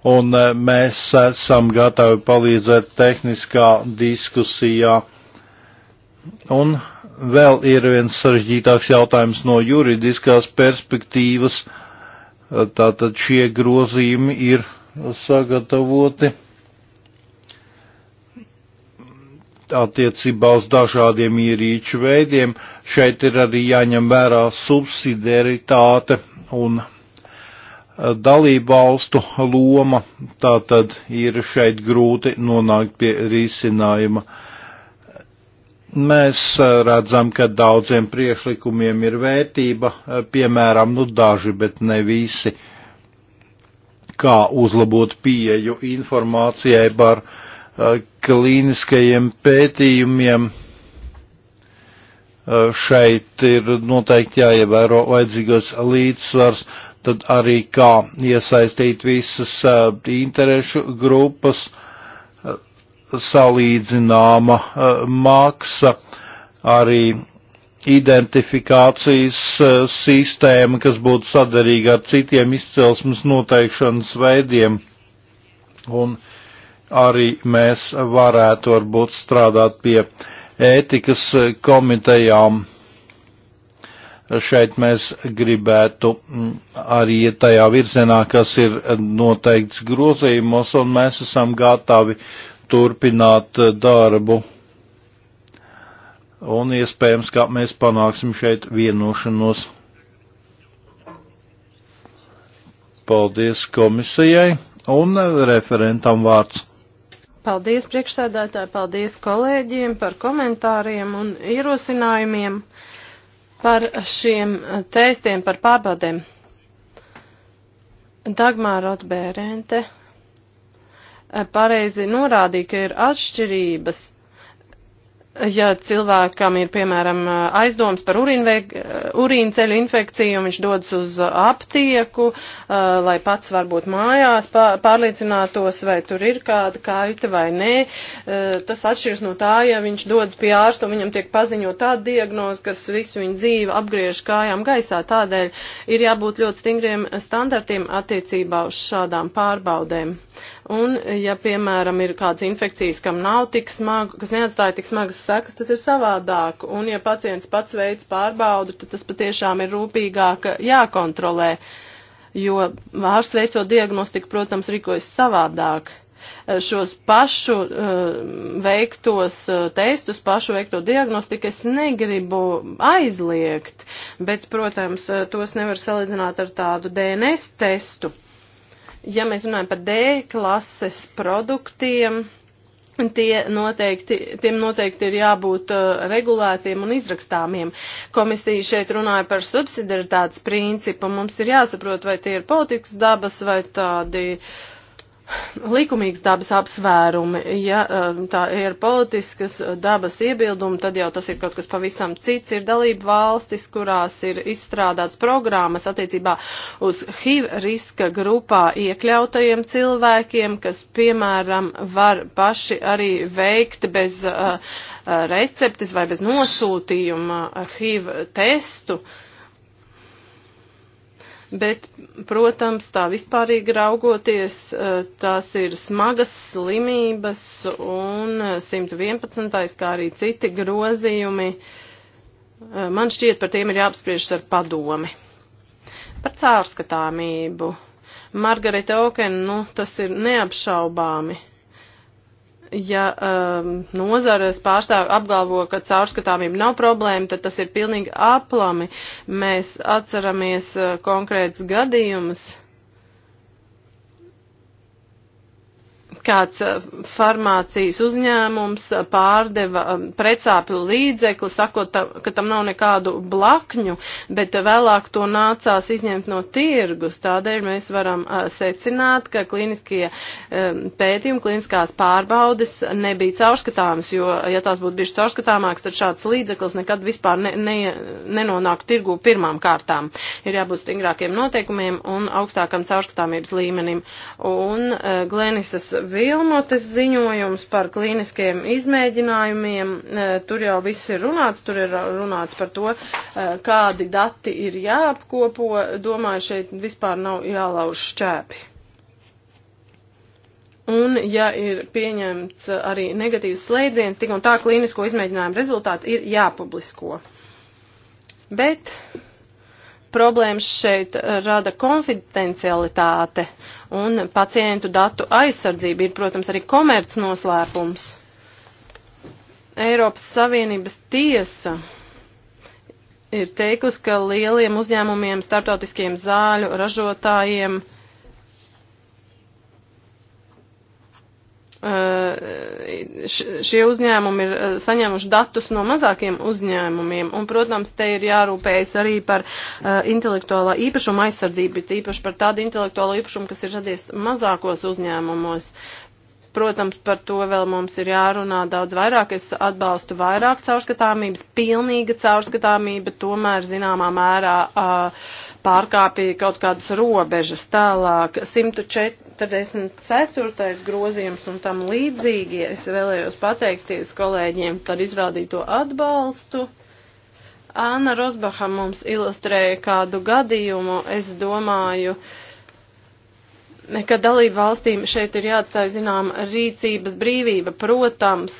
un eh, mēs esam gatavi palīdzēt tehniskā diskusijā. Un vēl ir viens sarežģītāks jautājums no juridiskās perspektīvas. Tātad šie grozījumi ir sagatavoti attiecībā uz dažādiem ierīču veidiem. Uh, Šeit ir arī jāņem vērā subsidiaritāte un eh, dalību valstu loma, tā tad ir šeit grūti nonākt pie risinājuma. Mēs eh, redzam, ka daudziem priekšlikumiem ir vērtība, eh, piemēram, nu daži, bet ne visi, kā uzlabot pieeju informācijai par klīniskajiem pētījumiem Eh, šeit ir noteikti jāievēro vajadzīgos līdzsvars, tad arī kā iesaistīt visas eh, interešu grupas eh, salīdzināma maksa, arī identifikācijas sistēma, kas būtu sadarīga ar citiem izcelsmes noteikšanas veidiem. Un arī mēs varētu varbūt strādāt pie uh, ētikas eh, komitejām. Šeit mēs gribētu mm, arī iet tajā virzienā, kas ir noteikts grozījumos, un mēs esam gatavi turpināt eh, darbu. Un iespējams, ka mēs panāksim šeit vienošanos. Paldies komisijai un eh, referentam vārds. Paldies priekšsēdētāji, paldies kolēģiem par komentāriem un ierosinājumiem par šiem testiem, par pārbaudēm. Dagmāra Otbērente pareizi norādīja, ka ir atšķirības Ja cilvēkam ir, piemēram, aizdoms par urīnceļu infekciju un viņš dodas uz aptieku, uh, lai pats varbūt mājās pārliecinātos, vai tur ir kāda kaita vai nē, uh, tas atšķirs no tā, ja viņš dodas pie ārsta un viņam tiek paziņot tāda diagnoze, kas visu viņu dzīvi apgriež kājām gaisā. Tādēļ ir jābūt ļoti stingriem standartiem attiecībā uz šādām pārbaudēm. Uh, Un, ja, piemēram, ir kādas infekcijas, kam nav tik smagu, kas neatstāja tik smagas sekas, tas ir savādāk. Un, ja pacients pats veids pārbaudu, tad tas patiešām ir rūpīgāk jākontrolē, jo ārsts veicot diagnostiku, protams, rīkojas savādāk šos pašu uh, veiktos uh, testus, pašu veikto diagnostiku es negribu aizliegt, bet, protams, uh, tos nevar salīdzināt ar tādu DNS testu ja mēs runājam par D klases produktiem, Tie noteikti, tiem noteikti ir jābūt uh, regulētiem un izrakstāmiem. Komisija šeit runāja par subsidiaritātes principu. Mums ir jāsaprot, vai tie ir politikas dabas vai tādi uh, likumīgas dabas apsvērumi. Ja eh, tā ir politiskas eh, dabas iebildumi, tad jau tas ir kaut kas pavisam cits. Ir dalība valstis, kurās ir izstrādāts programmas attiecībā uz HIV riska grupā iekļautajiem cilvēkiem, kas, piemēram, var paši arī veikt bez eh, receptes vai bez nosūtījuma HIV testu. Uh, bet, protams, tā vispārīgi raugoties, eh, tās ir smagas slimības un 111. Eh, kā arī citi grozījumi. Eh, man šķiet, par tiem ir jāapspriežas ar padomi. Par caurskatāmību. Margarita Oken, nu, tas ir neapšaubāmi ja um, nozares pārstāvi apgalvo, ka caurskatāmība nav problēma, tad tas ir pilnīgi aplami. Mēs atceramies uh, konkrētus gadījumus. Uh, kāds eh, farmācijas uzņēmums eh, pārdeva eh, precāpju līdzekli, sakot, ka tam nav nekādu blakņu, bet vēlāk to nācās izņemt no tirgus. Tādēļ mēs varam secināt, ka klīniskie pētījumi, klīniskās pārbaudes nebija caurskatāmas, jo, ja tās būtu bijušas caurskatāmākas, tad šāds līdzeklis nekad vispār ne, ne, nenonāktu tirgu pirmām kārtām. Ir jābūt stingrākiem noteikumiem un augstākam caurskatāmības līmenim. Un, uh, Glenisas Vilmotes ziņojums par klīniskiem izmēģinājumiem. E, tur jau viss ir runāts, tur ir runāts par to, e, kādi dati ir jāapkopo. Domāju, šeit vispār nav jālauž šķēpi. Un, ja ir pieņemts arī negatīvs slēdziens, tik un tā klīnisko izmēģinājumu rezultāti ir jāpublisko. Bet problēmas šeit rada konfidencialitāte un pacientu datu aizsardzība ir, protams, arī komerc noslēpums. Eiropas Savienības tiesa ir teikusi, ka lieliem uzņēmumiem, starptautiskiem zāļu ražotājiem uh, Eh, šie uzņēmumi ir eh, saņēmuši datus no mazākiem uzņēmumiem, un, protams, te ir jārūpējas arī par eh, intelektuālā īpašuma aizsardzību, bet īpaši par tādu intelektuālo īpašumu, kas ir radies mazākos uzņēmumos. Protams, par to vēl mums ir jārunā daudz vairāk. Es atbalstu vairāk caurskatāmības, pilnīga caurskatāmība, tomēr zināmā mērā. Uh, pārkāpīja kaut kādas robežas tālāk. 104, 44. grozījums un tam līdzīgie. Es vēlējos pateikties kolēģiem par izrādīto atbalstu. Āna Rosbaha mums ilustrēja kādu gadījumu, es domāju, ka dalību valstīm šeit ir jāatstāj zinām rīcības brīvība, protams,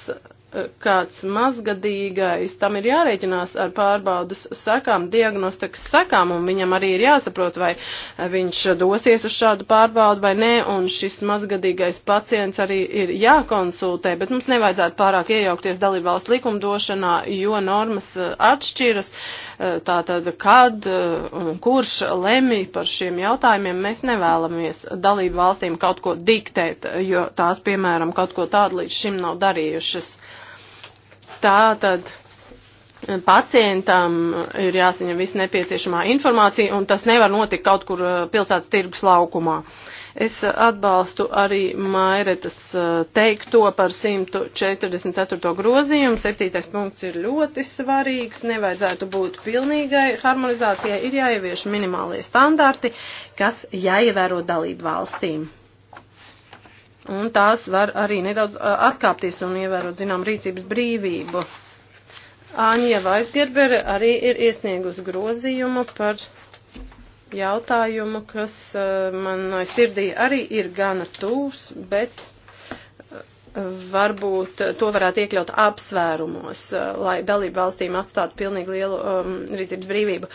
kāds mazgadīgais, tam ir jārēķinās ar pārbaudas sakām, diagnostikas sakām, un viņam arī ir jāsaprot, vai viņš dosies uz šādu pārbaudu vai nē, un šis mazgadīgais pacients arī ir jākonsultē, bet mums nevajadzētu pārāk iejaukties dalībvalsts likumdošanā, jo normas eh, atšķiras, eh, tātad kad eh, un kurš lemj par šiem jautājumiem, mēs nevēlamies dalībvalstīm kaut ko diktēt, jo tās, piemēram, kaut ko tādu līdz šim nav darījušas. Tā tad pacientam ir jāsaņem viss nepieciešamā informācija, un tas nevar notikt kaut kur eh, pilsētas tirgus laukumā. Es atbalstu arī Mairetas eh, teikto par 144. grozījumu. Septītais punkts ir ļoti svarīgs. Nevajadzētu būt pilnīgai harmonizācijai. Ir jāievieš minimālie standarti, kas jāievēro dalību valstīm un tās var arī nedaudz atkāpties un ievērot, zinām, rīcības brīvību. Āņija Vaisgerbere arī ir iesniegusi grozījumu par jautājumu, kas manai sirdī arī ir gana tūs, bet varbūt to varētu iekļaut apsvērumos, lai dalību valstīm atstātu pilnīgi lielu um, rīcības brīvību.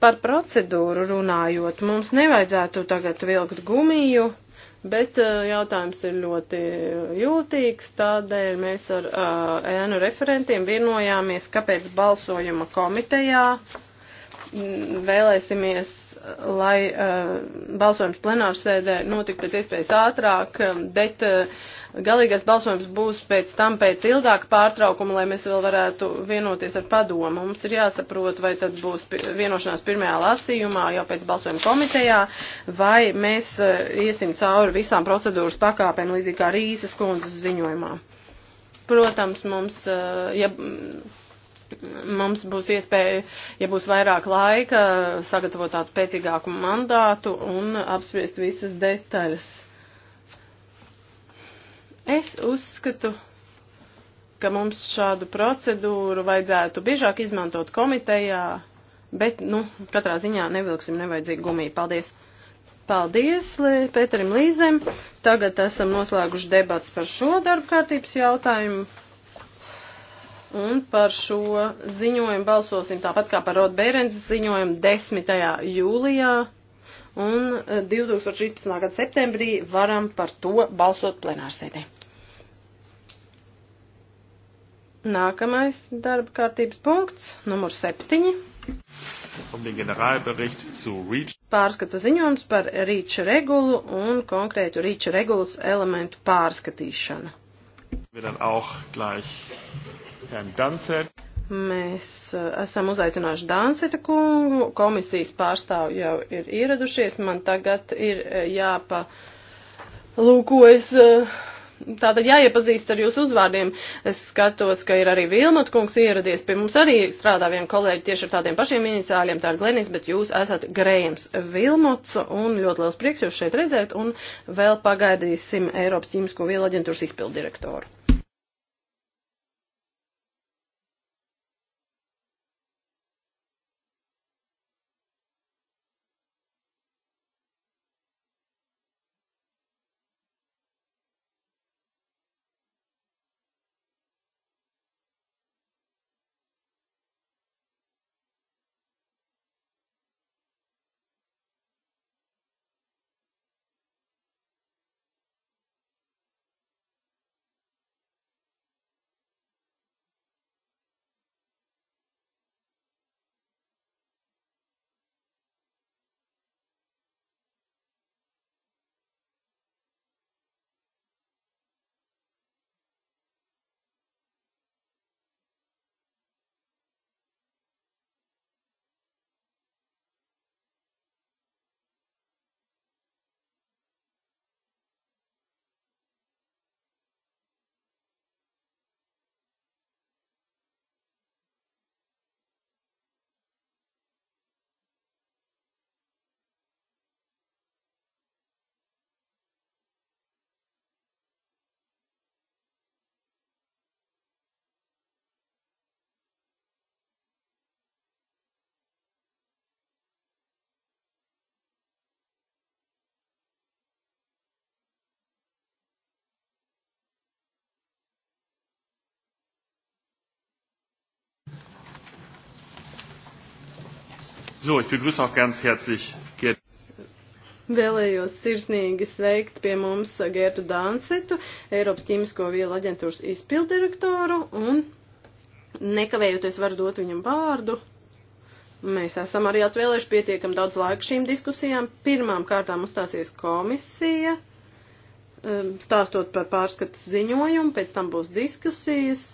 Par procedūru runājot, mums nevajadzētu tagad vilkt gumiju, Bet uh, jautājums ir ļoti jūtīgs, tādēļ mēs ar uh, ēnu referentiem vienojāmies, kāpēc balsojuma komitejā mm, vēlēsimies, lai uh, balsojums plenārsēdē notiktu pēc iespējas ātrāk, um, bet uh, Galīgais balsojums būs pēc tam pēc ilgāka pārtraukuma, lai mēs vēl varētu vienoties ar padomu. Mums ir jāsaprot, vai tad būs vienošanās pirmajā lasījumā, jau pēc balsojuma komitejā, vai mēs eh, iesim cauri visām procedūras pakāpēm, līdzīgi kā Rīsas kundzes ziņojumā. Protams, mums, eh, ja mm, mums būs iespēja, ja būs vairāk laika, sagatavot tādu pēcīgāku mandātu un apspriest visas detaļas. Es uzskatu, ka mums šādu procedūru vajadzētu biežāk izmantot komitejā, bet, nu, katrā ziņā nevilksim nevajadzīgu gumiju. Paldies! Paldies Pēterim Līzem. Tagad esam noslēguši debats par šo darba kārtības jautājumu. Un par šo ziņojumu balsosim tāpat kā par Rotbērens ziņojumu 10. jūlijā un 2016. E, gada septembrī varam par to balsot plenārsēdē. Nākamais darba kārtības punkts, numur 7. Pārskata ziņojums par rīča regulu un konkrētu rīča regulas elementu pārskatīšanu. Mēs uh, esam uzaicinājuši Dānseta kungu, komisijas pārstāvi jau ir ieradušies, man tagad ir uh, jāpa lūkojas, uh, tātad jāiepazīst ar jūsu uzvārdiem. Es skatos, ka ir arī Vilmot kungs ieradies, pie mums arī strādā viena kolēģi tieši ar tādiem pašiem iniciāļiem, tā ir Glenis, bet jūs esat Grējams Vilmots un ļoti liels prieks jūs šeit redzēt un vēl pagaidīsim Eiropas ķīmisko vielu aģentūras izpildirektoru. So, ich begrüße auch ganz herzlich Gerd. Vēlējos sirsnīgi sveikt pie mums Gertu Dansetu, Eiropas ķīmisko vielu aģentūras izpildirektoru, un nekavējoties var dot viņam vārdu. Mēs esam arī atvēlējuši pietiekam daudz laika šīm diskusijām. Pirmām kārtām uzstāsies komisija, um, stāstot par pārskatas ziņojumu, pēc tam būs diskusijas,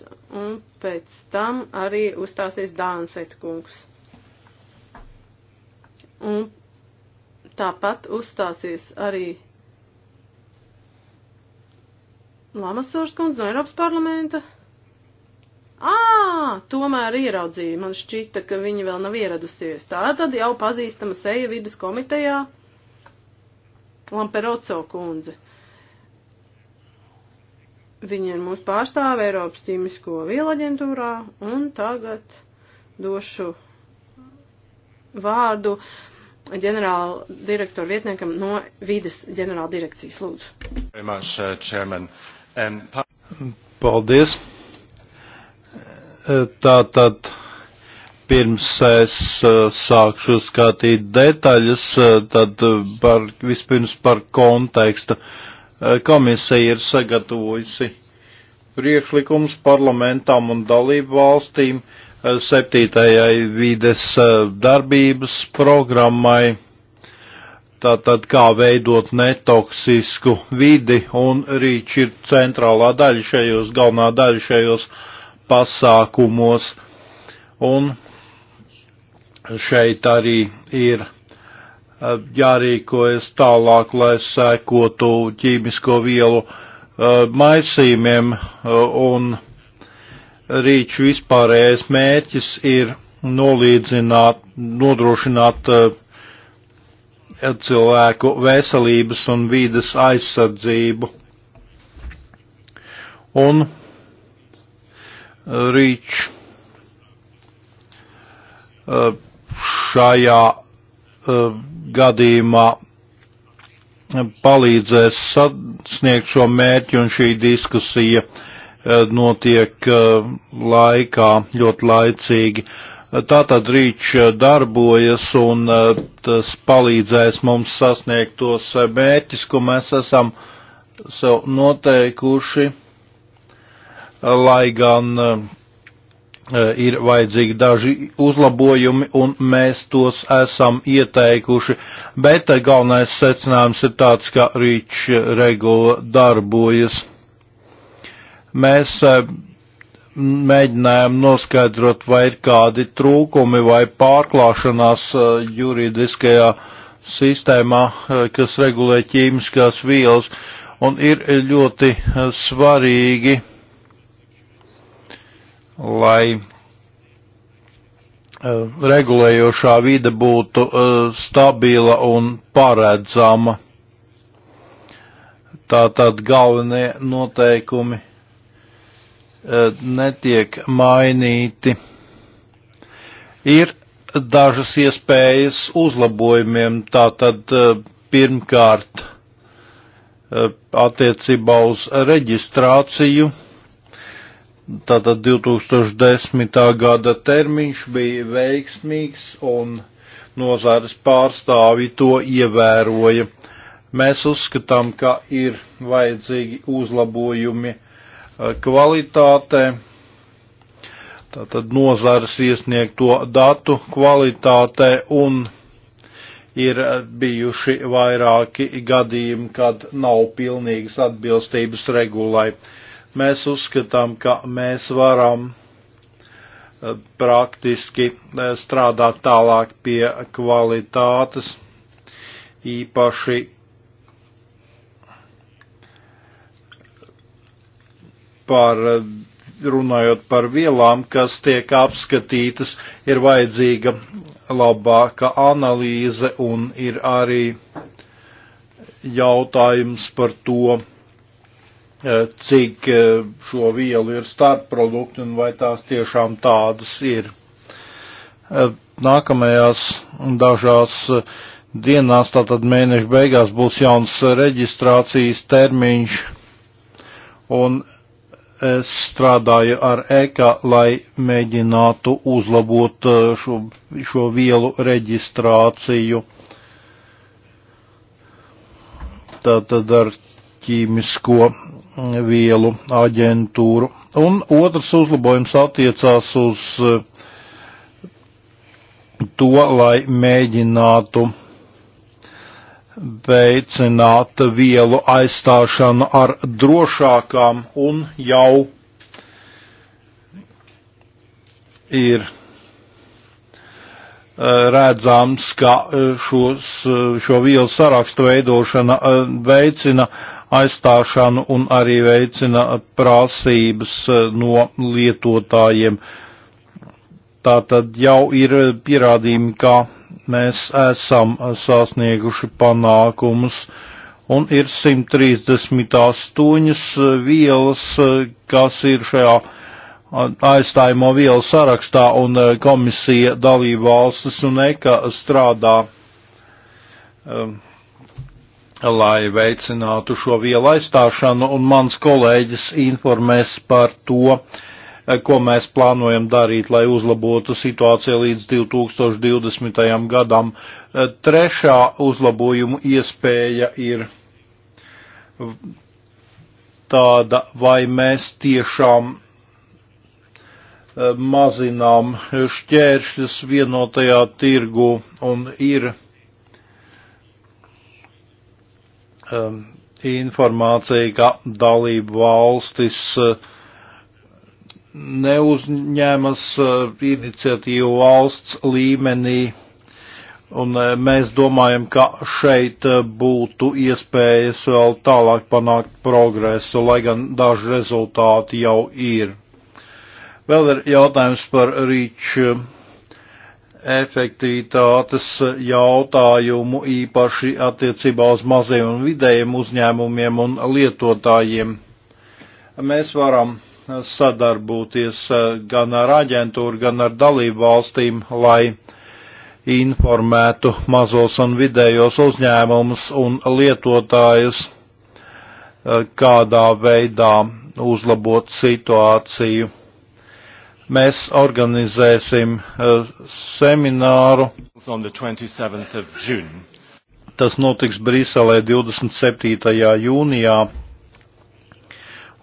un pēc tam arī uzstāsies Dānseta kungs. Un tāpat uzstāsies arī Lamasors kundze no Eiropas parlamenta. Ā, tomēr ieraudzīja, man šķita, ka viņa vēl nav ieradusies. Tā tad jau pazīstama seja vidas komitejā Lamperoco kundze. Viņa ir mūsu pārstāve Eiropas ķīmisko vielu aģentūrā, un tagad došu vārdu uh, ģenerāla direktora vietniekam no vides ģenerāla direkcijas lūdzu. Uh, um, Paldies. Uh, tātad pirms es uh, sākšu skatīt detaļas, tad par, vispirms par kontekstu. Komisija ir sagatavojusi priekšlikums parlamentam un dalību valstīm uh, septītajai vides eh, darbības programmai, tātad kā veidot netoksisku vidi, un rīč ir centrālā daļa šajos, galvenā daļa šajos pasākumos, un šeit arī ir eh, jārīkojas tālāk, lai sekotu ķīmisko vielu eh, maisījumiem un rīču vispārējais mērķis ir nolīdzināt, nodrošināt eh, cilvēku veselības un vīdes aizsardzību. Un eh, rīč eh, šajā gadījumā palīdzēs sasniegt šo mērķi un šī diskusija uh, Eh, notiek eh, laikā ļoti laicīgi. Tātad rīč eh, darbojas un tas palīdzēs mums sasniegt tos mērķis, ko mēs esam sev noteikuši, lai gan ir vajadzīgi daži uzlabojumi, un mēs tos esam ieteikuši. Bet galvenais secinājums ir tāds, ka rīč regula darbojas. Mēs e, mēģinājām noskaidrot, vai ir kādi trūkumi vai pārklāšanās e, juridiskajā sistēmā, e, kas regulē ķīmiskās vielas, un ir ļoti svarīgi, lai regulējošā vide būtu stabila un paredzama. Tātad galvenie noteikumi netiek mainīti. Ir dažas iespējas uzlabojumiem, tātad e, pirmkārt e, attiecībā uz reģistrāciju. Tātad 2010. gada termiņš bija veiksmīgs un nozares pārstāvi to ievēroja. Mēs uzskatām, ka ir vajadzīgi uzlabojumi Eh, kvalitātē, tātad nozares iesniegto datu kvalitātē un ir eh, bijuši vairāki gadījumi, kad nav pilnīgas atbilstības regulai. Mēs uzskatām, ka mēs varam eh, praktiski strādāt tālāk pie kvalitātes, īpaši par eh, runājot par vielām, kas tiek apskatītas, ir vajadzīga labāka analīze un ir arī jautājums par to, eh, cik eh, šo vielu ir starpprodukti un vai tās tiešām tādas ir. Nākamajās dažās dienās, tātad mēneša beigās, būs jauns reģistrācijas termiņš, un es strādāju ar EKA, lai mēģinātu uzlabot eh, šo, šo vielu reģistrāciju. Tātad ar ķīmisko mm, vielu aģentūru. Un otrs uzlabojums attiecās uz eh, to, lai mēģinātu veicināt vielu aizstāšanu ar drošākām un jau ir eh, redzams, ka eh, šos, eh, šo vielu sarakstu veidošana veicina aizstāšanu un arī veicina prasības no lietotājiem. Tātad jau ir pierādījumi, ka mēs esam sasnieguši panākumus un ir 138 vielas, kas ir šajā aizstājumo vielu sarakstā un e, komisija dalībvalstis un EKA strādā, um, lai veicinātu šo vielu aizstāšanu un mans kolēģis informēs par to, uh, Eh, ko mēs plānojam darīt, lai uzlabotu situāciju līdz 2020. gadam. Eh, trešā uzlabojumu iespēja ir tāda, vai mēs tiešām eh, mazinām šķēršļus vienotajā tirgu un ir informācija, ka dalību valstis uh, neuzņēmas eh, iniciatīvu valsts līmenī, un eh, mēs domājam, ka šeit eh, būtu iespējas vēl tālāk panākt progresu, lai gan daži rezultāti jau ir. Vēl ir jautājums par rīču efektivitātes jautājumu īpaši attiecībā uz maziem un vidējiem uzņēmumiem un lietotājiem. Mēs varam sadarboties eh, gan ar aģentūru, gan ar dalību valstīm, lai informētu mazos un vidējos uzņēmumus un lietotājus, eh, kādā veidā uzlabot situāciju. Mēs organizēsim eh, semināru. Tas notiks Brīselē 27. jūnijā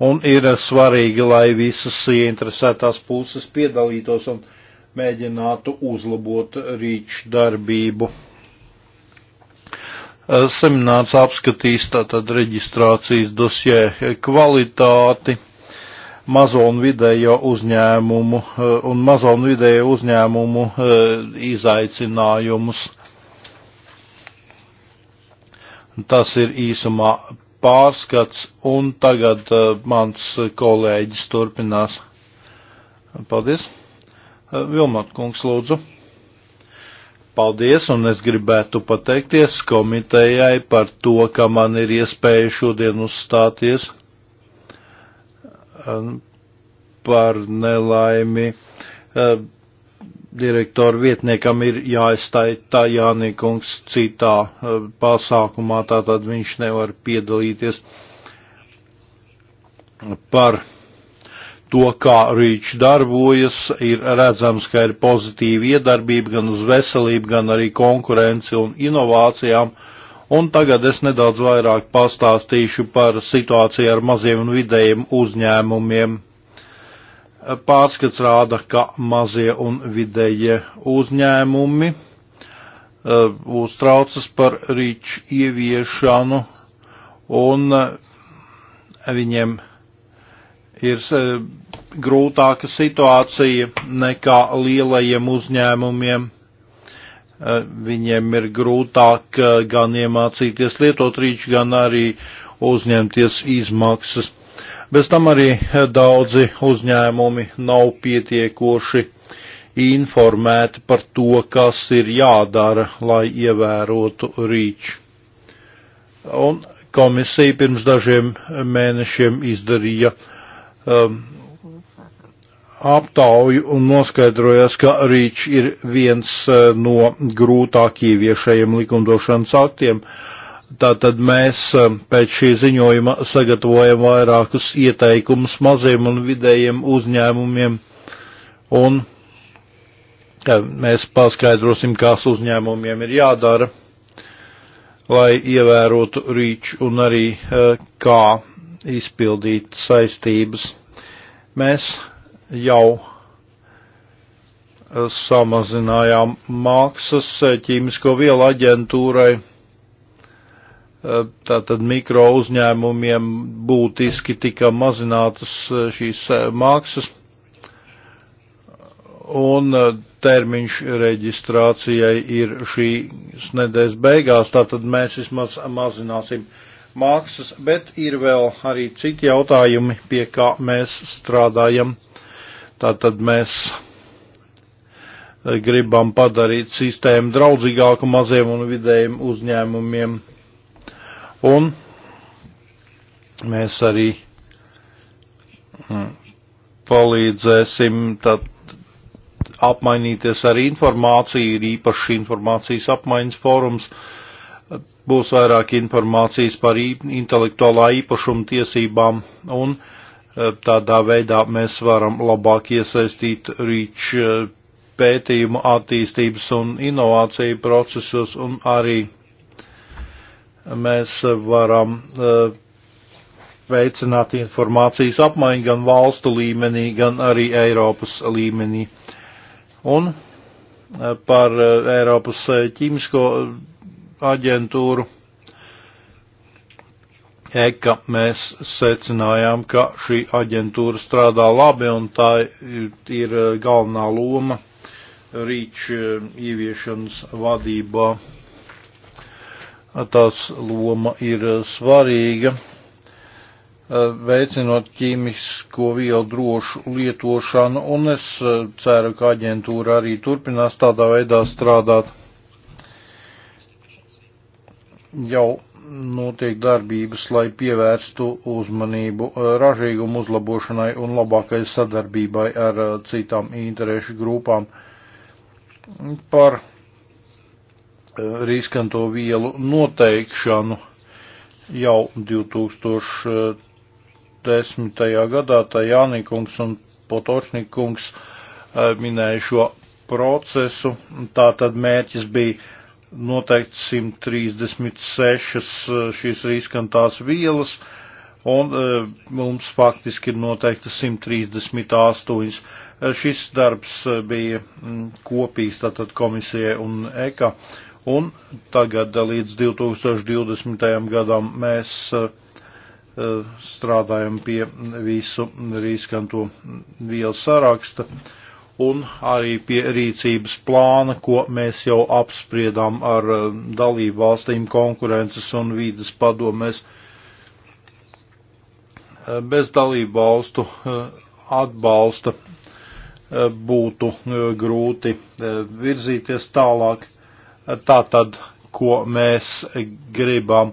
un ir svarīgi, lai visas ieinteresētās puses piedalītos un mēģinātu uzlabot rīču darbību. Seminārs apskatīs tātad reģistrācijas dosjē kvalitāti mazo un vidējo uzņēmumu un mazo un vidējo uzņēmumu eh, izaicinājumus. Tas ir īsumā pārskats, un tagad uh, mans kolēģis turpinās. Paldies. Uh, Vilmot kungs, lūdzu. Paldies, un es gribētu pateikties komitejai par to, ka man ir iespēja šodien uzstāties uh, par nelaimi. Uh, direktoru vietniekam ir jāizstāj tā Jānīkungs citā e, pasākumā, tātad viņš nevar piedalīties par to, kā rīč darbojas, ir redzams, ka ir pozitīva iedarbība gan uz veselību, gan arī konkurenci un inovācijām. Un tagad es nedaudz vairāk pastāstīšu par situāciju ar maziem un vidējiem uzņēmumiem Pārskats rāda, ka mazie un vidējie uzņēmumi e, uztraucas par rīču ieviešanu un e, viņiem ir e, grūtāka situācija nekā lielajiem uzņēmumiem. Viņiem ir grūtāk gan iemācīties lietot rīču, gan arī uzņemties izmaksas. Bez tam arī eh, daudzi uzņēmumi nav pietiekoši informēti par to, kas ir jādara, lai ievērotu rīču. Un komisija pirms dažiem mēnešiem izdarīja um, aptauju un noskaidrojās, ka rīčs ir viens eh, no grūtāk ieviešajiem likumdošanas aktiem. Uh, Tātad mēs um, pēc šī ziņojuma sagatavojam vairākus ieteikumus maziem un vidējiem uzņēmumiem, un mēs paskaidrosim, kas uzņēmumiem ir jādara, lai ievērotu rīču un arī uh, kā izpildīt saistības. Mēs jau uh, samazinājām maksas uh, ķīmisko vielu aģentūrai Eh, tātad mikro uzņēmumiem būtiski tika mazinātas eh, šīs eh, maksas un termiņš reģistrācijai ir šīs nedēļas beigās, tātad mēs vismaz mazināsim maksas, bet ir vēl arī citi jautājumi, pie kā mēs strādājam. Tātad mēs gribam padarīt sistēmu draudzīgāku maziem un vidējiem uzņēmumiem Un mēs arī mm, palīdzēsim tad apmainīties ar informāciju, ir īpaši informācijas apmaiņas fórums, būs vairāk informācijas par intelektuālā īpašuma tiesībām un eh, tādā veidā mēs varam labāk iesaistīt rīč eh, pētījumu attīstības un inovāciju procesos un arī mēs varam eh, veicināt informācijas apmaiņu gan valstu līmenī, gan arī Eiropas līmenī. Un eh, par eh, Eiropas ķīmisko aģentūru EKA mēs secinājām, ka šī aģentūra strādā labi un tā ir galvenā loma rīču ieviešanas vadībā tās loma ir eh, svarīga, eh, veicinot ķīmisko vielu drošu lietošanu, un es eh, ceru, ka aģentūra arī turpinās tādā veidā strādāt. Jau notiek darbības, lai pievērstu uzmanību ražīgumu uzlabošanai un labākai sadarbībai ar citām interešu grupām. Par Eh, riskanto vielu noteikšanu jau 2010. gadā. Tā Jānīkungs un Potočnikungs eh, minēja šo procesu. Tā tad mērķis bija noteikt 136 eh, šīs riskantās vielas, un mums faktiski ir noteikta 138. Šis darbs bija mm, kopīgs tātad komisijai un EKA, Un tagad eh, līdz 2020. gadam mēs eh, eh, strādājam pie visu riskanto vielu saraksta un arī pie rīcības plāna, ko mēs jau apspriedām ar dalību valstīm konkurences un vīdas padomēs. Bez dalību valstu atbalsta būtu grūti virzīties tālāk tātad, ko mēs gribam.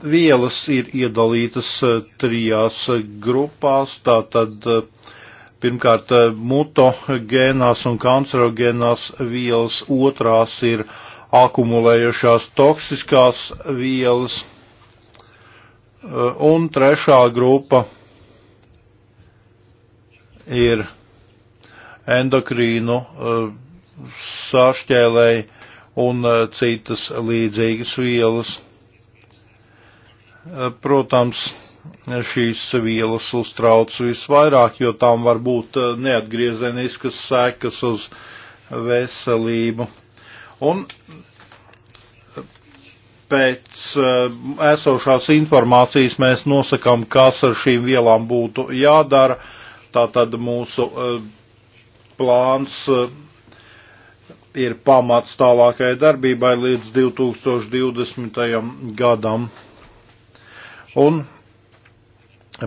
Vielas ir iedalītas eh, trijās grupās, tātad eh, pirmkārt eh, mutogēnās un kancerogēnās vielas, otrās ir akumulējušās toksiskās vielas, un trešā grupa ir endokrīnu uh, sāšķēlēji un e, citas līdzīgas vielas. E, protams, šīs vielas uztrauc visvairāk, jo tām var būt e, neatgriezeniskas sekas uz veselību. Un pēc esošās informācijas mēs nosakām, kas ar šīm vielām būtu jādara. Tātad mūsu plāns ir pamats tālākai darbībai līdz 2020. gadam. Un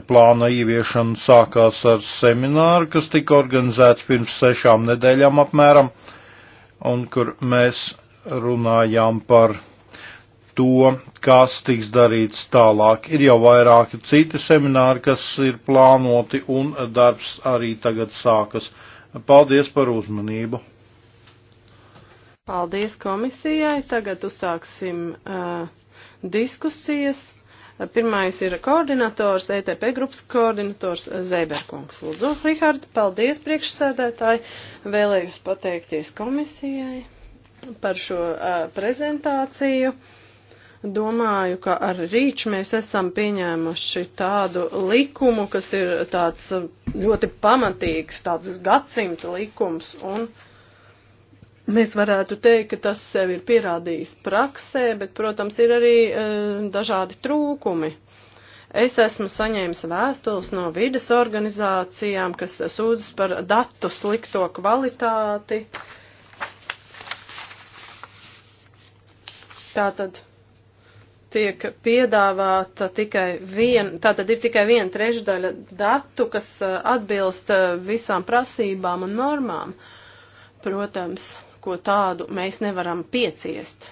plāna ieviešana sākās ar semināru, kas tika organizēts pirms sešām nedēļām apmēram, un kur mēs runājām par to, kas tiks darīts tālāk. Ir jau vairāki citi semināri, kas ir plānoti, un darbs arī tagad sākas. Paldies par uzmanību! Paldies komisijai. Tagad uzsāksim uh, diskusijas. Uh, pirmais ir koordinators, ETP grupas koordinators uh, Zēberkungs. Lūdzu, Rihard, paldies priekšsēdētāji. Vēlējos pateikties komisijai par šo uh, prezentāciju. Domāju, ka ar rīču mēs esam pieņēmuši tādu likumu, kas ir tāds uh, ļoti pamatīgs, tāds gadsimta likums. Un, uh, Mēs varētu teikt, ka tas sev ir pierādījis praksē, bet, protams, ir arī e, dažādi trūkumi. Es esmu saņēmis vēstules no vides organizācijām, kas sūdzas par datu slikto kvalitāti. Tātad tiek piedāvāta tikai viena, tātad ir tikai viena trešdaļa datu, kas e, atbilst e, visām prasībām un normām. Protams, ko tādu mēs nevaram pieciest.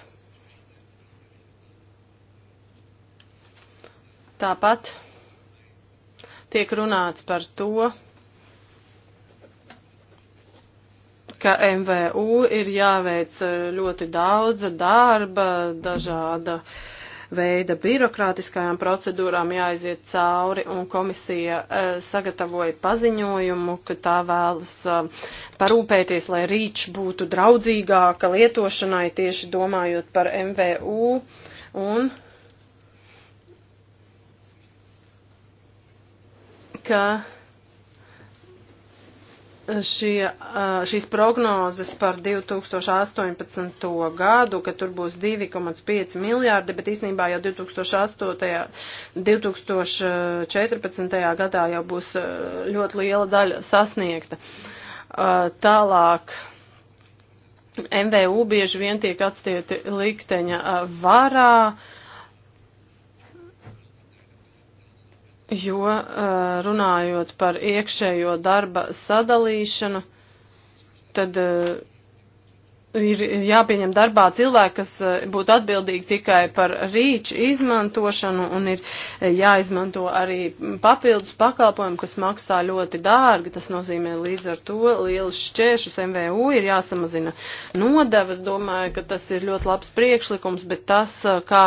Tāpat tiek runāts par to, ka MVU ir jāveic ļoti daudz darba, dažāda uh, veida birokrātiskajām procedūrām jāaiziet cauri, un komisija e, sagatavoja paziņojumu, ka tā vēlas e, parūpēties, lai rīč būtu draudzīgāka lietošanai, tieši domājot par MVU. Un ka šie, šīs prognozes par 2018. gadu, ka tur būs 2,5 miljārdi, bet īsnībā jau 2008, 2014. gadā jau būs ļoti liela daļa sasniegta. Tālāk. MVU bieži vien tiek atstāti likteņa varā. Uh, jo uh, runājot par iekšējo darba sadalīšanu, tad uh, ir jāpieņem darbā cilvēki, kas eh, būtu atbildīgi tikai par rīču izmantošanu un ir eh, jāizmanto arī papildus pakalpojumu, kas maksā ļoti dārgi. Tas nozīmē līdz ar to lielus šķēršus MVU ir jāsamazina nodevas. Domāju, ka tas ir ļoti labs priekšlikums, bet tas, eh, kā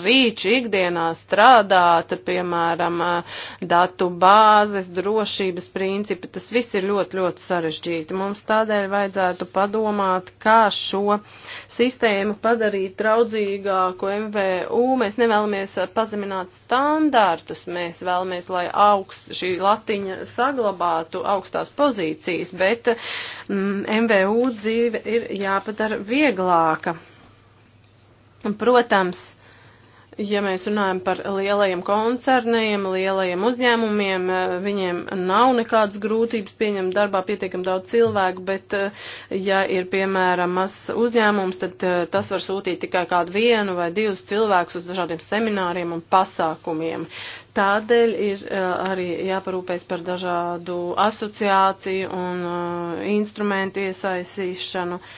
rīču ikdienā strādāt, piemēram, datu bāzes, drošības principi, tas viss ir ļoti, ļoti sarežģīti. Mums tādēļ vajadzētu padomāt, kā šo sistēmu padarīt draudzīgāku MVU. Mēs nevēlamies pazemināt standārtus, mēs vēlamies, lai augst, šī latiņa saglabātu augstās pozīcijas, bet mm, MVU dzīve ir jāpadara vieglāka. Protams, ja mēs runājam par lielajiem koncerniem, lielajiem uzņēmumiem, eh, viņiem nav nekādas grūtības pieņemt darbā pietiekam daudz cilvēku, bet eh, ja ir, piemēram, mazs uzņēmums, tad eh, tas var sūtīt tikai kādu vienu vai divus cilvēkus uz dažādiem semināriem un pasākumiem. Tādēļ ir arī jāparūpēs par dažādu asociāciju un instrumentu iesaistīšanu. Uh,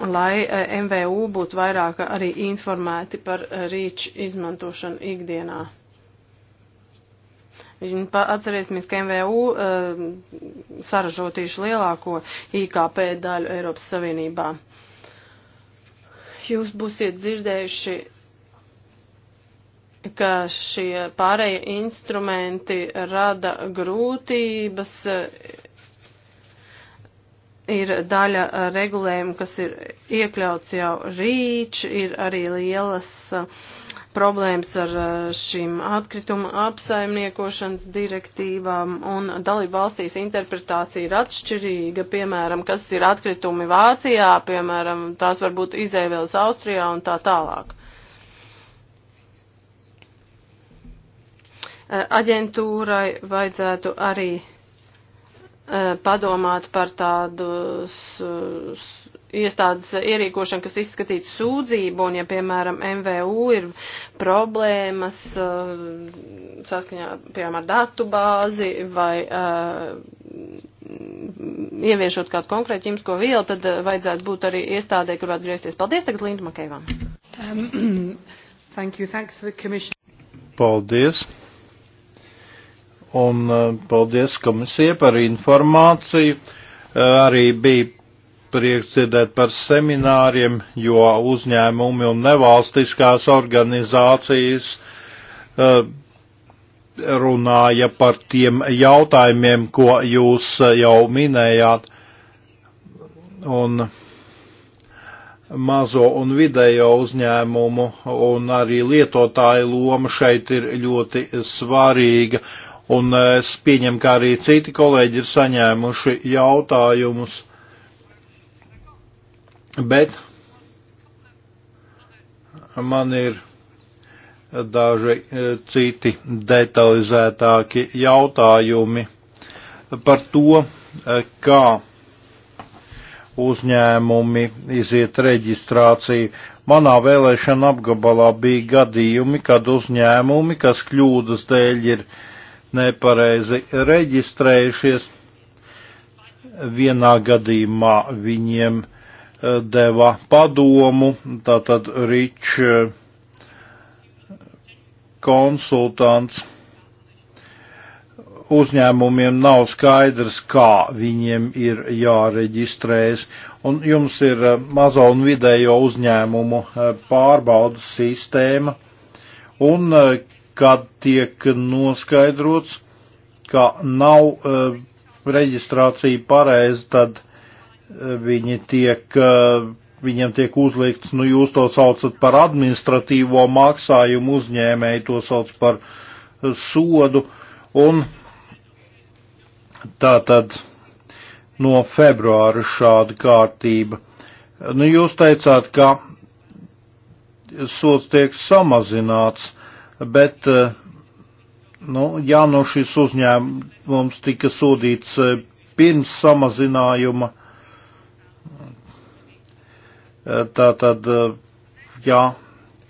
lai eh, MVU būtu vairāk arī informēti par eh, rīču izmantošanu ikdienā. Atcerēsimies, ka MVU uh, eh, saražo tieši lielāko IKP daļu Eiropas Savienībā. Jūs būsiet dzirdējuši, ka šie pārējie instrumenti rada grūtības. Uh, ir daļa uh, regulējuma, kas ir iekļauts jau rīč, ir arī lielas uh, problēmas ar uh, šīm atkrituma apsaimniekošanas direktīvām un dalību valstīs interpretācija ir atšķirīga, piemēram, kas ir atkritumi Vācijā, piemēram, tās varbūt izēvēlas Austrijā un tā tālāk. Aģentūrai vajadzētu arī E, padomāt par tādu iestādes ierīkošanu, kas izskatītu sūdzību, un ja, piemēram, MVU ir problēmas e, saskaņā, piemēram, ar datu bāzi vai e, ieviešot kādu konkrētu ķimisko vielu, tad vajadzētu būt arī iestādē, kur varētu griezties. Paldies tagad Linda Makeivam. Um, thank you, thanks to the commission. Paldies un uh, paldies komisija par informāciju. Uh, arī bija prieks dzirdēt par semināriem, jo uzņēmumi un nevalstiskās organizācijas uh, runāja par tiem jautājumiem, ko jūs jau minējāt. Un mazo un vidējo uzņēmumu un arī lietotāju loma šeit ir ļoti svarīga un es pieņemu, ka arī citi kolēģi ir saņēmuši jautājumus. Bet man ir daži e, citi detalizētāki jautājumi par to, e, kā uzņēmumi iziet reģistrāciju. Manā vēlēšana apgabalā bija gadījumi, kad uzņēmumi, kas kļūdas dēļ ir uh, nepareizi reģistrējušies. Vienā gadījumā viņiem e, deva padomu, tātad Rič e, konsultants uzņēmumiem nav skaidrs, kā viņiem ir jāreģistrējas, un jums ir e, mazo un vidējo uzņēmumu pārbaudas sistēma, un kad tiek noskaidrots, ka nav uh, reģistrācija pareizi, tad eh, viņi tiek, uh, viņiem tiek uzlikts, nu jūs to saucat par administratīvo maksājumu uzņēmēju, to sauc par sodu, un tā tad no februāra šāda kārtība. Nu, jūs teicāt, ka sots tiek samazināts. Uh, bet eh, nu, ja nu šis uzņēmums tika sodīts eh, pirms samazinājuma, eh, tā tad, jā,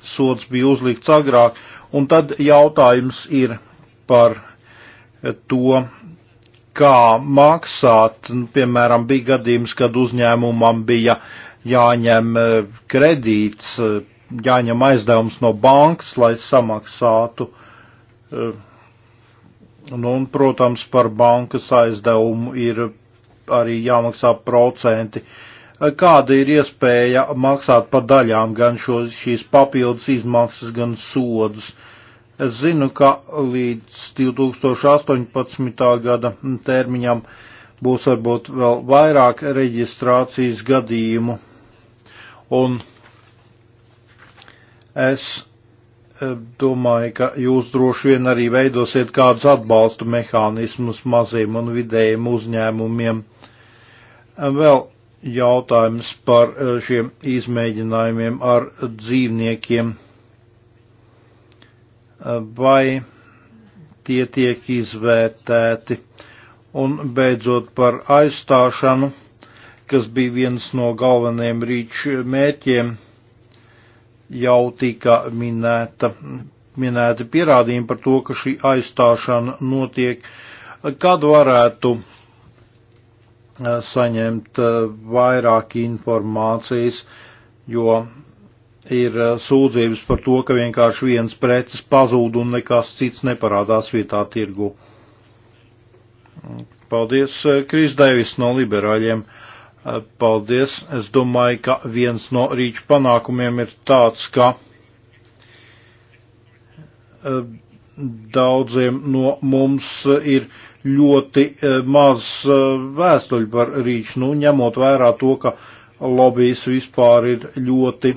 sods bija uzlikts agrāk, un tad jautājums ir par to, kā maksāt, nu, piemēram, bija gadījums, kad uzņēmumam bija jāņem kredīts jāņem aizdevums no bankas, lai samaksātu. Eh, nu, un, protams, par bankas aizdevumu ir arī jāmaksā procenti. Eh, kāda ir iespēja maksāt par daļām gan šo, šīs papildus izmaksas, gan sodus? Es zinu, ka līdz 2018. gada termiņam būs varbūt vēl vairāk reģistrācijas gadījumu, un Es eh, domāju, ka jūs droši vien arī veidosiet kādus atbalstu mehānismus maziem un vidējiem uzņēmumiem. Eh, vēl jautājums par eh, šiem izmēģinājumiem ar dzīvniekiem. Vai tie tiek izvērtēti? Un beidzot par aizstāšanu, kas bija viens no galvenajiem rīču mērķiem jau tika minēta, minēta pierādījumi par to, ka šī aizstāšana notiek. Kad varētu eh, saņemt eh, vairāk informācijas, jo ir eh, sūdzības par to, ka vienkārši viens preces pazūd un nekas cits neparādās vietā tirgu. Paldies, Kris Devis no liberāļiem. Uh, Paldies. Es domāju, ka viens no rīču panākumiem ir tāds, ka e, daudziem no mums ir ļoti e, maz e, vēstuļu par rīču, nu, ņemot vērā to, ka lobijas vispār ir ļoti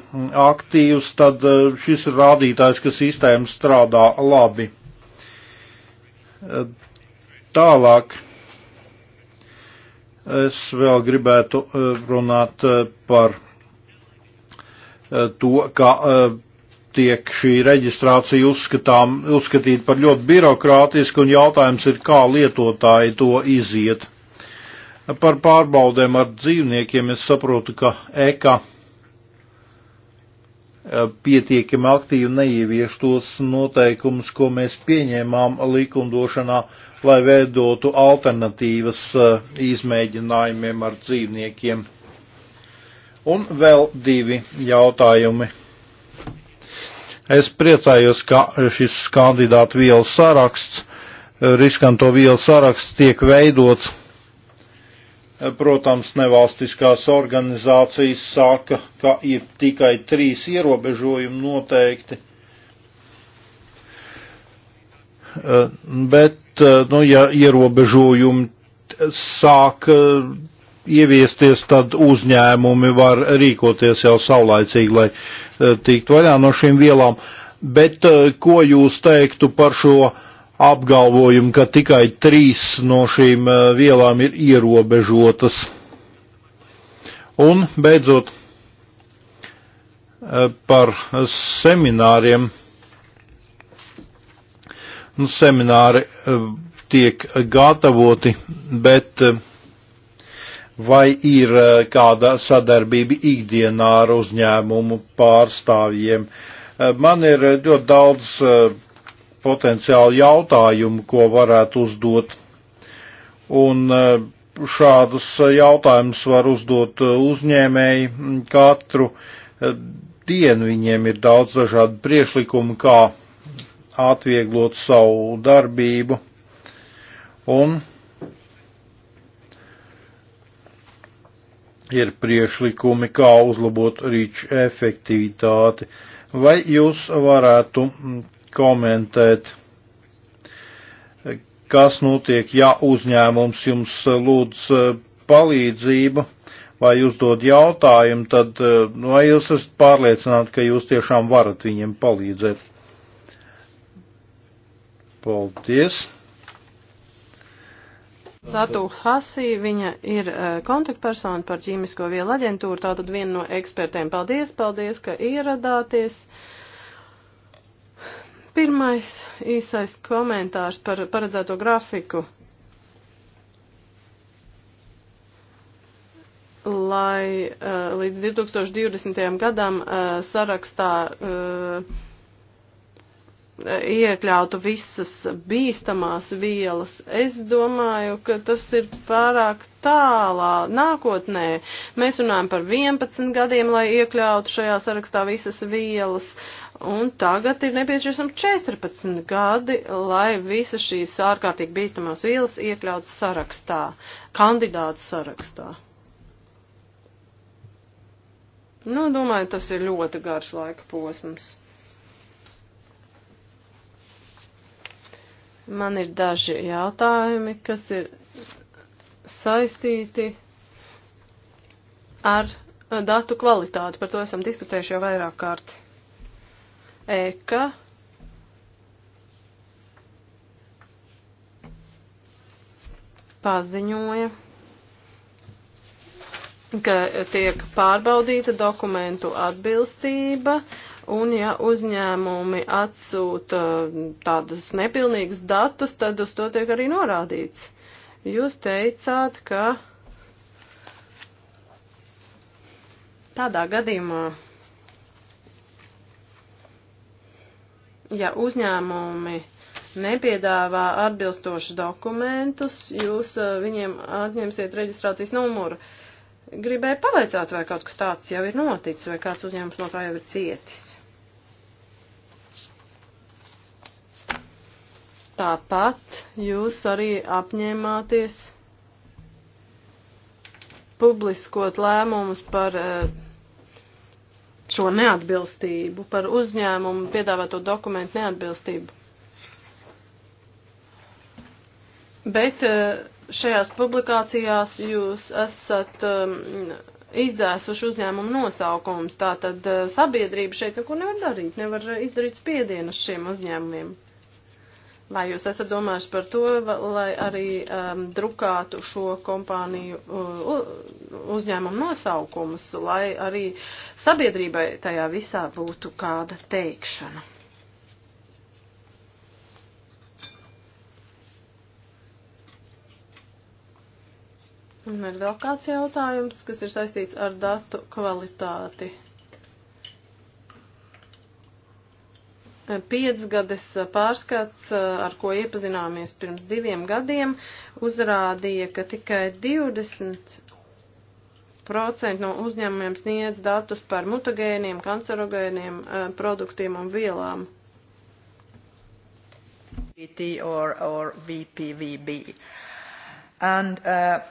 aktīvs, tad šis ir rādītājs, ka sistēma strādā labi. Tālāk Es vēl gribētu eh, runāt eh, par eh, to, ka tiek šī reģistrācija uzskatām, uzskatīta par ļoti birokrātisku un jautājums ir, kā lietotāji to iziet. Par pārbaudēm ar dzīvniekiem es saprotu, ka EKA Eh, pietiekami aktīvi neievieš tos noteikumus, ko mēs pieņēmām likumdošanā, lai veidotu alternatīvas eh, izmēģinājumiem ar dzīvniekiem. Un vēl divi jautājumi. Es priecājos, ka šis kandidātu vielu saraksts, riskanto vielu saraksts tiek veidots Protams, nevalstiskās organizācijas saka, ka ir tikai trīs ierobežojumi noteikti. Eh, bet, eh, nu, ja ierobežojumi sāk eh, ieviesties, tad uzņēmumi var rīkoties jau saulaicīgi, lai tiktu vaļā no šīm vielām. Bet ko jūs teiktu par šo uh, apgalvojumu, ka tikai trīs no šīm eh, vielām ir ierobežotas. Un beidzot eh, par semināriem. Nu, semināri eh, tiek gatavoti, bet vai ir kāda sadarbība ikdienā ar uzņēmumu pārstāvjiem? Man ir ļoti daudz potenciāli jautājumi, ko varētu uzdot. Un eh, šādus eh, jautājumus var uzdot eh, uzņēmēji katru dienu. Viņiem ir daudz dažādu priešlikumu, kā atvieglot savu darbību. Un ir priešlikumi, kā uzlabot rīču efektivitāti. Vai jūs varētu mm, komentēt, kas notiek, ja uzņēmums jums lūdz eh, palīdzību vai uzdod jautājumu, tad eh, nu, vai jūs esat pārliecināti, ka jūs tiešām varat viņiem palīdzēt? Paldies! Satu Hasī, viņa ir eh, kontaktpersona par ķīmisko vielu aģentūru, tātad viena no ekspertiem. Paldies, paldies, ka ieradāties! Pirmais īsais komentārs par paredzēto grafiku. Lai uh, līdz 2020. gadam uh, sarakstā uh, iekļautu visas bīstamās vielas. Es domāju, ka tas ir pārāk tālā nākotnē. Mēs runājam par 11 gadiem, lai iekļautu šajā sarakstā visas vielas. Uh, un tagad ir nepieciešams 14 gadi, lai visas šīs ārkārtīgi bīstamās vielas iekļautu sarakstā, kandidātu sarakstā. Nu, domāju, tas ir ļoti garš laika posms. Man ir daži jautājumi, kas ir saistīti ar datu kvalitāti. Par to esam diskutējuši jau vairāk kārtī eka. Paziņoja, ka tiek pārbaudīta dokumentu atbilstība, un ja uzņēmumi atsūta uh, tādus nepilnīgus datus, tad uz to tiek arī norādīts. Jūs teicāt, ka tādā gadījumā ja uzņēmumi nepiedāvā atbilstošu dokumentus, jūs eh, viņiem atņemsiet reģistrācijas numuru. Gribēju pavaicāt, vai kaut kas tāds jau ir noticis, vai kāds uzņēmums no tā jau ir cietis. Tāpat jūs arī apņēmāties publiskot lēmumus par uh, šo neatbilstību, par uzņēmumu piedāvāto dokumentu neatbilstību. Bet eh, šajās publikācijās jūs esat ehm, izdēsuši uzņēmumu nosaukums, tātad eh, sabiedrība šeit neko nevar darīt, nevar izdarīt spiedienas šiem uzņēmumiem. Vai jūs esat domājuši par to, lai arī um, drukātu šo kompāniju uh, uzņēmumu nosaukumus, lai arī sabiedrībai tajā visā būtu kāda teikšana? Un ir vēl kāds jautājums, kas ir saistīts ar datu kvalitāti. Piecgades eh, pārskats, eh, ar ko iepazināmies pirms diviem gadiem, uzrādīja, ka tikai 20% no uzņēmumiem sniedz datus par mutagēniem, kancerogēniem eh, produktiem un vielām. Or, or VPVB. And, uh,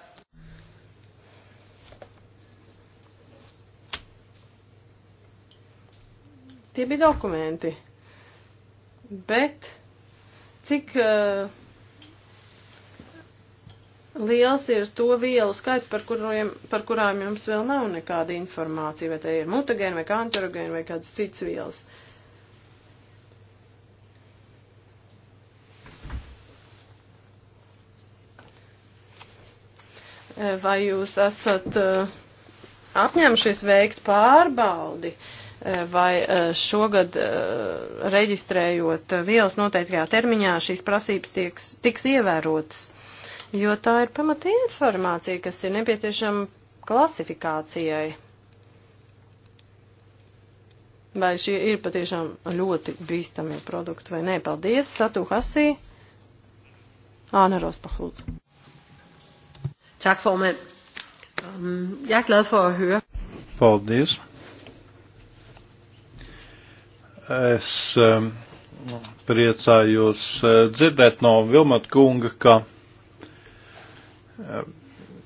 Tie bija dokumenti, bet cik uh, liels ir to vielu skaits, par, kuriem, par kurām jums vēl nav nekāda informācija, vai tai ir mutagēni vai kancerogēni vai kādas citas vielas. Eh, vai jūs esat uh, apņēmušies veikt pārbaudi? Uh, vai eh, šogad eh, reģistrējot vielas noteiktajā termiņā šīs prasības tieks, tiks ievērotas. Jo tā ir pamata informācija, kas ir nepieciešama klasifikācijai. Vai šie ir patiešām ļoti bīstamie produkti vai nē. Paldies, Satu Hasī. Āna Rosbach, lūdzu. Tak, formand. Um, jeg er glad for at høre. Paldies. Es um, priecājos uh, dzirdēt no Vilmat kunga, ka uh,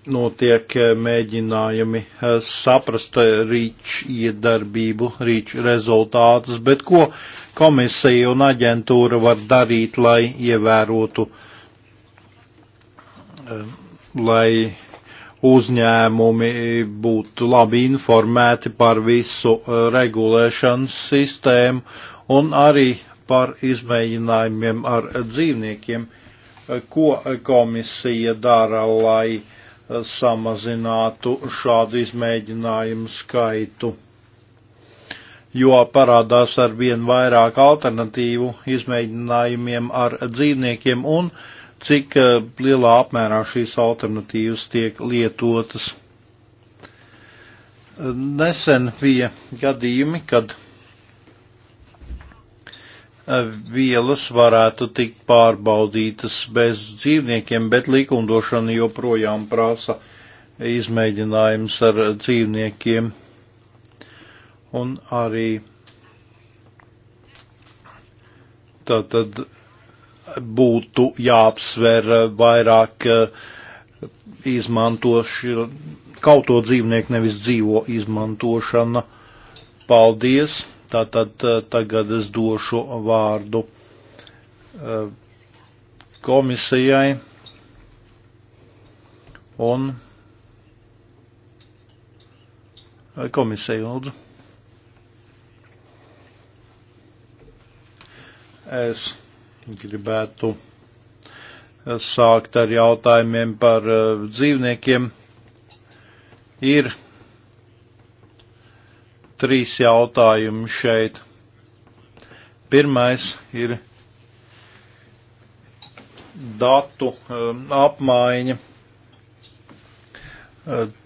notiek uh, mēģinājumi saprast rīču iedarbību, rīču rezultātus, bet ko komisija un aģentūra var darīt, lai ievērotu, um, lai uzņēmumi būtu labi informēti par visu uh, regulēšanas sistēmu un arī par izmēģinājumiem ar dzīvniekiem, uh, ko komisija dara, lai uh, samazinātu šādu izmēģinājumu skaitu. Jo parādās ar vien vairāk alternatīvu izmēģinājumiem ar dzīvniekiem un uh, cik eh, lielā apmērā šīs alternatīvas tiek lietotas. Nesen bija gadījumi, kad eh, vielas varētu tikt pārbaudītas bez dzīvniekiem, bet likumdošana joprojām prasa izmēģinājums ar dzīvniekiem. Un arī tātad būtu jāapsver eh, vairāk eh, izmantošana, kauto dzīvnieku nevis dzīvo izmantošana. Paldies! Tātad eh, tagad es došu vārdu komisijai un komisiju lūdzu. Es gribētu eh, sākt ar jautājumiem par eh, dzīvniekiem. Ir trīs jautājumi šeit. Pirmais ir datu eh, apmaiņa.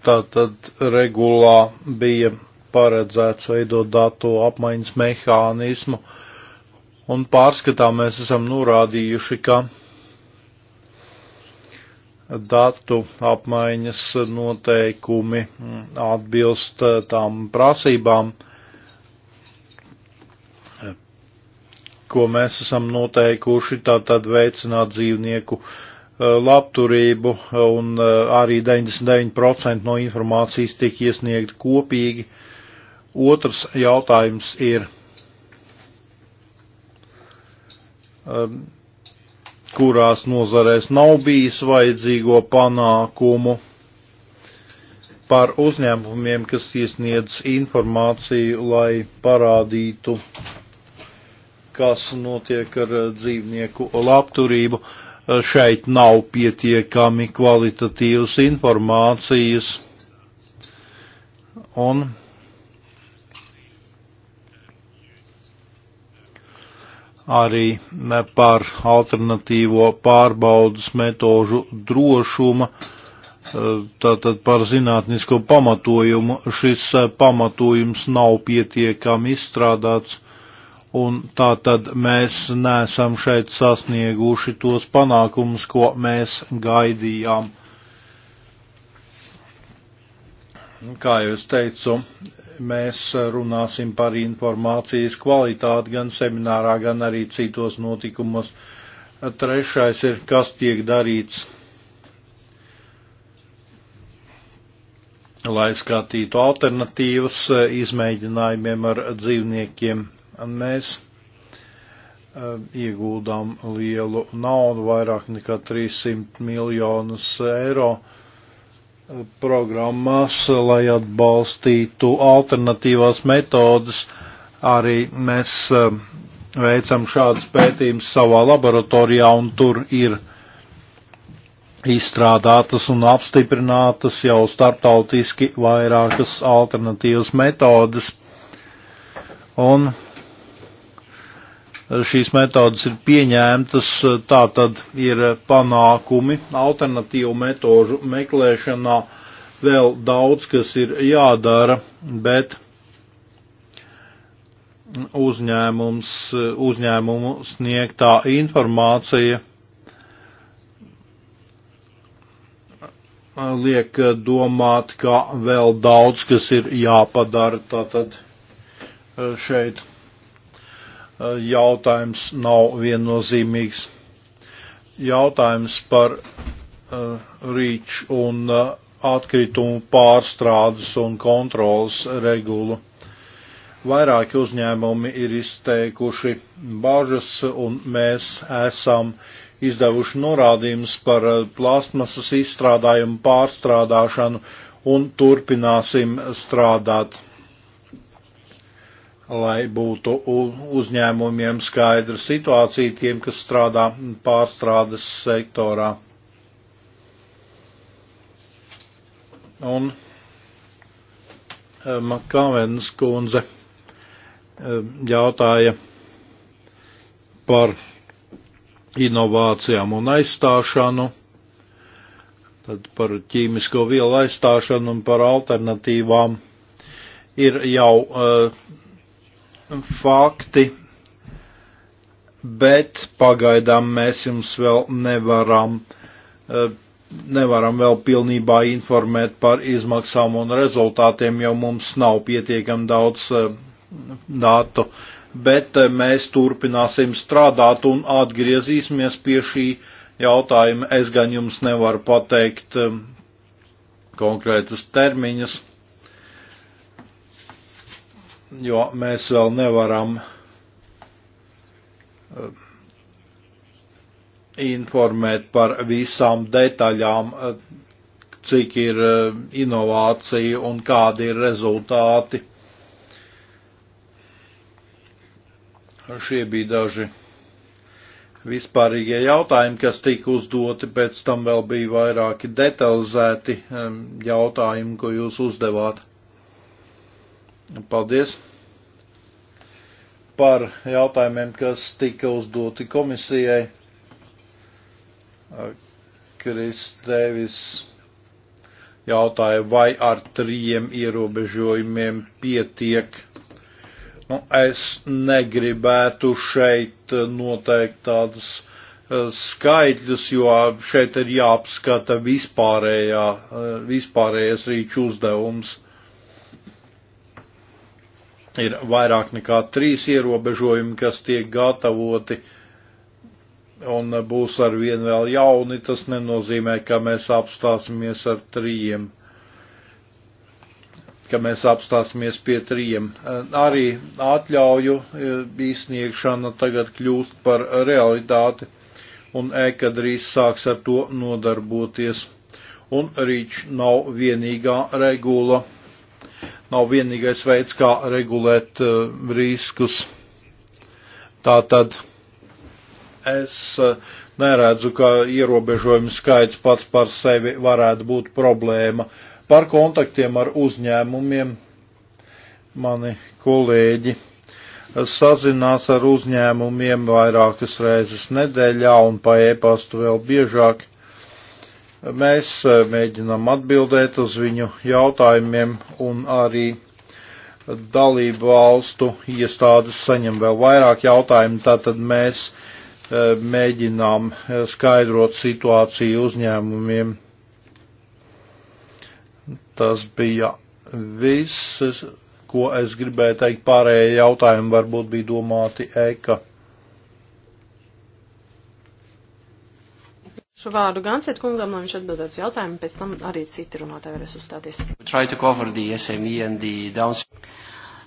Tātad regulā bija paredzēts veidot datu apmaiņas mehānismu. Uh, Un pārskatā mēs esam norādījuši, ka datu apmaiņas noteikumi atbilst tām prasībām, ko mēs esam noteikuši, tātad veicināt dzīvnieku e, labturību un e, arī 99% no informācijas tiek iesniegta kopīgi. Otrs jautājums ir Um, kurās nozarēs nav bijis vajadzīgo panākumu par uzņēmumiem, kas iesniedz informāciju, lai parādītu, kas notiek ar uh, dzīvnieku labturību. Uh, šeit nav pietiekami kvalitatīvas informācijas. Un arī par alternatīvo pārbaudas metožu drošuma, eh, tātad par zinātnisko pamatojumu. Šis eh, pamatojums nav pietiekami izstrādāts, un tātad mēs nesam šeit sasnieguši tos panākumus, ko mēs gaidījām. Kā jau es teicu, mēs runāsim par informācijas kvalitāti gan seminārā, gan arī citos notikumos. Trešais ir, kas tiek darīts, lai skatītu alternatīvas izmēģinājumiem ar dzīvniekiem. Mēs eh, ieguldām lielu naudu, vairāk nekā 300 miljonus eiro programmas, lai atbalstītu alternatīvās metodas. Arī mēs um, veicam šādas pētījumus savā laboratorijā, un tur ir izstrādātas un apstiprinātas jau starptautiski vairākas alternatīvas metodas. Un šīs metodas ir pieņēmtas, tā tad ir panākumi alternatīvu metožu meklēšanā. Vēl daudz, kas ir jādara, bet uzņēmums, uzņēmumu sniegtā informācija liek domāt, ka vēl daudz, kas ir jāpadara tātad šeit Eh, jautājums nav viennozīmīgs. Jautājums par eh, rīču un eh, atkritumu pārstrādes un kontrolas regulu. Vairāki uzņēmumi ir izteikuši bažas, un mēs esam izdevuši norādījumus par plastmasas izstrādājumu pārstrādāšanu un turpināsim strādāt lai būtu uzņēmumiem skaidra situācija tiem, kas strādā pārstrādes sektorā. Un eh, Makavens kundze eh, jautāja par inovācijām un aizstāšanu, tad par ķīmisko vielu aizstāšanu un par alternatīvām ir jau uh, fakti, bet pagaidām mēs jums vēl nevaram, eh, nevaram vēl pilnībā informēt par izmaksām un rezultātiem, jo mums nav pietiekam daudz eh, datu. Bet eh, mēs turpināsim strādāt un atgriezīsimies pie šī jautājuma. Es gan jums nevaru pateikt konkrētas termiņas jo mēs vēl nevaram eh, informēt par visām detaļām, eh, cik ir eh, inovācija un kādi ir rezultāti. Šie bija daži vispārīgie jautājumi, kas tika uzdoti, pēc tam vēl bija vairāki detalizēti jautājumi, ko jūs uzdevāt. Paldies par jautājumiem, kas tika uzdoti komisijai. Kris Devis jautāja, vai ar trījiem ierobežojumiem pietiek. Nu, es negribētu šeit noteikt tādus eh, skaitļus, jo šeit ir jāapskata vispārējā, eh, vispārējais rīču uzdevums ir vairāk nekā trīs ierobežojumi, kas tiek gatavoti un būs ar vien vēl jauni, tas nenozīmē, ka mēs apstāsimies ar trījiem, ka mēs apstāsimies pie trījiem. Arī atļauju e, izsniegšana tagad kļūst par realitāti, un ēka drīz sāks ar to nodarboties. Un rīč nav vienīgā regula nav vienīgais veids, kā regulēt uh, riskus. Tātad es uh, neredzu, ka ierobežojumu skaits pats par sevi varētu būt problēma. Par kontaktiem ar uzņēmumiem mani kolēģi sazinās ar uzņēmumiem vairākas reizes nedēļā un pa e-pastu vēl biežāk. Mēs e, mēģinām atbildēt uz viņu jautājumiem un arī dalību valstu iestādes saņem vēl vairāk jautājumu, tātad mēs e, mēģinām e, skaidrot situāciju uzņēmumiem. Tas bija viss, ko es gribēju teikt. Pārējie jautājumi varbūt bija domāti Eka. E došu vārdu Ganset kungam, lai viņš atbildētu uz jautājumu, pēc tam arī citi runātāji varēs uzstāties.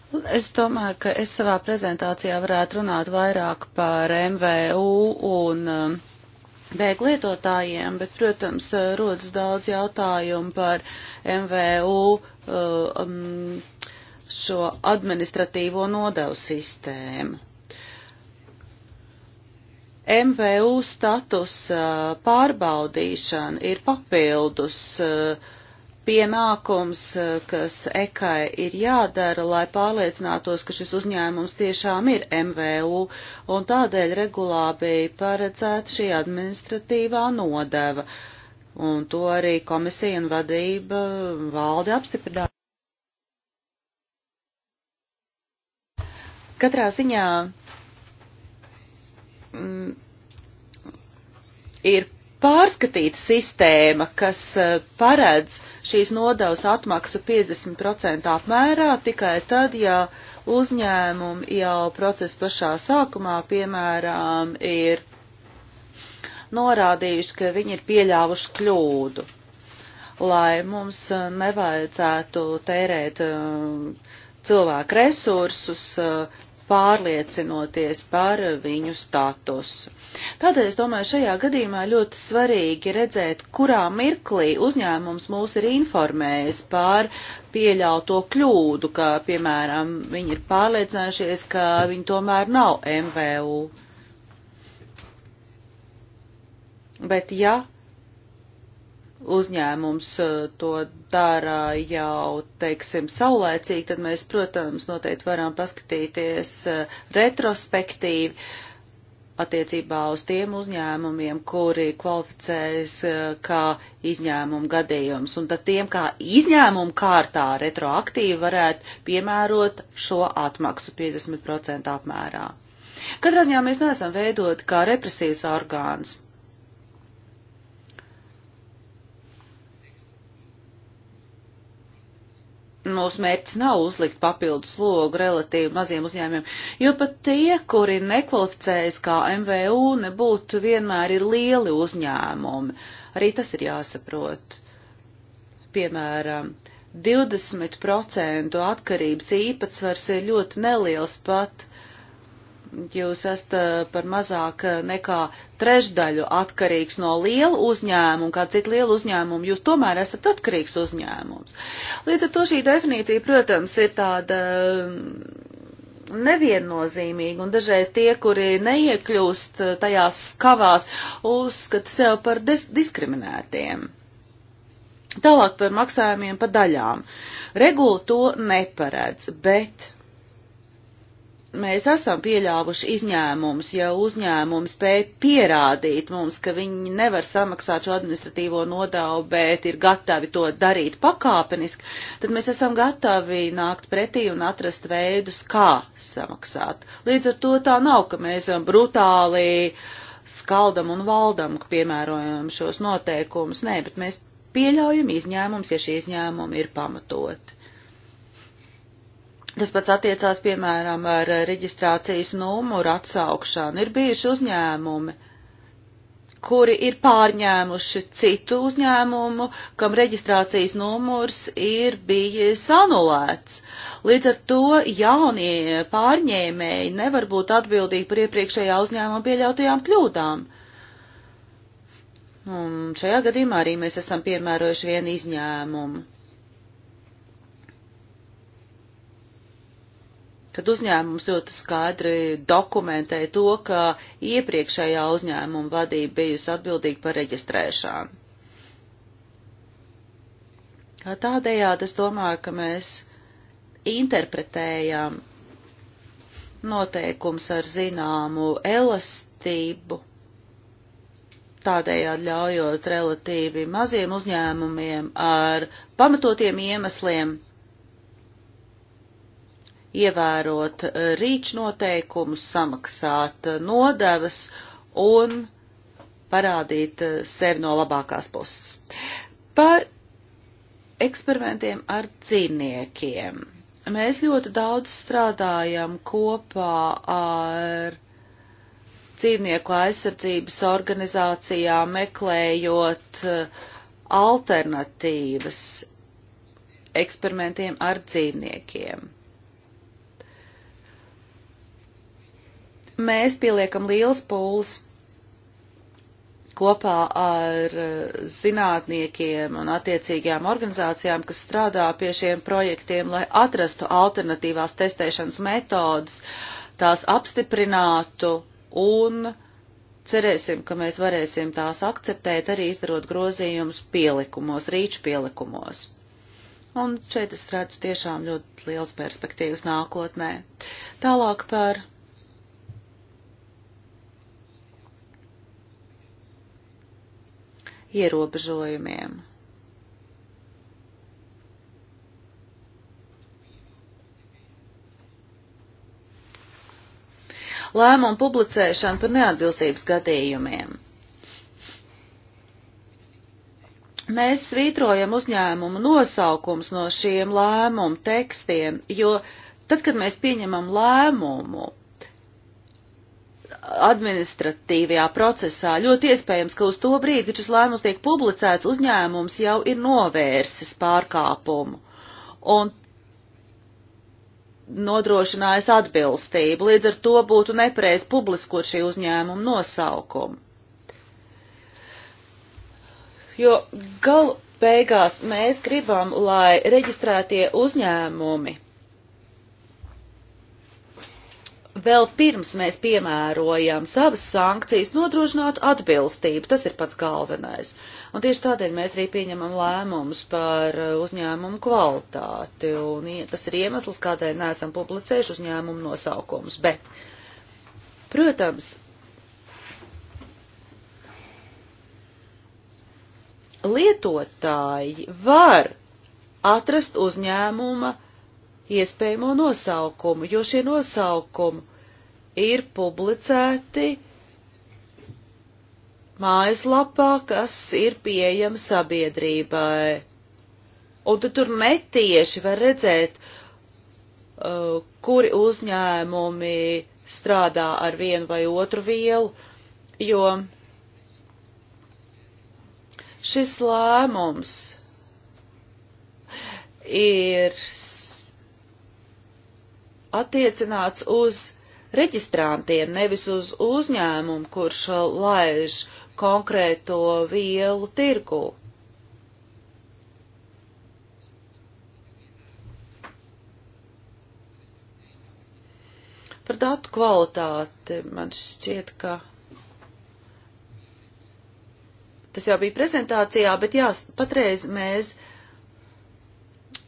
E es domāju, ka es savā prezentācijā varētu runāt vairāk par MVU un um, bēgļu lietotājiem, bet, protams, uh, rodas daudz jautājumu par MVU uh, um, šo administratīvo nodevu sistēmu. MVU status pārbaudīšana ir papildus pienākums, kas ekai ir jādara, lai pārliecinātos, ka šis uzņēmums tiešām ir MVU, un tādēļ regulā bija paredzēta šī administratīvā nodeva, un to arī komisija un vadība valde apstiprināja. Katrā ziņā mm, ir pārskatīta sistēma, kas eh, paredz šīs nodevas atmaksu 50% apmērā tikai tad, ja uzņēmumi jau procesa pašā sākumā, piemēram, ir norādījuši, ka viņi ir pieļāvuši kļūdu, lai mums eh, nevajadzētu tērēt eh, cilvēku resursus pārliecinoties par viņu statusu. Tādēļ es domāju, šajā gadījumā ļoti svarīgi redzēt, kurā mirklī uzņēmums mūs ir informējis par pieļauto kļūdu, ka, piemēram, viņi ir pārliecinājušies, ka viņi tomēr nav MVU. Bet ja uzņēmums uh, to dara jau, teiksim, saulēcīgi, tad mēs, protams, noteikti varam paskatīties uh, retrospektīvi attiecībā uz tiem uzņēmumiem, kuri kvalificējas uh, kā izņēmumu gadījums. Un tad tiem kā izņēmumu kārtā retroaktīvi varētu piemērot šo atmaksu 50% apmērā. Katrā ziņā mēs neesam veidot kā represijas orgāns mūsu mērķis nav uzlikt papildus slogu relatīvi maziem uzņēmiem, jo pat tie, kuri nekvalificējas kā MVU, nebūtu vienmēr ir lieli uzņēmumi. Arī tas ir jāsaprot. Piemēram, 20% atkarības īpatsvars ir ļoti neliels pat jūs esat eh, par mazāk eh, nekā trešdaļu atkarīgs no liela uzņēmuma, kā citu lielu uzņēmumu, jūs tomēr esat atkarīgs uzņēmums. Līdz ar to šī definīcija, protams, ir tāda mm, neviennozīmīga, un dažreiz tie, kuri neiekļūst eh, tajās skavās, uzskata sev par diskriminētiem. Tālāk par maksājumiem pa daļām. Regula to neparedz, bet mēs esam pieļāvuši izņēmumus, ja uzņēmumi spēja pierādīt mums, ka viņi nevar samaksāt šo administratīvo nodevu, bet ir gatavi to darīt pakāpeniski, tad mēs esam gatavi nākt pretī un atrast veidus, kā samaksāt. Līdz ar to tā nav, ka mēs brutāli skaldam un valdam, ka piemērojam šos noteikumus. Nē, bet mēs pieļaujam izņēmumus, ja šie izņēmumi ir pamatoti. Tas pats attiecās, piemēram, ar eh, reģistrācijas numuru atsaukšanu. Ir bijuši uzņēmumi, kuri ir pārņēmuši citu uzņēmumu, kam reģistrācijas numurs ir bijis anulēts. Līdz ar to jaunie pārņēmēji nevar būt atbildīgi par iepriekšējā uzņēmuma pieļautajām kļūdām. Un šajā gadījumā arī mēs esam piemērojuši vienu izņēmumu. tad uzņēmums ļoti skaidri dokumentēja to, ka iepriekšējā uzņēmuma vadība bijusi atbildīga par reģistrēšanu. Kā tādējādi es domāju, ka mēs interpretējam noteikums ar zināmu elastību, tādējādi ļaujot relatīvi maziem uzņēmumiem ar pamatotiem iemesliem ievērot eh, rīč noteikumus, samaksāt eh, nodevas un parādīt eh, sevi no labākās puses. Par eksperimentiem ar dzīvniekiem. Mēs ļoti daudz strādājam kopā ar dzīvnieku aizsardzības organizācijām, meklējot alternatīvas eksperimentiem ar dzīvniekiem. mēs pieliekam liels pūles kopā ar eh, zinātniekiem un attiecīgajām organizācijām, kas strādā pie šiem projektiem, lai atrastu alternatīvās testēšanas metodas, tās apstiprinātu un cerēsim, ka mēs varēsim tās akceptēt arī izdarot grozījumus pielikumos, rīču pielikumos. Un šeit es redzu tiešām ļoti liels perspektīvas nākotnē. Tālāk par ierobežojumiem. Lēmumu publicēšanu par neatbilstības gadījumiem. Mēs svītrojam uzņēmumu nosaukums no šiem lēmumu tekstiem, jo tad, kad mēs pieņemam lēmumu, administratīvajā procesā. Ļoti iespējams, ka uz to brīdi, kad šis lēmums tiek publicēts, uzņēmums jau ir novērsis pārkāpumu un nodrošinājis atbilstību. Līdz ar to būtu nepareiz publiskot šī uzņēmuma nosaukumu. Jo galu beigās mēs gribam, lai reģistrētie uzņēmumi vēl pirms mēs piemērojam savas sankcijas, nodrošinātu atbilstību. Tas ir pats galvenais. Un tieši tādēļ mēs arī pieņemam lēmumus par uh, uzņēmumu kvalitāti. Un tas ir iemesls, kādēļ neesam publicējuši uzņēmumu nosaukumus. Bet, protams, lietotāji var atrast uzņēmuma iespējamo nosaukumu, jo šie nosaukumi ir publicēti mājaslapā, kas ir pieejama sabiedrībai. Un tad tur netieši var redzēt, uh, kuri uzņēmumi strādā ar vienu vai otru vielu, jo šis lēmums ir attiecināts uz reģistrantiem, nevis uz uzņēmumu, kurš laiž konkrēto vielu tirgu. Par datu kvalitāti man šķiet, ka tas jau bija prezentācijā, bet jā, patreiz mēs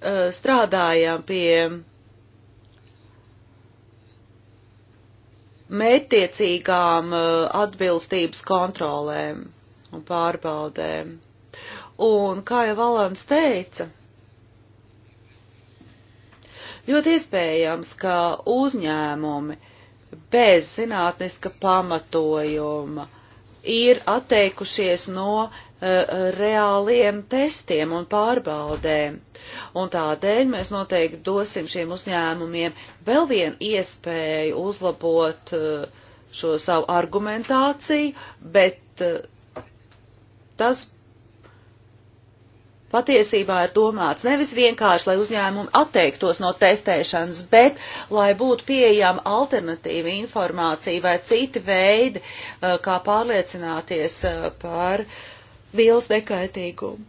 uh, strādājām pie mērķtiecīgām uh, atbilstības kontrolēm un pārbaudēm. Un, kā jau Valants teica, ļoti iespējams, ka uzņēmumi bez zinātniska pamatojuma ir atteikušies no Eh, reāliem testiem un pārbaudēm. Un tādēļ mēs noteikti dosim šiem uzņēmumiem vēl vienu iespēju uzlabot eh, šo savu argumentāciju, bet eh, tas patiesībā ir domāts nevis vienkārši, lai uzņēmumi atteiktos no testēšanas, bet lai būtu pieejama alternatīva informācija vai citi veidi, kā pārliecināties par uh, vielas nekaitīgumu.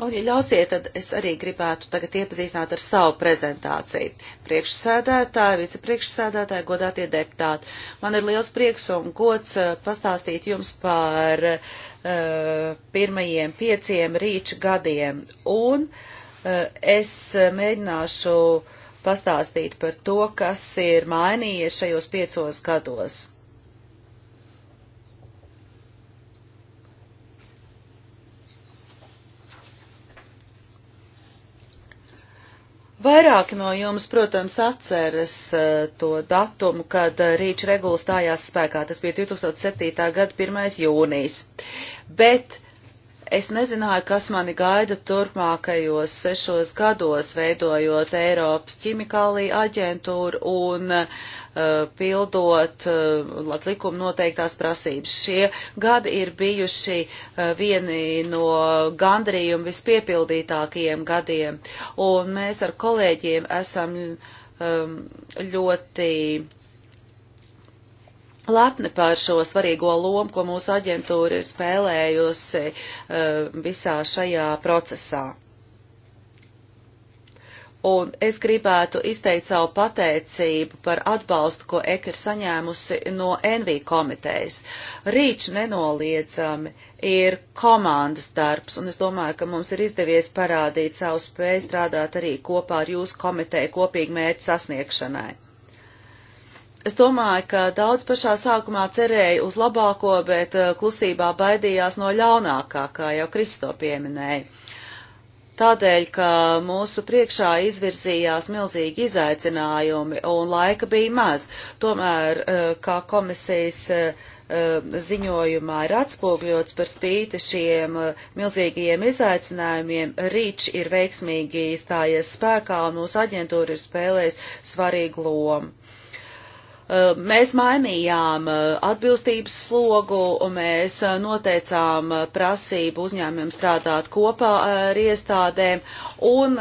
Un, ja ļausiet, tad es arī gribētu tagad iepazīstināt ar savu prezentāciju. Priekšsēdētāji, vicepriekšsēdētāji, godātie deputāti, man ir liels prieks un gods eh, pastāstīt jums par uh, pirmajiem pieciem rīču gadiem. Un uh, Eh, es eh, mēģināšu pastāstīt par to, kas ir mainījies šajos piecos gados. Vairāki no jums, protams, atceras eh, to datumu, kad rīča regula stājās spēkā. Tas bija 2007. gada 1. jūnijas. Bet Es nezināju, kas mani gaida turpmākajos sešos gados, veidojot Eiropas ķimikāliju aģentūru un uh, pildot uh, likuma noteiktās prasības. Šie gadi ir bijuši uh, vieni no gandarījuma vispiepildītākajiem gadiem, un mēs ar kolēģiem esam um, ļoti lepni par šo svarīgo lomu, ko mūsu aģentūra ir spēlējusi eh, visā šajā procesā. Un es gribētu izteikt savu pateicību par atbalstu, ko Eka ir saņēmusi no NV komitejas. Rīč nenoliedzami ir komandas darbs, un es domāju, ka mums ir izdevies parādīt savu spēju strādāt arī kopā ar jūsu komiteju kopīgi mērķu sasniegšanai. Es domāju, ka daudz pašā sākumā cerēja uz labāko, bet eh, klusībā baidījās no ļaunākā, kā jau Kristo pieminēja. Tādēļ, ka mūsu priekšā izvirzījās milzīgi izaicinājumi un laika bija maz. Tomēr, eh, kā komisijas eh, ziņojumā ir atspogļots par spīti šiem milzīgajiem izaicinājumiem, rīč ir veiksmīgi stājies spēkā un mūsu aģentūra ir spēlējis svarīgu lomu. Eh, mēs mainījām eh, atbilstības slogu un mēs eh, noteicām prasību uzņēmumiem strādāt kopā ar iestādēm un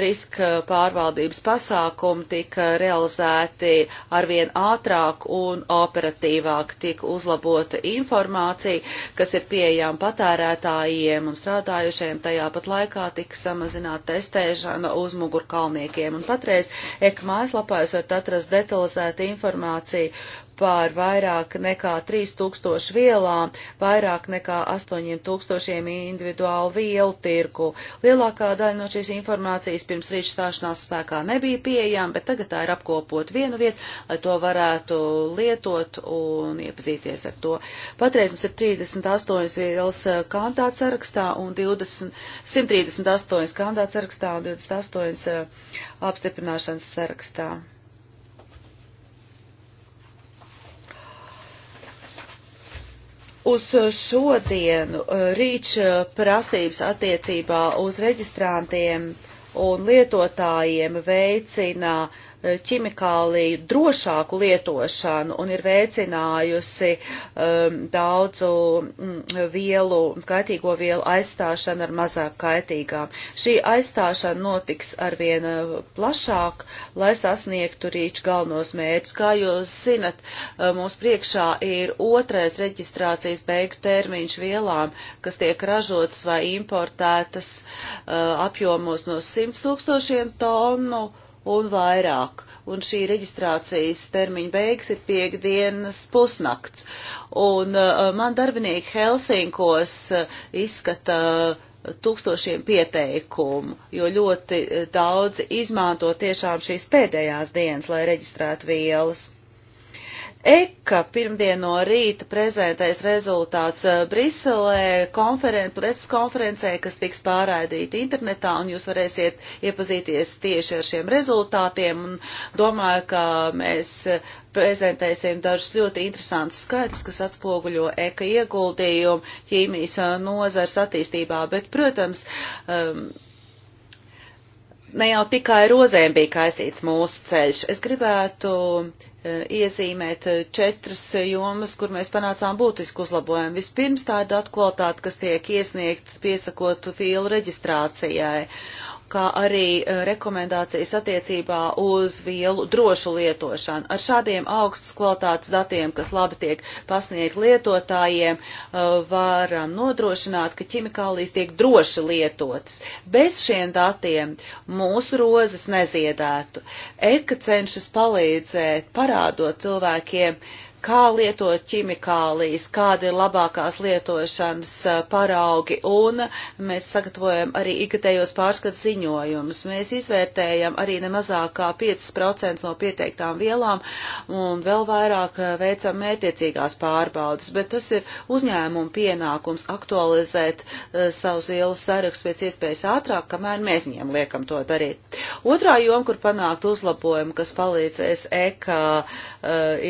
riska pārvaldības pasākumi tika realizēti arvien ātrāk un operatīvāk, tika uzlabota informācija, kas ir pieejama patērētājiem un strādājušiem, tajā pat laikā tika samazināta testēšana uz mugurkalniekiem. Un patreiz EK mājaslapā jūs varat atrast detalizētu informāciju par vairāk nekā 3000 vielām, vairāk nekā 8000 individuālu vielu tirgu. Lielākā daļa no šīs informācijas pirms rīča stāšanās spēkā nebija pieejama, bet tagad tā ir apkopot vienu vietu, lai to varētu lietot un iepazīties ar to. Patreiz mums ir 38 vielas kandidāts sarakstā un 20, 138 kandidāts sarakstā un 28 eh, apstiprināšanas sarakstā. uz šodienu eh, rīč eh, prasības attiecībā uz reģistrantiem un lietotājiem veicina uh, ķimikāliju drošāku lietošanu un ir veicinājusi um, daudzu mm, vielu, kaitīgo vielu aizstāšanu ar mazāk kaitīgām. Šī aizstāšana notiks arvien uh, plašāk, lai sasniegtu rīču galvenos mērķus. Kā jūs zinat, uh, mums priekšā ir otrais reģistrācijas beigu termiņš vielām, kas tiek ražotas vai importētas uh, apjomos no 100 tūkstošiem tonu un vairāk. Un šī reģistrācijas termiņa beigas ir piekdienas pusnakts. Un uh, man darbinieki Helsinkos uh, izskata uh, tūkstošiem pieteikumu, jo ļoti uh, daudzi izmanto tiešām šīs pēdējās dienas, lai reģistrētu vielas. EKA pirmdien no rīta prezentēs rezultāts eh, Briselē konferen preses konferencē, kas tiks pārraidīta internetā, un jūs varēsiet iepazīties tieši ar šiem rezultātiem. Un domāju, ka mēs eh, prezentēsim dažus ļoti interesantus skaidrus, kas atspoguļo EKA ieguldījumu ķīmijas eh, nozars attīstībā, bet, protams, um, ne jau tikai rozēm bija kaisīts mūsu ceļš. Es gribētu E, iezīmēt e, četras jomas, kur mēs panācām būtisku uzlabojumu. Vispirms tā ir datu kvalitāte, kas tiek iesniegt piesakot fīlu reģistrācijai kā arī e, rekomendācijas attiecībā uz vielu drošu lietošanu. Ar šādiem augstas kvalitātes datiem, kas labi tiek pasniegt lietotājiem, e, varam nodrošināt, ka ķimikālijas tiek droši lietotas. Bez šiem datiem mūsu rozes neziedētu. Eka cenšas palīdzēt, parādot cilvēkiem, kā lietot ķimikālijas, kāda ir labākās lietošanas paraugi, un mēs sagatavojam arī ikatējos pārskatu ziņojumus. Mēs izvērtējam arī nemazākā 5% no pieteiktām vielām, un vēl vairāk veicam mētiecīgās pārbaudas, bet tas ir uzņēmuma pienākums aktualizēt uh, savus vielu sarakstu pēc iespējas ātrāk, kamēr mēs viņiem liekam to darīt. Otrā joma, kur panākt uzlabojumu, kas palīdzēs EKA uh,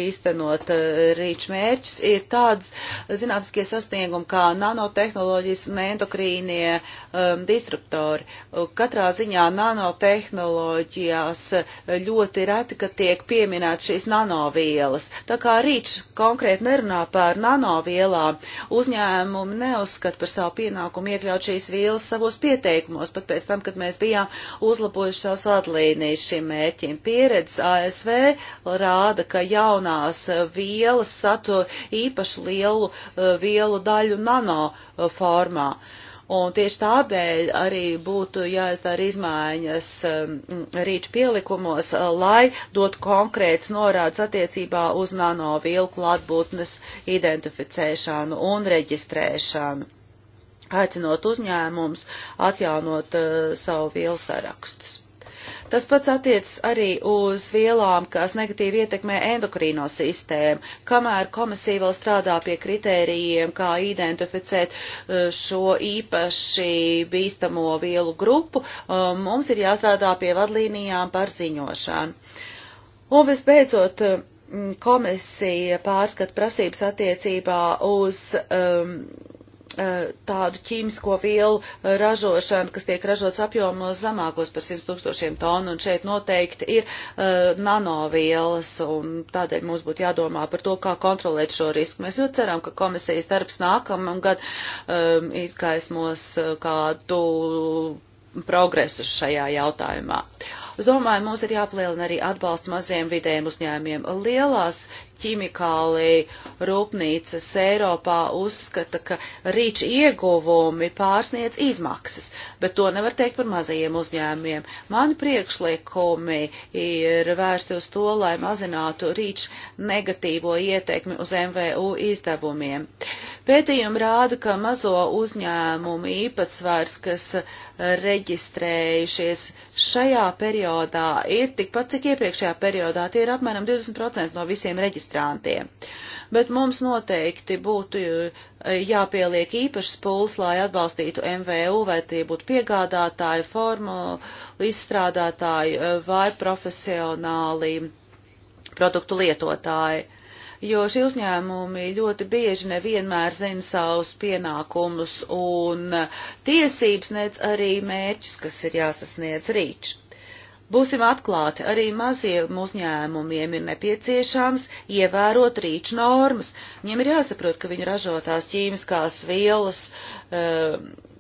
īstenot uh, rīču mērķis ir tāds zinātniskie sasniegumi kā nanotehnoloģijas un endokrīnie um, disruptori. Katrā ziņā nanotehnoloģijās ļoti reti, ka tiek pieminēt šīs nanovielas. Tā kā rīč konkrēti nerunā par nanovielām, uzņēmumi neuzskata par savu pienākumu iekļaut šīs vielas savos pieteikumos, pat pēc tam, kad mēs bijām uzlabojuši savus vadlīnijas šim mērķim. Pieredze ASV rāda, ka jaunās vielas vielas satura īpaši lielu eh, vielu daļu nano eh, formā. Un tieši tādēļ arī būtu jāizdara izmaiņas eh, rīču pielikumos, lai dot konkrēts norādes attiecībā uz nano vielu klātbūtnes identificēšanu un reģistrēšanu aicinot uzņēmums atjaunot uh, savu vielu sarakstus. Tas pats attiecas arī uz vielām, kas negatīvi ietekmē endokrīno sistēmu. Kamēr komisija vēl strādā pie kritērijiem, kā identificēt eh, šo īpaši bīstamo vielu grupu, eh, mums ir jāstrādā pie vadlīnijām par ziņošanu. Un visbeidzot, eh, komisija pārskat prasības attiecībā uz um, Eh, tādu ķīmisko vielu eh, ražošanu, kas tiek ražots apjomos zemākos par 100 tūkstošiem tonu, un šeit noteikti ir uh, nanovielas, un tādēļ mums būtu jādomā par to, kā kontrolēt šo risku. Mēs ļoti ceram, ka komisijas darbs nākamgad um, izgaismos kādu progresu šajā jautājumā. Es domāju, mums ir jāpalielina arī atbalsts maziem vidējiem uzņēmiem. Lielās ķimikālija rūpnīcas Eiropā uzskata, ka rīč ieguvumi pārsniedz izmaksas, bet to nevar teikt par mazajiem uzņēmiem. Mani priekšlikumi ir vērsti uz to, lai mazinātu rīč negatīvo ietekmi uz MVU izdevumiem. Pētījumi rāda, ka mazo uzņēmumu īpatsvars, kas reģistrējušies šajā periodā, ir tikpat, cik iepriekšējā periodā, tie ir apmēram 20% no visiem reģistrējumiem reģistrantiem. Bet mums noteikti būtu e, jāpieliek īpašs puls, lai atbalstītu MVU, vai tie būtu piegādātāji, formāli izstrādātāji e, vai profesionāli produktu lietotāji jo šie uzņēmumi ļoti bieži nevienmēr zina savus pienākumus un tiesības, nec arī mērķus, kas ir jāsasniedz rīču. Būsim atklāti, arī maziem uzņēmumiem ir nepieciešams ievērot rīču normas. Viņiem ir jāsaprot, ka viņu ražotās ķīmiskās vielas, uh,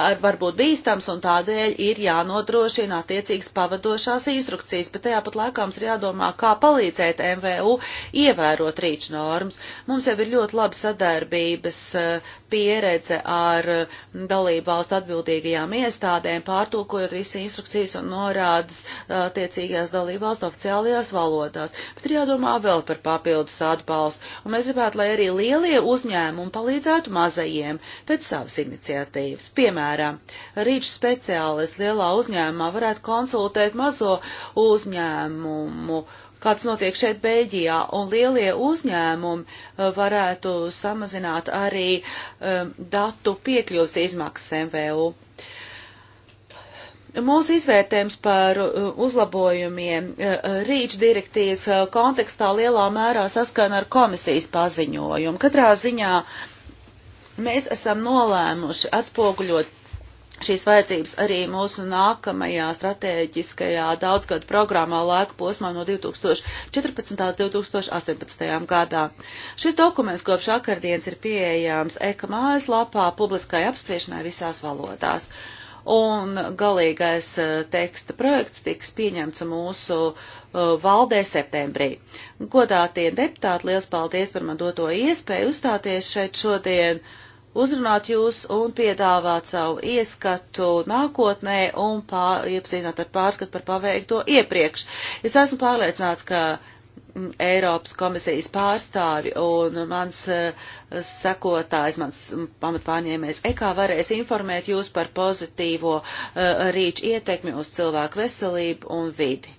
ar, varbūt bīstams un tādēļ ir jānodrošina attiecīgas pavadošās instrukcijas, bet tajā pat laikā mums ir jādomā, kā palīdzēt MVU ievērot rīču normas. Mums jau ir ļoti laba sadarbības eh, pieredze ar mm, dalību valstu atbildīgajām iestādēm, pārtulkojot visas instrukcijas un norādes eh, attiecīgās dalību valstu oficiālajās valodās. Bet ir jādomā vēl par papildus atbalstu, un mēs gribētu, lai arī lielie uzņēmumi palīdzētu mazajiem pēc savas iniciatīvas. Piemēram, Piemēram, rīču speciālists lielā uzņēmumā varētu konsultēt mazo uzņēmumu, kāds notiek šeit Beļģijā, un lielie uzņēmumi uh, varētu samazināt arī um, datu piekļuvas izmaksas MVU. Mūsu izvērtējums par uh, uzlabojumiem uh, rīču direktīvas kontekstā lielā mērā saskana ar komisijas paziņojumu. Katrā ziņā mēs esam nolēmuši atspoguļot šīs vajadzības arī mūsu nākamajā stratēģiskajā daudzgadu programmā laika posmā no 2014. līdz 2018. gadā. Šis dokuments kopš akardienas ir pieejams eka mājaslapā publiskai apspriešanai visās valodās. Un galīgais eh, teksta projekts tiks pieņemts mūsu eh, valdē septembrī. Godātie deputāti, liels paldies par man doto iespēju uzstāties šeit šodien. Uh, uzrunāt jūs un piedāvāt savu ieskatu nākotnē un pār, iepazīstināt ar pārskatu par paveikto iepriekš. Es esmu pārliecināts, ka mm, Eiropas komisijas pārstāvi un mans eh, sekotājs, mans mm, pamatpārņēmējs EKA varēs informēt jūs par pozitīvo eh, rīču ietekmi uz cilvēku veselību un vidi.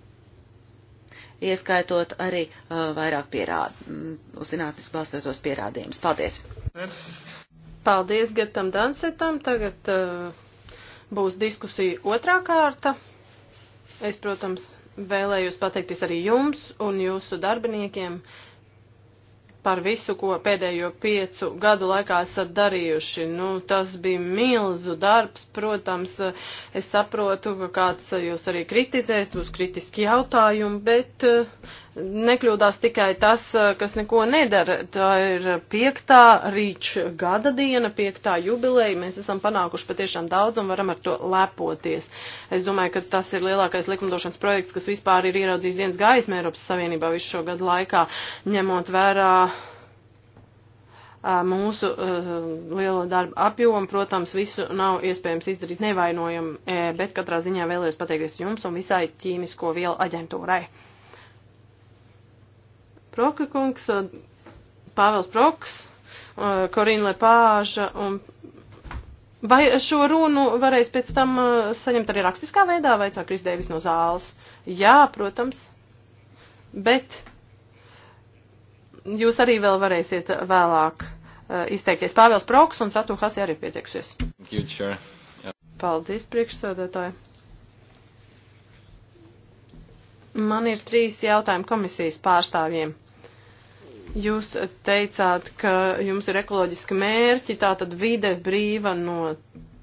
Ieskaitot arī eh, vairāk pierād, mm, uz zinātnes balstotos pierādījumus. Paldies! Paldies Gertam Dansetam. Tagad uh, būs diskusija otrā kārta. Es, protams, vēlējos pateikties arī jums un jūsu darbiniekiem par visu, ko pēdējo piecu gadu laikā esat darījuši. Nu, tas bija milzu darbs, protams, es saprotu, ka kāds jūs arī kritizēs, būs kritiski jautājumi, bet uh, nekļūdās tikai tas, eh, kas neko nedara. Tā ir piektā rīč gada diena, piektā jubileja. Mēs esam panākuši patiešām daudz un varam ar to lepoties. Es domāju, ka tas ir lielākais likumdošanas projekts, kas vispār ir ieraudzījis dienas gaismu Eiropas Savienībā visu šo gadu laikā, ņemot vērā eh, mūsu uh, lielo darbu apjomu. Protams, visu nav iespējams izdarīt nevainojam, bet katrā ziņā vēlējos pateikties jums un visai ķīmisko vielu aģentūrai. Proka kungs, Pāvils Proks, Korīna Lepāža un. Vai šo runu varēs pēc tam saņemt arī rakstiskā veidā, vai cā Kristēvis no zāles? Jā, protams, bet jūs arī vēl varēsiet vēlāk izteikties. Pāvils Proks un Satu Hasi arī pieteiksies. Paldies, priekšsēdētāji. Man ir trīs jautājumi komisijas pārstāvjiem. Jūs teicāt, ka jums ir ekoloģiski mērķi, tā tad vide brīva no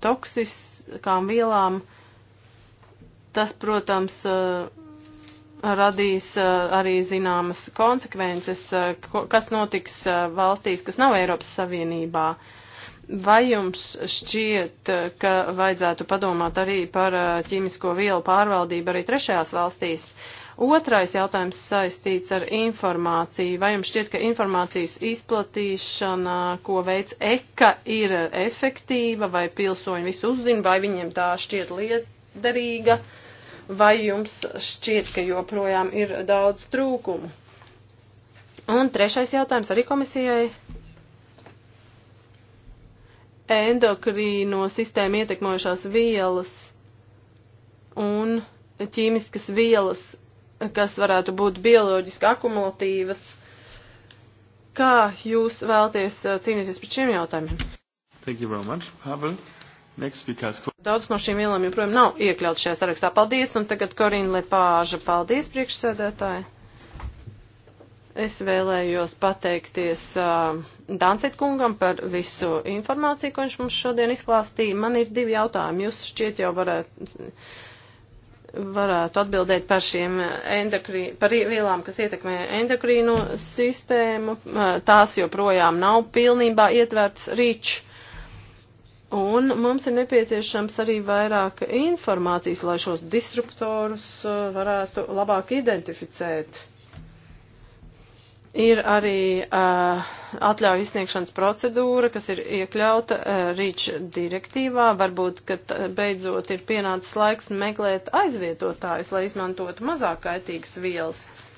toksiskām vielām. Tas, protams, eh, radīs eh, arī zināmas konsekvences, eh, kas notiks valstīs, kas nav Eiropas Savienībā. Vai jums šķiet, ka vajadzētu padomāt arī par ķīmisko vielu pārvaldību arī trešajās valstīs? Uh, Otrais jautājums saistīts ar informāciju. Vai jums šķiet, ka informācijas izplatīšana, ko veids EKA, ir efektīva, vai pilsoņi visu uzzina, vai viņiem tā šķiet liederīga, vai jums šķiet, ka joprojām ir daudz trūkumu? Un trešais jautājums arī komisijai endokrīno sistēmu ietekmojušās vielas un ķīmiskas vielas, kas varētu būt bioloģiski akumulatīvas. Kā jūs vēlties uh, cīnīties pret šiem jautājumiem? Thank you very much, Pavel. Next speaker is... Daudz no šīm vielām joprojām nav iekļauts šajā sarakstā. Paldies, un tagad Korina Lepāža. Paldies, priekšsēdētāji. Es vēlējos pateikties uh, Dancit kungam par visu informāciju, ko viņš mums šodien izklāstīja. Man ir divi jautājumi. Jūs šķiet jau varētu varētu atbildēt par šiem endokri, par vielām, kas ietekmē endokrīno sistēmu. Eh, tās joprojām nav pilnībā ietverts rīčs. Un mums ir nepieciešams arī vairāk informācijas, lai šos disruptorus eh, varētu labāk identificēt. Ir arī uh, atļauju izsniegšanas procedūra, kas ir iekļauta uh, rīča direktīvā. Varbūt, ka beidzot ir pienācis laiks meklēt aizvietotājus, lai izmantotu mazāk kaitīgas vielas. Uh,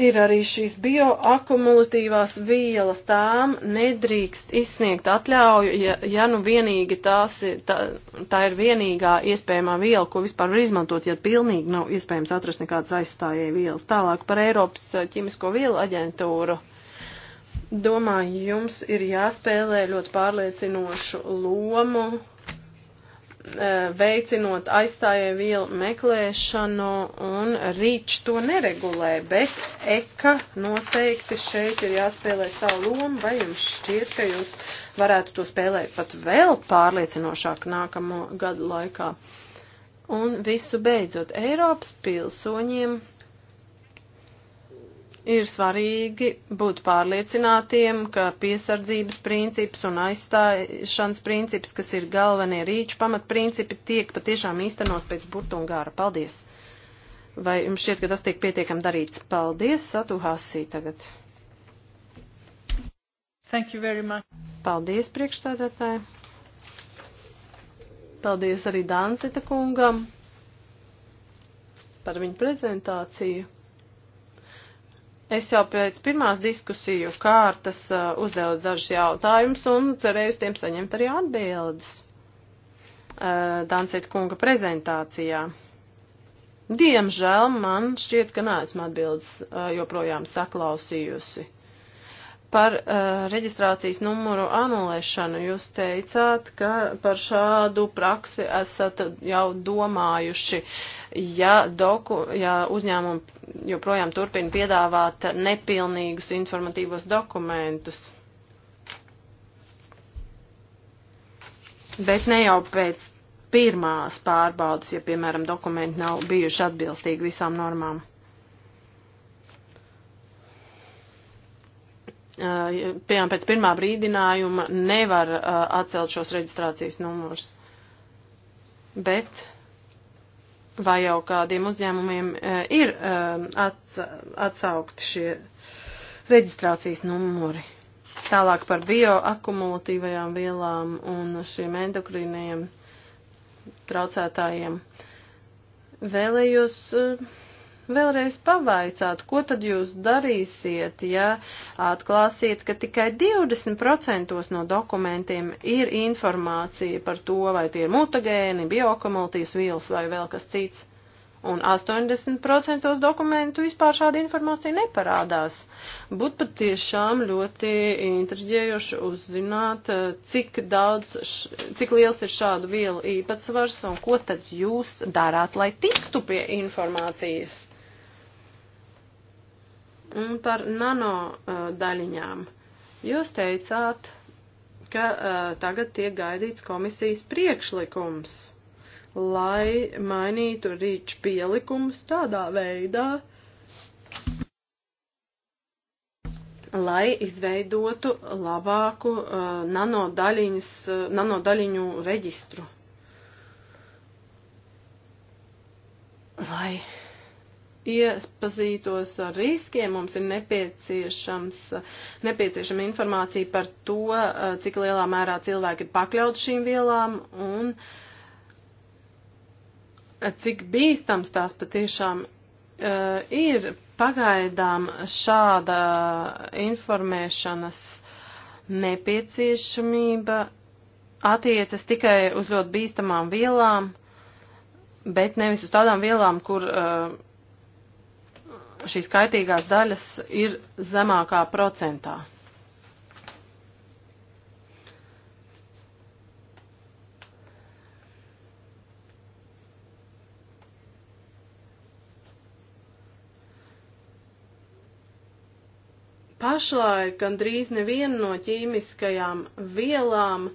Ir arī šīs bioakumulatīvās vielas, tām nedrīkst izsniegt atļauju, ja, ja nu vienīgi tās, tā, tā ir vienīgā iespējamā viela, ko vispār var izmantot, ja pilnīgi nav iespējams atrast nekādas aizstājēja vielas. Tālāk par Eiropas ķimisko vielu aģentūru. Domāju, jums ir jāspēlē ļoti pārliecinošu lomu E, veicinot aizstājēju vielu meklēšanu, un rīč to neregulē, bet eka noteikti šeit ir jāspēlē savu lomu, vai jums šķiet, ka jūs varētu to spēlēt pat vēl pārliecinošāk nākamo gadu laikā. Un visu beidzot, Eiropas pilsoņiem ir svarīgi būt pārliecinātiem, ka piesardzības princips un aizstāšanas princips, kas ir galvenie rīču pamatprincipi, tiek patiešām īstenot pēc burtu un gāra. Paldies! Vai jums šķiet, ka tas tiek pietiekam darīts? Paldies, Satu Hasī tagad. Thank you very much. Paldies, priekšstādātāji. Paldies arī Dancita kungam par viņu prezentāciju. Es jau pēc pirmās diskusiju kārtas uh, uzdevu dažus jautājumus un cerēju uz tiem saņemt arī atbildes uh, Dansēta kunga prezentācijā. Diemžēl man šķiet, ka neesmu atbildes uh, joprojām saklausījusi. Par uh, reģistrācijas numuru anulēšanu jūs teicāt, ka par šādu praksi esat jau domājuši. Uh, ja, doku, ja uzņēmumi joprojām turpina piedāvāt nepilnīgus informatīvos dokumentus. Bet ne jau pēc pirmās pārbaudas, ja, piemēram, dokumenti nav bijuši atbilstīgi visām normām. Piemēram, pēc pirmā brīdinājuma nevar atcelt šos reģistrācijas numurus. Bet vai jau kādiem uzņēmumiem eh, ir eh, atsaukti šie reģistrācijas numuri. Tālāk par bioakumulatīvajām vielām un šiem endokrīniem traucētājiem. Vēlējos uh, vēlreiz pavaicāt, ko tad jūs darīsiet, ja atklāsiet, ka tikai 20% no dokumentiem ir informācija par to, vai tie ir mutagēni, biokumultīs vielas vai vēl kas cits. Un 80% dokumentu vispār šāda informācija neparādās. Būtu pat tiešām ļoti intriģējoši uzzināt, eh, cik daudz, cik liels ir šādu vielu īpatsvars un ko tad jūs darāt, lai tiktu pie informācijas. Un par nano uh, daļiņām. Jūs teicāt, ka uh, tagad tiek gaidīts komisijas priekšlikums, lai mainītu rīču pielikumus tādā veidā, lai izveidotu labāku uh, nanodaļiņas, uh, nanodaļiņu reģistru. Lai iepazītos ar riskiem, mums ir nepieciešams, nepieciešama informācija par to, eh, cik lielā mērā cilvēki ir pakļauti šīm vielām un eh, cik bīstams tās patiešām uh, ir. Pagaidām šāda informēšanas nepieciešamība attiecas tikai uz ļoti bīstamām vielām, bet nevis uz tādām vielām, kur uh, šīs kaitīgās daļas ir zemākā procentā. pašlaik gandrīz neviena no ķīmiskajām vielām,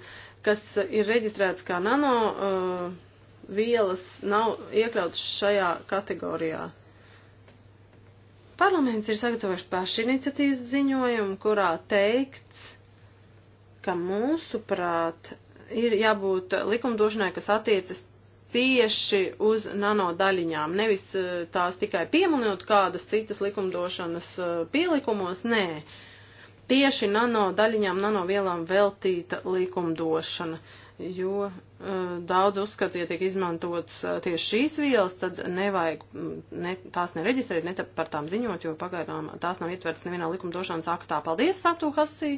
kas ir reģistrētas kā nano uh, vielas, nav iekļauts šajā kategorijā. Parlaments ir sagatavojis pašiniciatīvas ziņojumu, kurā teikts, ka mūsuprāt ir jābūt likumdošanai, kas attiecas tieši uz nanodaļiņām, nevis eh, tās tikai pieminot kādas citas likumdošanas eh, pielikumos, nē. Uh, tieši nano daļiņām, nano vielām veltīta likumdošana, jo eh, daudz uzskata, ja tiek izmantots eh, tieši šīs vielas, tad nevajag mm, ne, tās nereģistrēt, ne par tām ziņot, jo pagaidām tās nav ietverts nevienā likumdošanas aktā. Paldies, Satu Hasī!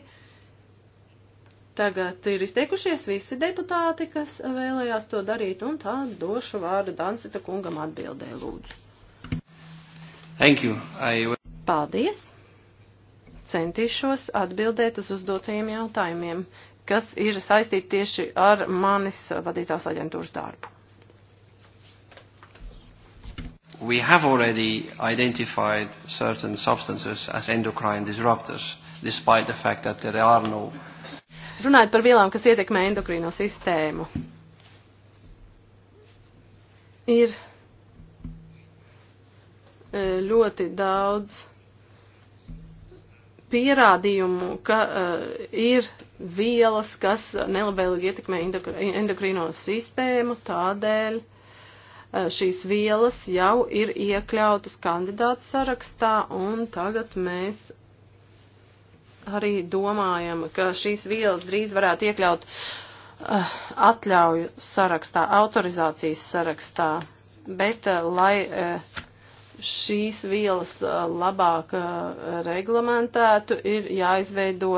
Tagad ir izteikušies visi deputāti, kas vēlējās to darīt, un tā došu vārdu Dancita kungam atbildē, lūdzu. Thank you. I... Paldies! centīšos atbildēt uz uzdotajiem jautājumiem, kas ir saistīti tieši ar manis vadītās aģentūras darbu. We have already identified certain substances as endocrine disruptors, despite the fact that there are no. Runājot par vielām, kas ietekmē endokrīno sistēmu, ir e, ļoti daudz pierādījumu, ka uh, ir vielas, kas nelabvēlīgi ietekmē endokrino sistēmu, tādēļ uh, šīs vielas jau ir iekļautas kandidātu sarakstā, un tagad mēs arī domājam, ka šīs vielas drīz varētu iekļaut uh, atļauju sarakstā, autorizācijas sarakstā, bet uh, lai uh, šīs vielas uh, labāk uh, reglamentētu, ir jāizveido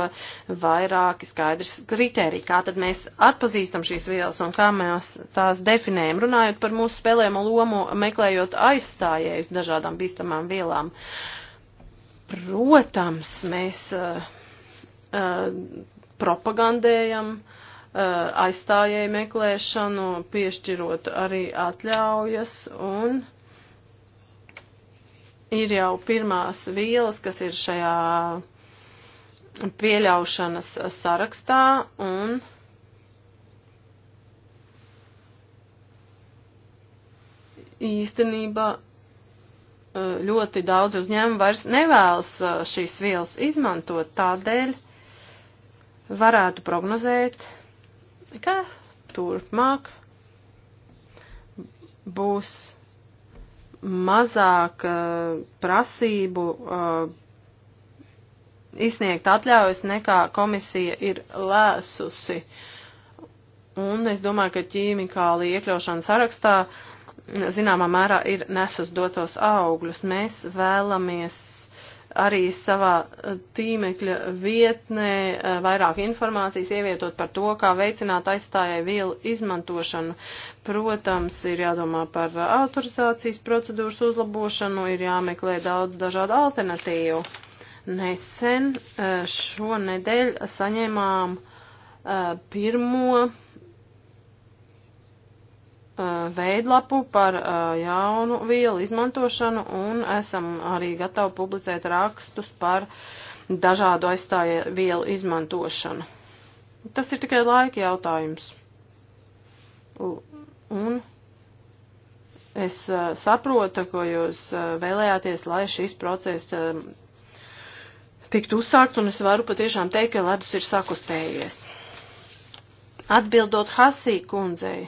vairāki skaidrs kriteriji, kā tad mēs atpazīstam šīs vielas un kā mēs tās definējam. Runājot par mūsu spēlēmo lomu, meklējot aizstājējus dažādām bīstamām vielām. Protams, mēs uh, uh, propagandējam uh, aizstājēju meklēšanu, piešķirot arī atļaujas un uh, ir jau pirmās vielas, kas ir šajā pieļaušanas sarakstā un. Īstenībā e, ļoti daudz uzņēmumu vairs nevēlas e, šīs vielas izmantot, tādēļ varētu prognozēt, ka turpmāk būs mazāk uh, prasību uh, izsniegt atļaujas nekā komisija ir lēsusi. Un es domāju, ka ķīmikāli iekļaušana sarakstā zināmā mērā ir nesus dotos augļus. Mēs vēlamies arī savā eh, tīmekļa vietnē eh, vairāk informācijas ievietot par to, kā veicināt aizstājai vielu izmantošanu. Protams, ir jādomā par eh, autorizācijas procedūras uzlabošanu, ir jāmeklē daudz dažādu alternatīvu. Nesen šonedēļ saņēmām pirmo veidlapu par jaunu vielu izmantošanu un esam arī gatavi publicēt rakstus par dažādu aizstāju vielu izmantošanu. Tas ir tikai laika jautājums. Un es saprotu, ko jūs vēlējāties, lai šis process tiktu uzsākts, un es varu patiešām teikt, ka ledus ir sakustējies. Atbildot Hasī kundzei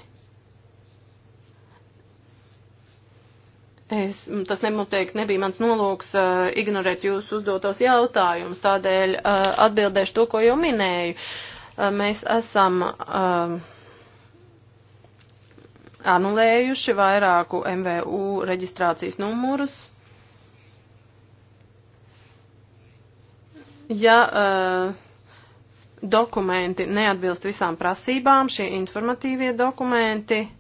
Es, tas noteikti nebija mans nolūks uh, ignorēt jūsu uzdotos jautājumus, tādēļ uh, atbildēšu to, ko jau minēju. Uh, mēs esam uh, anulējuši vairāku MVU reģistrācijas numurus. Ja uh, dokumenti neatbilst visām prasībām, šie informatīvie dokumenti, uh,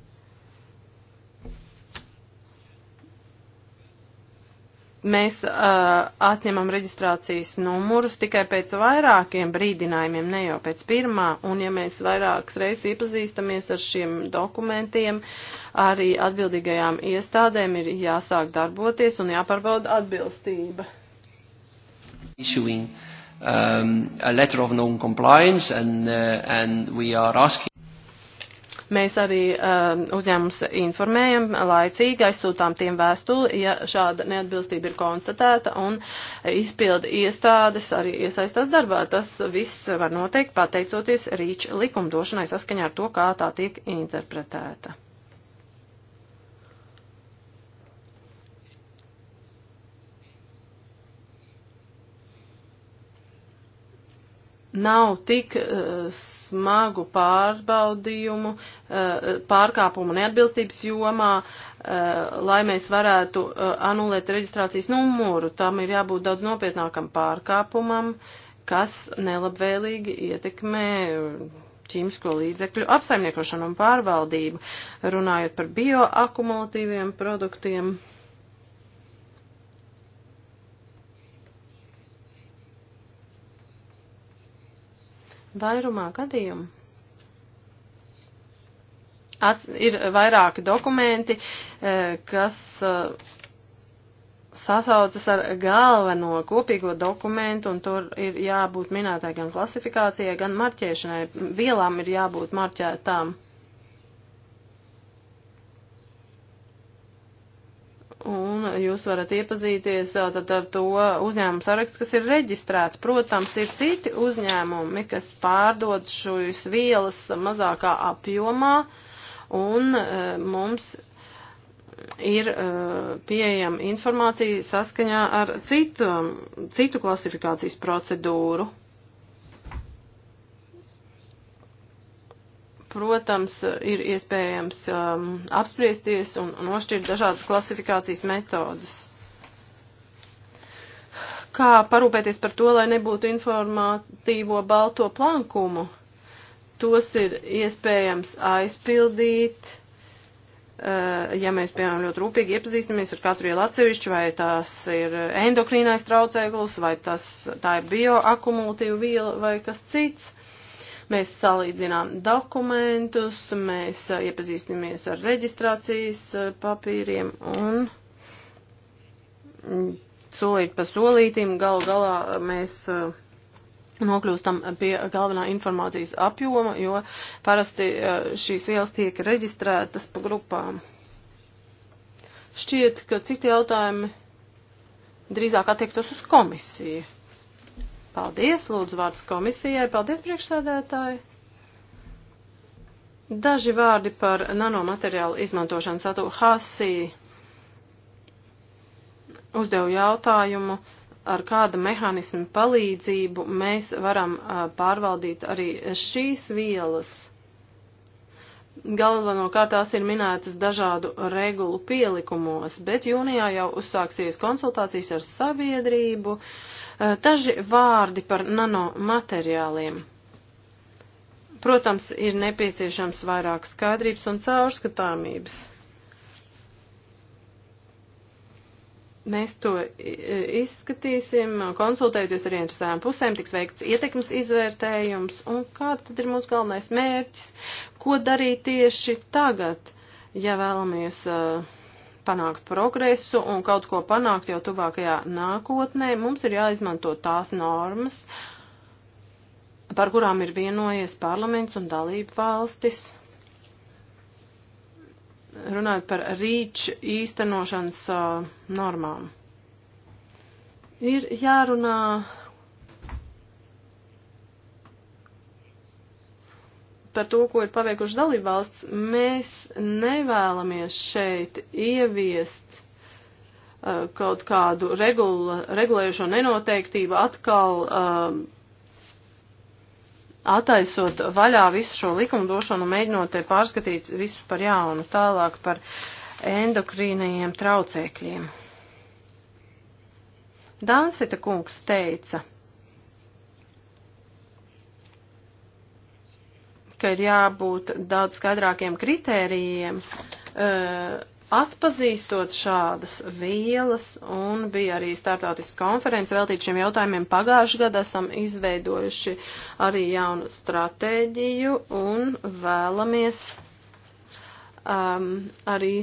mēs uh, atņemam reģistrācijas numurus tikai pēc vairākiem brīdinājumiem, ne jau pēc pirmā, un ja mēs vairākas reizes iepazīstamies ar šiem dokumentiem, arī atbildīgajām iestādēm ir jāsāk darboties un jāparbauda atbilstība. Issuing um, a letter of non-compliance and, uh, and we are asking Mēs arī uh, uzņēmums informējam laicīgi, aizsūtām tiem vēstuli, ja šāda neatbilstība ir konstatēta un izpildi iestādes arī iesaistās darbā. Tas viss var noteikt pateicoties rīču likumdošanai saskaņā ar to, kā tā tiek interpretēta. nav tik uh, smagu pārbaudījumu, uh, pārkāpumu neatbilstības jomā, uh, lai mēs varētu uh, anulēt reģistrācijas numuru. Tam ir jābūt daudz nopietnākam pārkāpumam, kas nelabvēlīgi ietekmē ķīmisko līdzekļu apsaimniekošanu un pārvaldību, runājot par bioakumulatīviem produktiem. Uh, Vairumā gadījumu At, ir vairāki dokumenti, e, kas e, sasaucas ar galveno kopīgo dokumentu, un tur ir jābūt minētai gan klasifikācijai, gan marķēšanai. Vielām ir jābūt marķētām. Un jūs varat iepazīties tad ar to uzņēmumu sarakstu, kas ir reģistrēta. Protams, ir citi uzņēmumi, kas pārdod šīs vielas mazākā apjomā, un mums ir pieejama informācija saskaņā ar citu, citu klasifikācijas procedūru. Protams, ir iespējams um, apspriesties un nošķirt dažādas klasifikācijas metodas. Kā parūpēties par to, lai nebūtu informatīvo balto plankumu? Tos ir iespējams aizpildīt uh, ja mēs, piemēram, ļoti rūpīgi iepazīstamies ar katru ielu atsevišķi, vai tas ir endokrīnais traucēklis, vai tas, tā ir bioakumulatīva viela, vai kas cits, Mēs salīdzinām dokumentus, mēs uh, iepazīstamies ar reģistrācijas uh, papīriem un solīt pa solītīm gal galā mēs uh, nokļūstam pie galvenā informācijas apjoma, jo parasti šīs vielas tiek reģistrētas pa grupām. Šķiet, ka citi jautājumi drīzāk attiektos uz komisiju. Paldies, lūdzu vārds komisijai. Paldies, priekšsēdētāji. Daži vārdi par nanomateriālu izmantošanu. Satu Hasī uzdevu jautājumu, ar kāda mehānismu palīdzību mēs varam pārvaldīt arī šīs vielas. Galvenokārt tās ir minētas dažādu regulu pielikumos, bet jūnijā jau uzsāksies konsultācijas ar sabiedrību, Eh, daži vārdi par nanomateriāliem. Protams, ir nepieciešams vairāk skaidrības un caurskatāmības. Mēs to eh, izskatīsim, konsultējoties ar interesētām pusēm, tiks veikts ietekmes izvērtējums un kāds tad ir mūsu galvenais mērķis, ko darīt tieši tagad, ja vēlamies uh, panākt progresu un kaut ko panākt jau tuvākajā nākotnē, mums ir jāizmanto tās normas, par kurām ir vienojies parlaments un dalību valstis. Runājot par rīču īstenošanas uh, normām. Ir jārunā par to, ko ir paveikuši dalībvalsts, mēs nevēlamies šeit ieviest uh, kaut kādu regula, regulējušo nenoteiktību atkal uh, attaisot vaļā visu šo likumdošanu, mēģinot te pārskatīt visu par jaunu, tālāk par endokrīnajiem traucēkļiem. Dansita kungs teica, ka ir jābūt daudz skaidrākiem kritērijiem, uh, atpazīstot šādas vielas, un bija arī startautiska konference veltīt šiem jautājumiem. Pagājuši gadu esam izveidojuši arī jaunu stratēģiju un vēlamies um, arī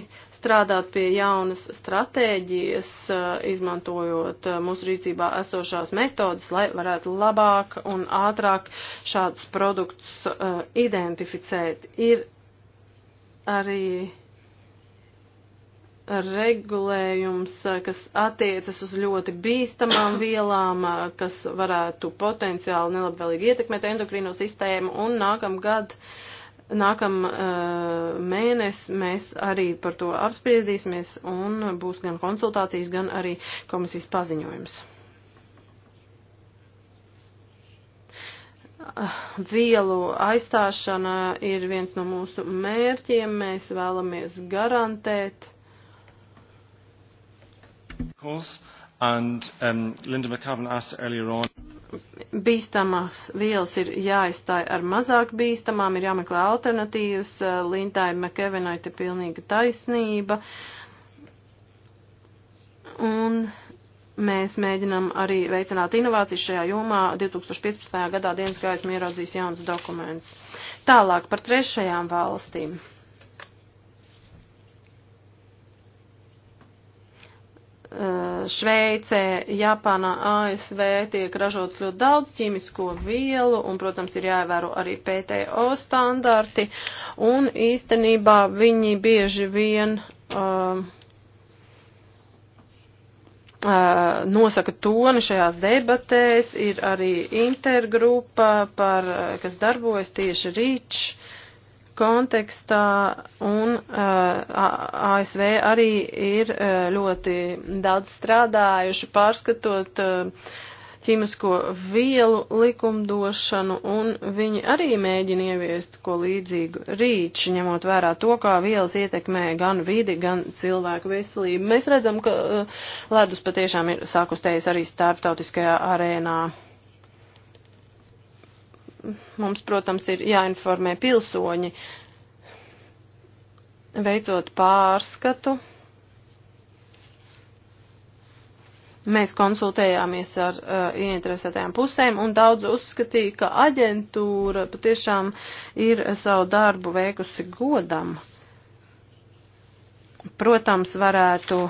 strādāt pie jaunas stratēģijas, eh, izmantojot eh, mūsu rīcībā esošās metodas, lai varētu labāk un ātrāk šādus produktus eh, identificēt. Ir arī regulējums, kas attiecas uz ļoti bīstamām vielām, kas varētu potenciāli nelabvēlīgi ietekmēt endokrino sistēmu un nākamgad uh, Nākam eh, mēnesi mēs arī par to apspriedīsimies un būs gan konsultācijas, gan arī komisijas paziņojums. Ah, vielu aizstāšana ir viens no mūsu mērķiem. Mēs vēlamies garantēt. And, um, Linda McCavan asked earlier on bīstamās vielas ir jāizstāj ar mazāk bīstamām, ir jāmeklē alternatīvas, Lintai Makevenai te pilnīga taisnība. Un mēs mēģinam arī veicināt inovācijas šajā jomā. 2015. gadā dienas gaismu ieraudzīs jauns dokuments. Tālāk par trešajām valstīm. Eh, Šveicē, Japānā, ASV tiek ražots ļoti daudz ķīmisko vielu, un, protams, ir jāievēro arī PTO standarti, un īstenībā viņi bieži vien uh, uh, nosaka toni šajās debatēs, ir arī intergrupa, par, kas darbojas tieši rīčs kontekstā un uh, eh, ASV arī ir uh, ļoti daudz strādājuši pārskatot uh, ķīmisko vielu likumdošanu, un viņi arī mēģina ieviest ko līdzīgu rīču, ņemot vērā to, kā vielas ietekmē gan vidi, gan cilvēku veselību. Mēs redzam, ka uh, ledus patiešām ir sākustējis arī starptautiskajā arēnā mums, protams, ir jāinformē pilsoņi, veicot pārskatu. Mēs konsultējāmies ar uh, ieinteresētajām pusēm un daudz uzskatīja, ka aģentūra patiešām ir savu darbu veikusi godam protams, varētu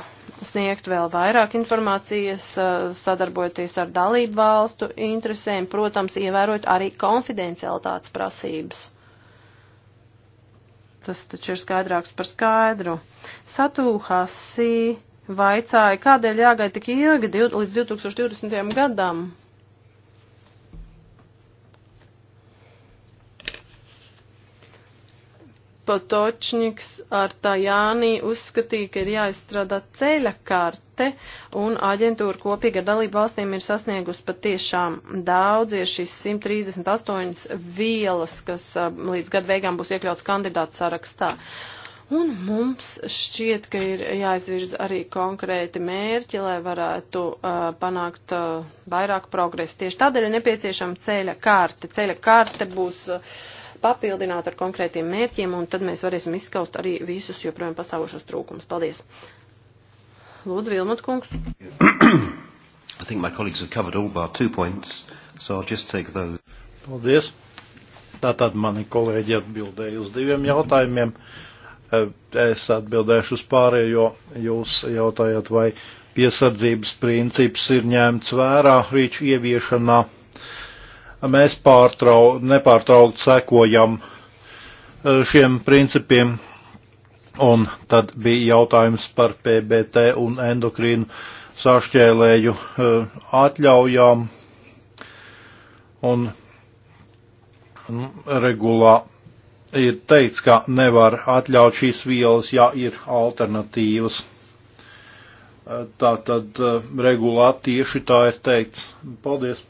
sniegt vēl vairāk informācijas, eh, sadarbojoties ar dalību valstu interesēm, protams, ievērot arī konfidencialitātes prasības. Tas taču ir skaidrāks par skaidru. Satū Hasī vaicāja, kādēļ jāgaida tik ilgi līdz 2020. gadam? Potočņiks ar Tajānī uzskatīja, ka ir jāizstrādā ceļa karte, un aģentūra kopīgi ar dalību valstīm ir sasniegusi patiešām daudz, ir šīs 138 vielas, kas līdz gadu beigām būs iekļauts kandidātu sarakstā. Un mums šķiet, ka ir jāizvirza arī konkrēti mērķi, lai varētu uh, panākt uh, vairāk progresu. Tieši tādēļ ir nepieciešama ceļa karte. Ceļa karte būs. Uh, papildināt ar konkrētiem mērķiem, un tad mēs varēsim izskaust arī visus joprojām pastāvošos trūkumus. Paldies! Lūdzu, Vilmut kungs. I think my colleagues have covered all bar two points, so I'll just take those. Paldies. Tātad mani kolēģi atbildēja uz diviem jautājumiem. Eh, es atbildēšu uz pārējo. Jūs jautājat, vai piesardzības princips ir ņemts vērā rīču ieviešanā mēs pārtrau, nepārtraukt sekojam e, šiem principiem. Un tad bija jautājums par PBT un endokrīnu sašķēlēju e, atļaujām. Un regulā ir teikts, ka nevar atļaut šīs vielas, ja ir alternatīvas. E, tā tad regulā tieši tā ir teikts. Paldies!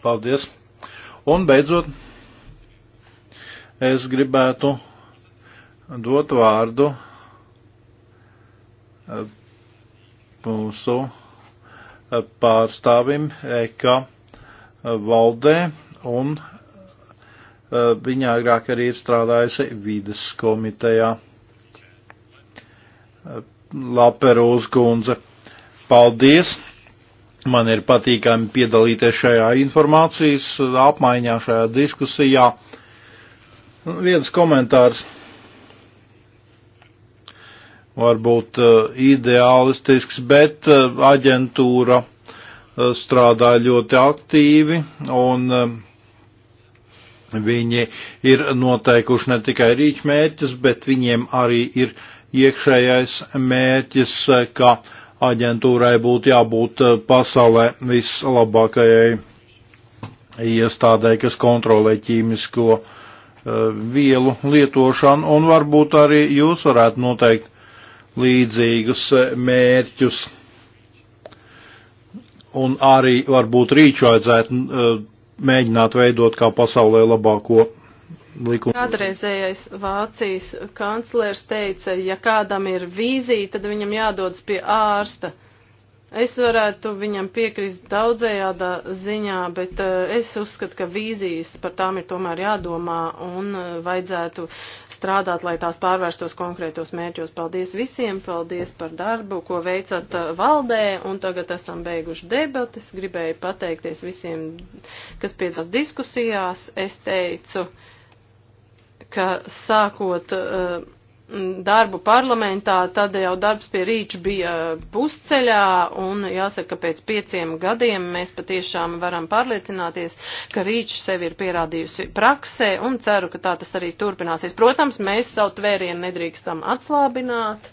Paldies. Un beidzot, es gribētu dot vārdu eh, mūsu eh, pārstāvim Eka eh, valdē un viņa agrāk arī ir strādājusi vides komitejā. Laperūs kundze. Paldies! Man ir patīkami piedalīties šajā informācijas eh, apmaiņā, šajā diskusijā. Nu, viens komentārs. Varbūt eh, ideālistisks, bet eh, aģentūra strādā ļoti aktīvi un viņi ir noteikuši ne tikai rīčmērķis, bet viņiem arī ir iekšējais mērķis, ka uh, aģentūrai būtu jābūt eh, pasaulē vislabākajai iestādē, kas kontrolē ķīmisko eh, vielu lietošanu, un varbūt arī jūs varētu noteikt līdzīgus eh, mērķus. Un arī varbūt rīču vajadzētu mēģināt veidot kā pasaulē labāko likuma. Kādreizējais Vācijas kanclers teica, ja kādam ir vīzija, tad viņam jādodas pie ārsta. Es varētu viņam piekrist daudzējādā ziņā, bet uh, es uzskatu, ka vīzijas par tām ir tomēr jādomā un uh, vajadzētu strādāt, lai tās pārvērstos konkrētos mērķos. Paldies visiem, paldies par darbu, ko veicat uh, valdē, un tagad esam beiguši debatas. Gribēju pateikties visiem, kas piedalās diskusijās. Es teicu, uh, ka sākot uh, darbu parlamentā, tad jau darbs pie rīča bija pusceļā, un jāsaka, ka pēc pieciem gadiem mēs patiešām varam pārliecināties, ka rīča sevi ir pierādījusi praksē, un ceru, ka tā tas arī turpināsies. Protams, mēs savu tvērienu nedrīkstam atslābināt,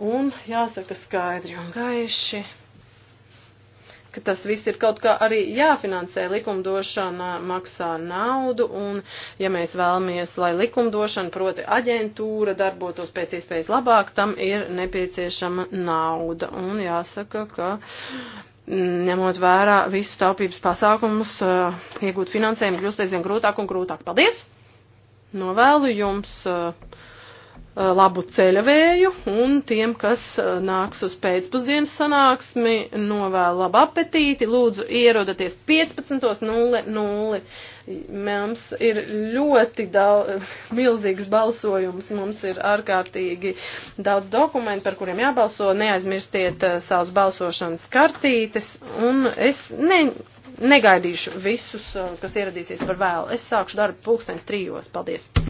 un jāsaka skaidri un gaiši ka tas viss ir kaut kā arī jāfinansē. Likumdošana maksā naudu, un ja mēs vēlamies, lai likumdošana, proti aģentūra, darbotos pēc iespējas labāk, tam ir nepieciešama nauda. Un jāsaka, ka mm, ņemot vērā visus taupības pasākumus, eh, iegūt finansējumu kļūst aizvien grūtāk un grūtāk. Paldies! Novēlu jums! Uh, Uh, labu ceļavēju un tiem, kas uh, nāks uz pēcpusdienas sanāksmi, novēlu labu apetīti. Lūdzu, ierodaties 15.00. Mums ir ļoti daudz, milzīgs balsojums, mums ir ārkārtīgi daudz dokumentu, par kuriem jābalso. Neaizmirstiet uh, savus balsošanas kartītes un es ne, negaidīšu visus, kas ieradīsies par vēlu. Es sākšu darbu pulkstens trijos. Paldies!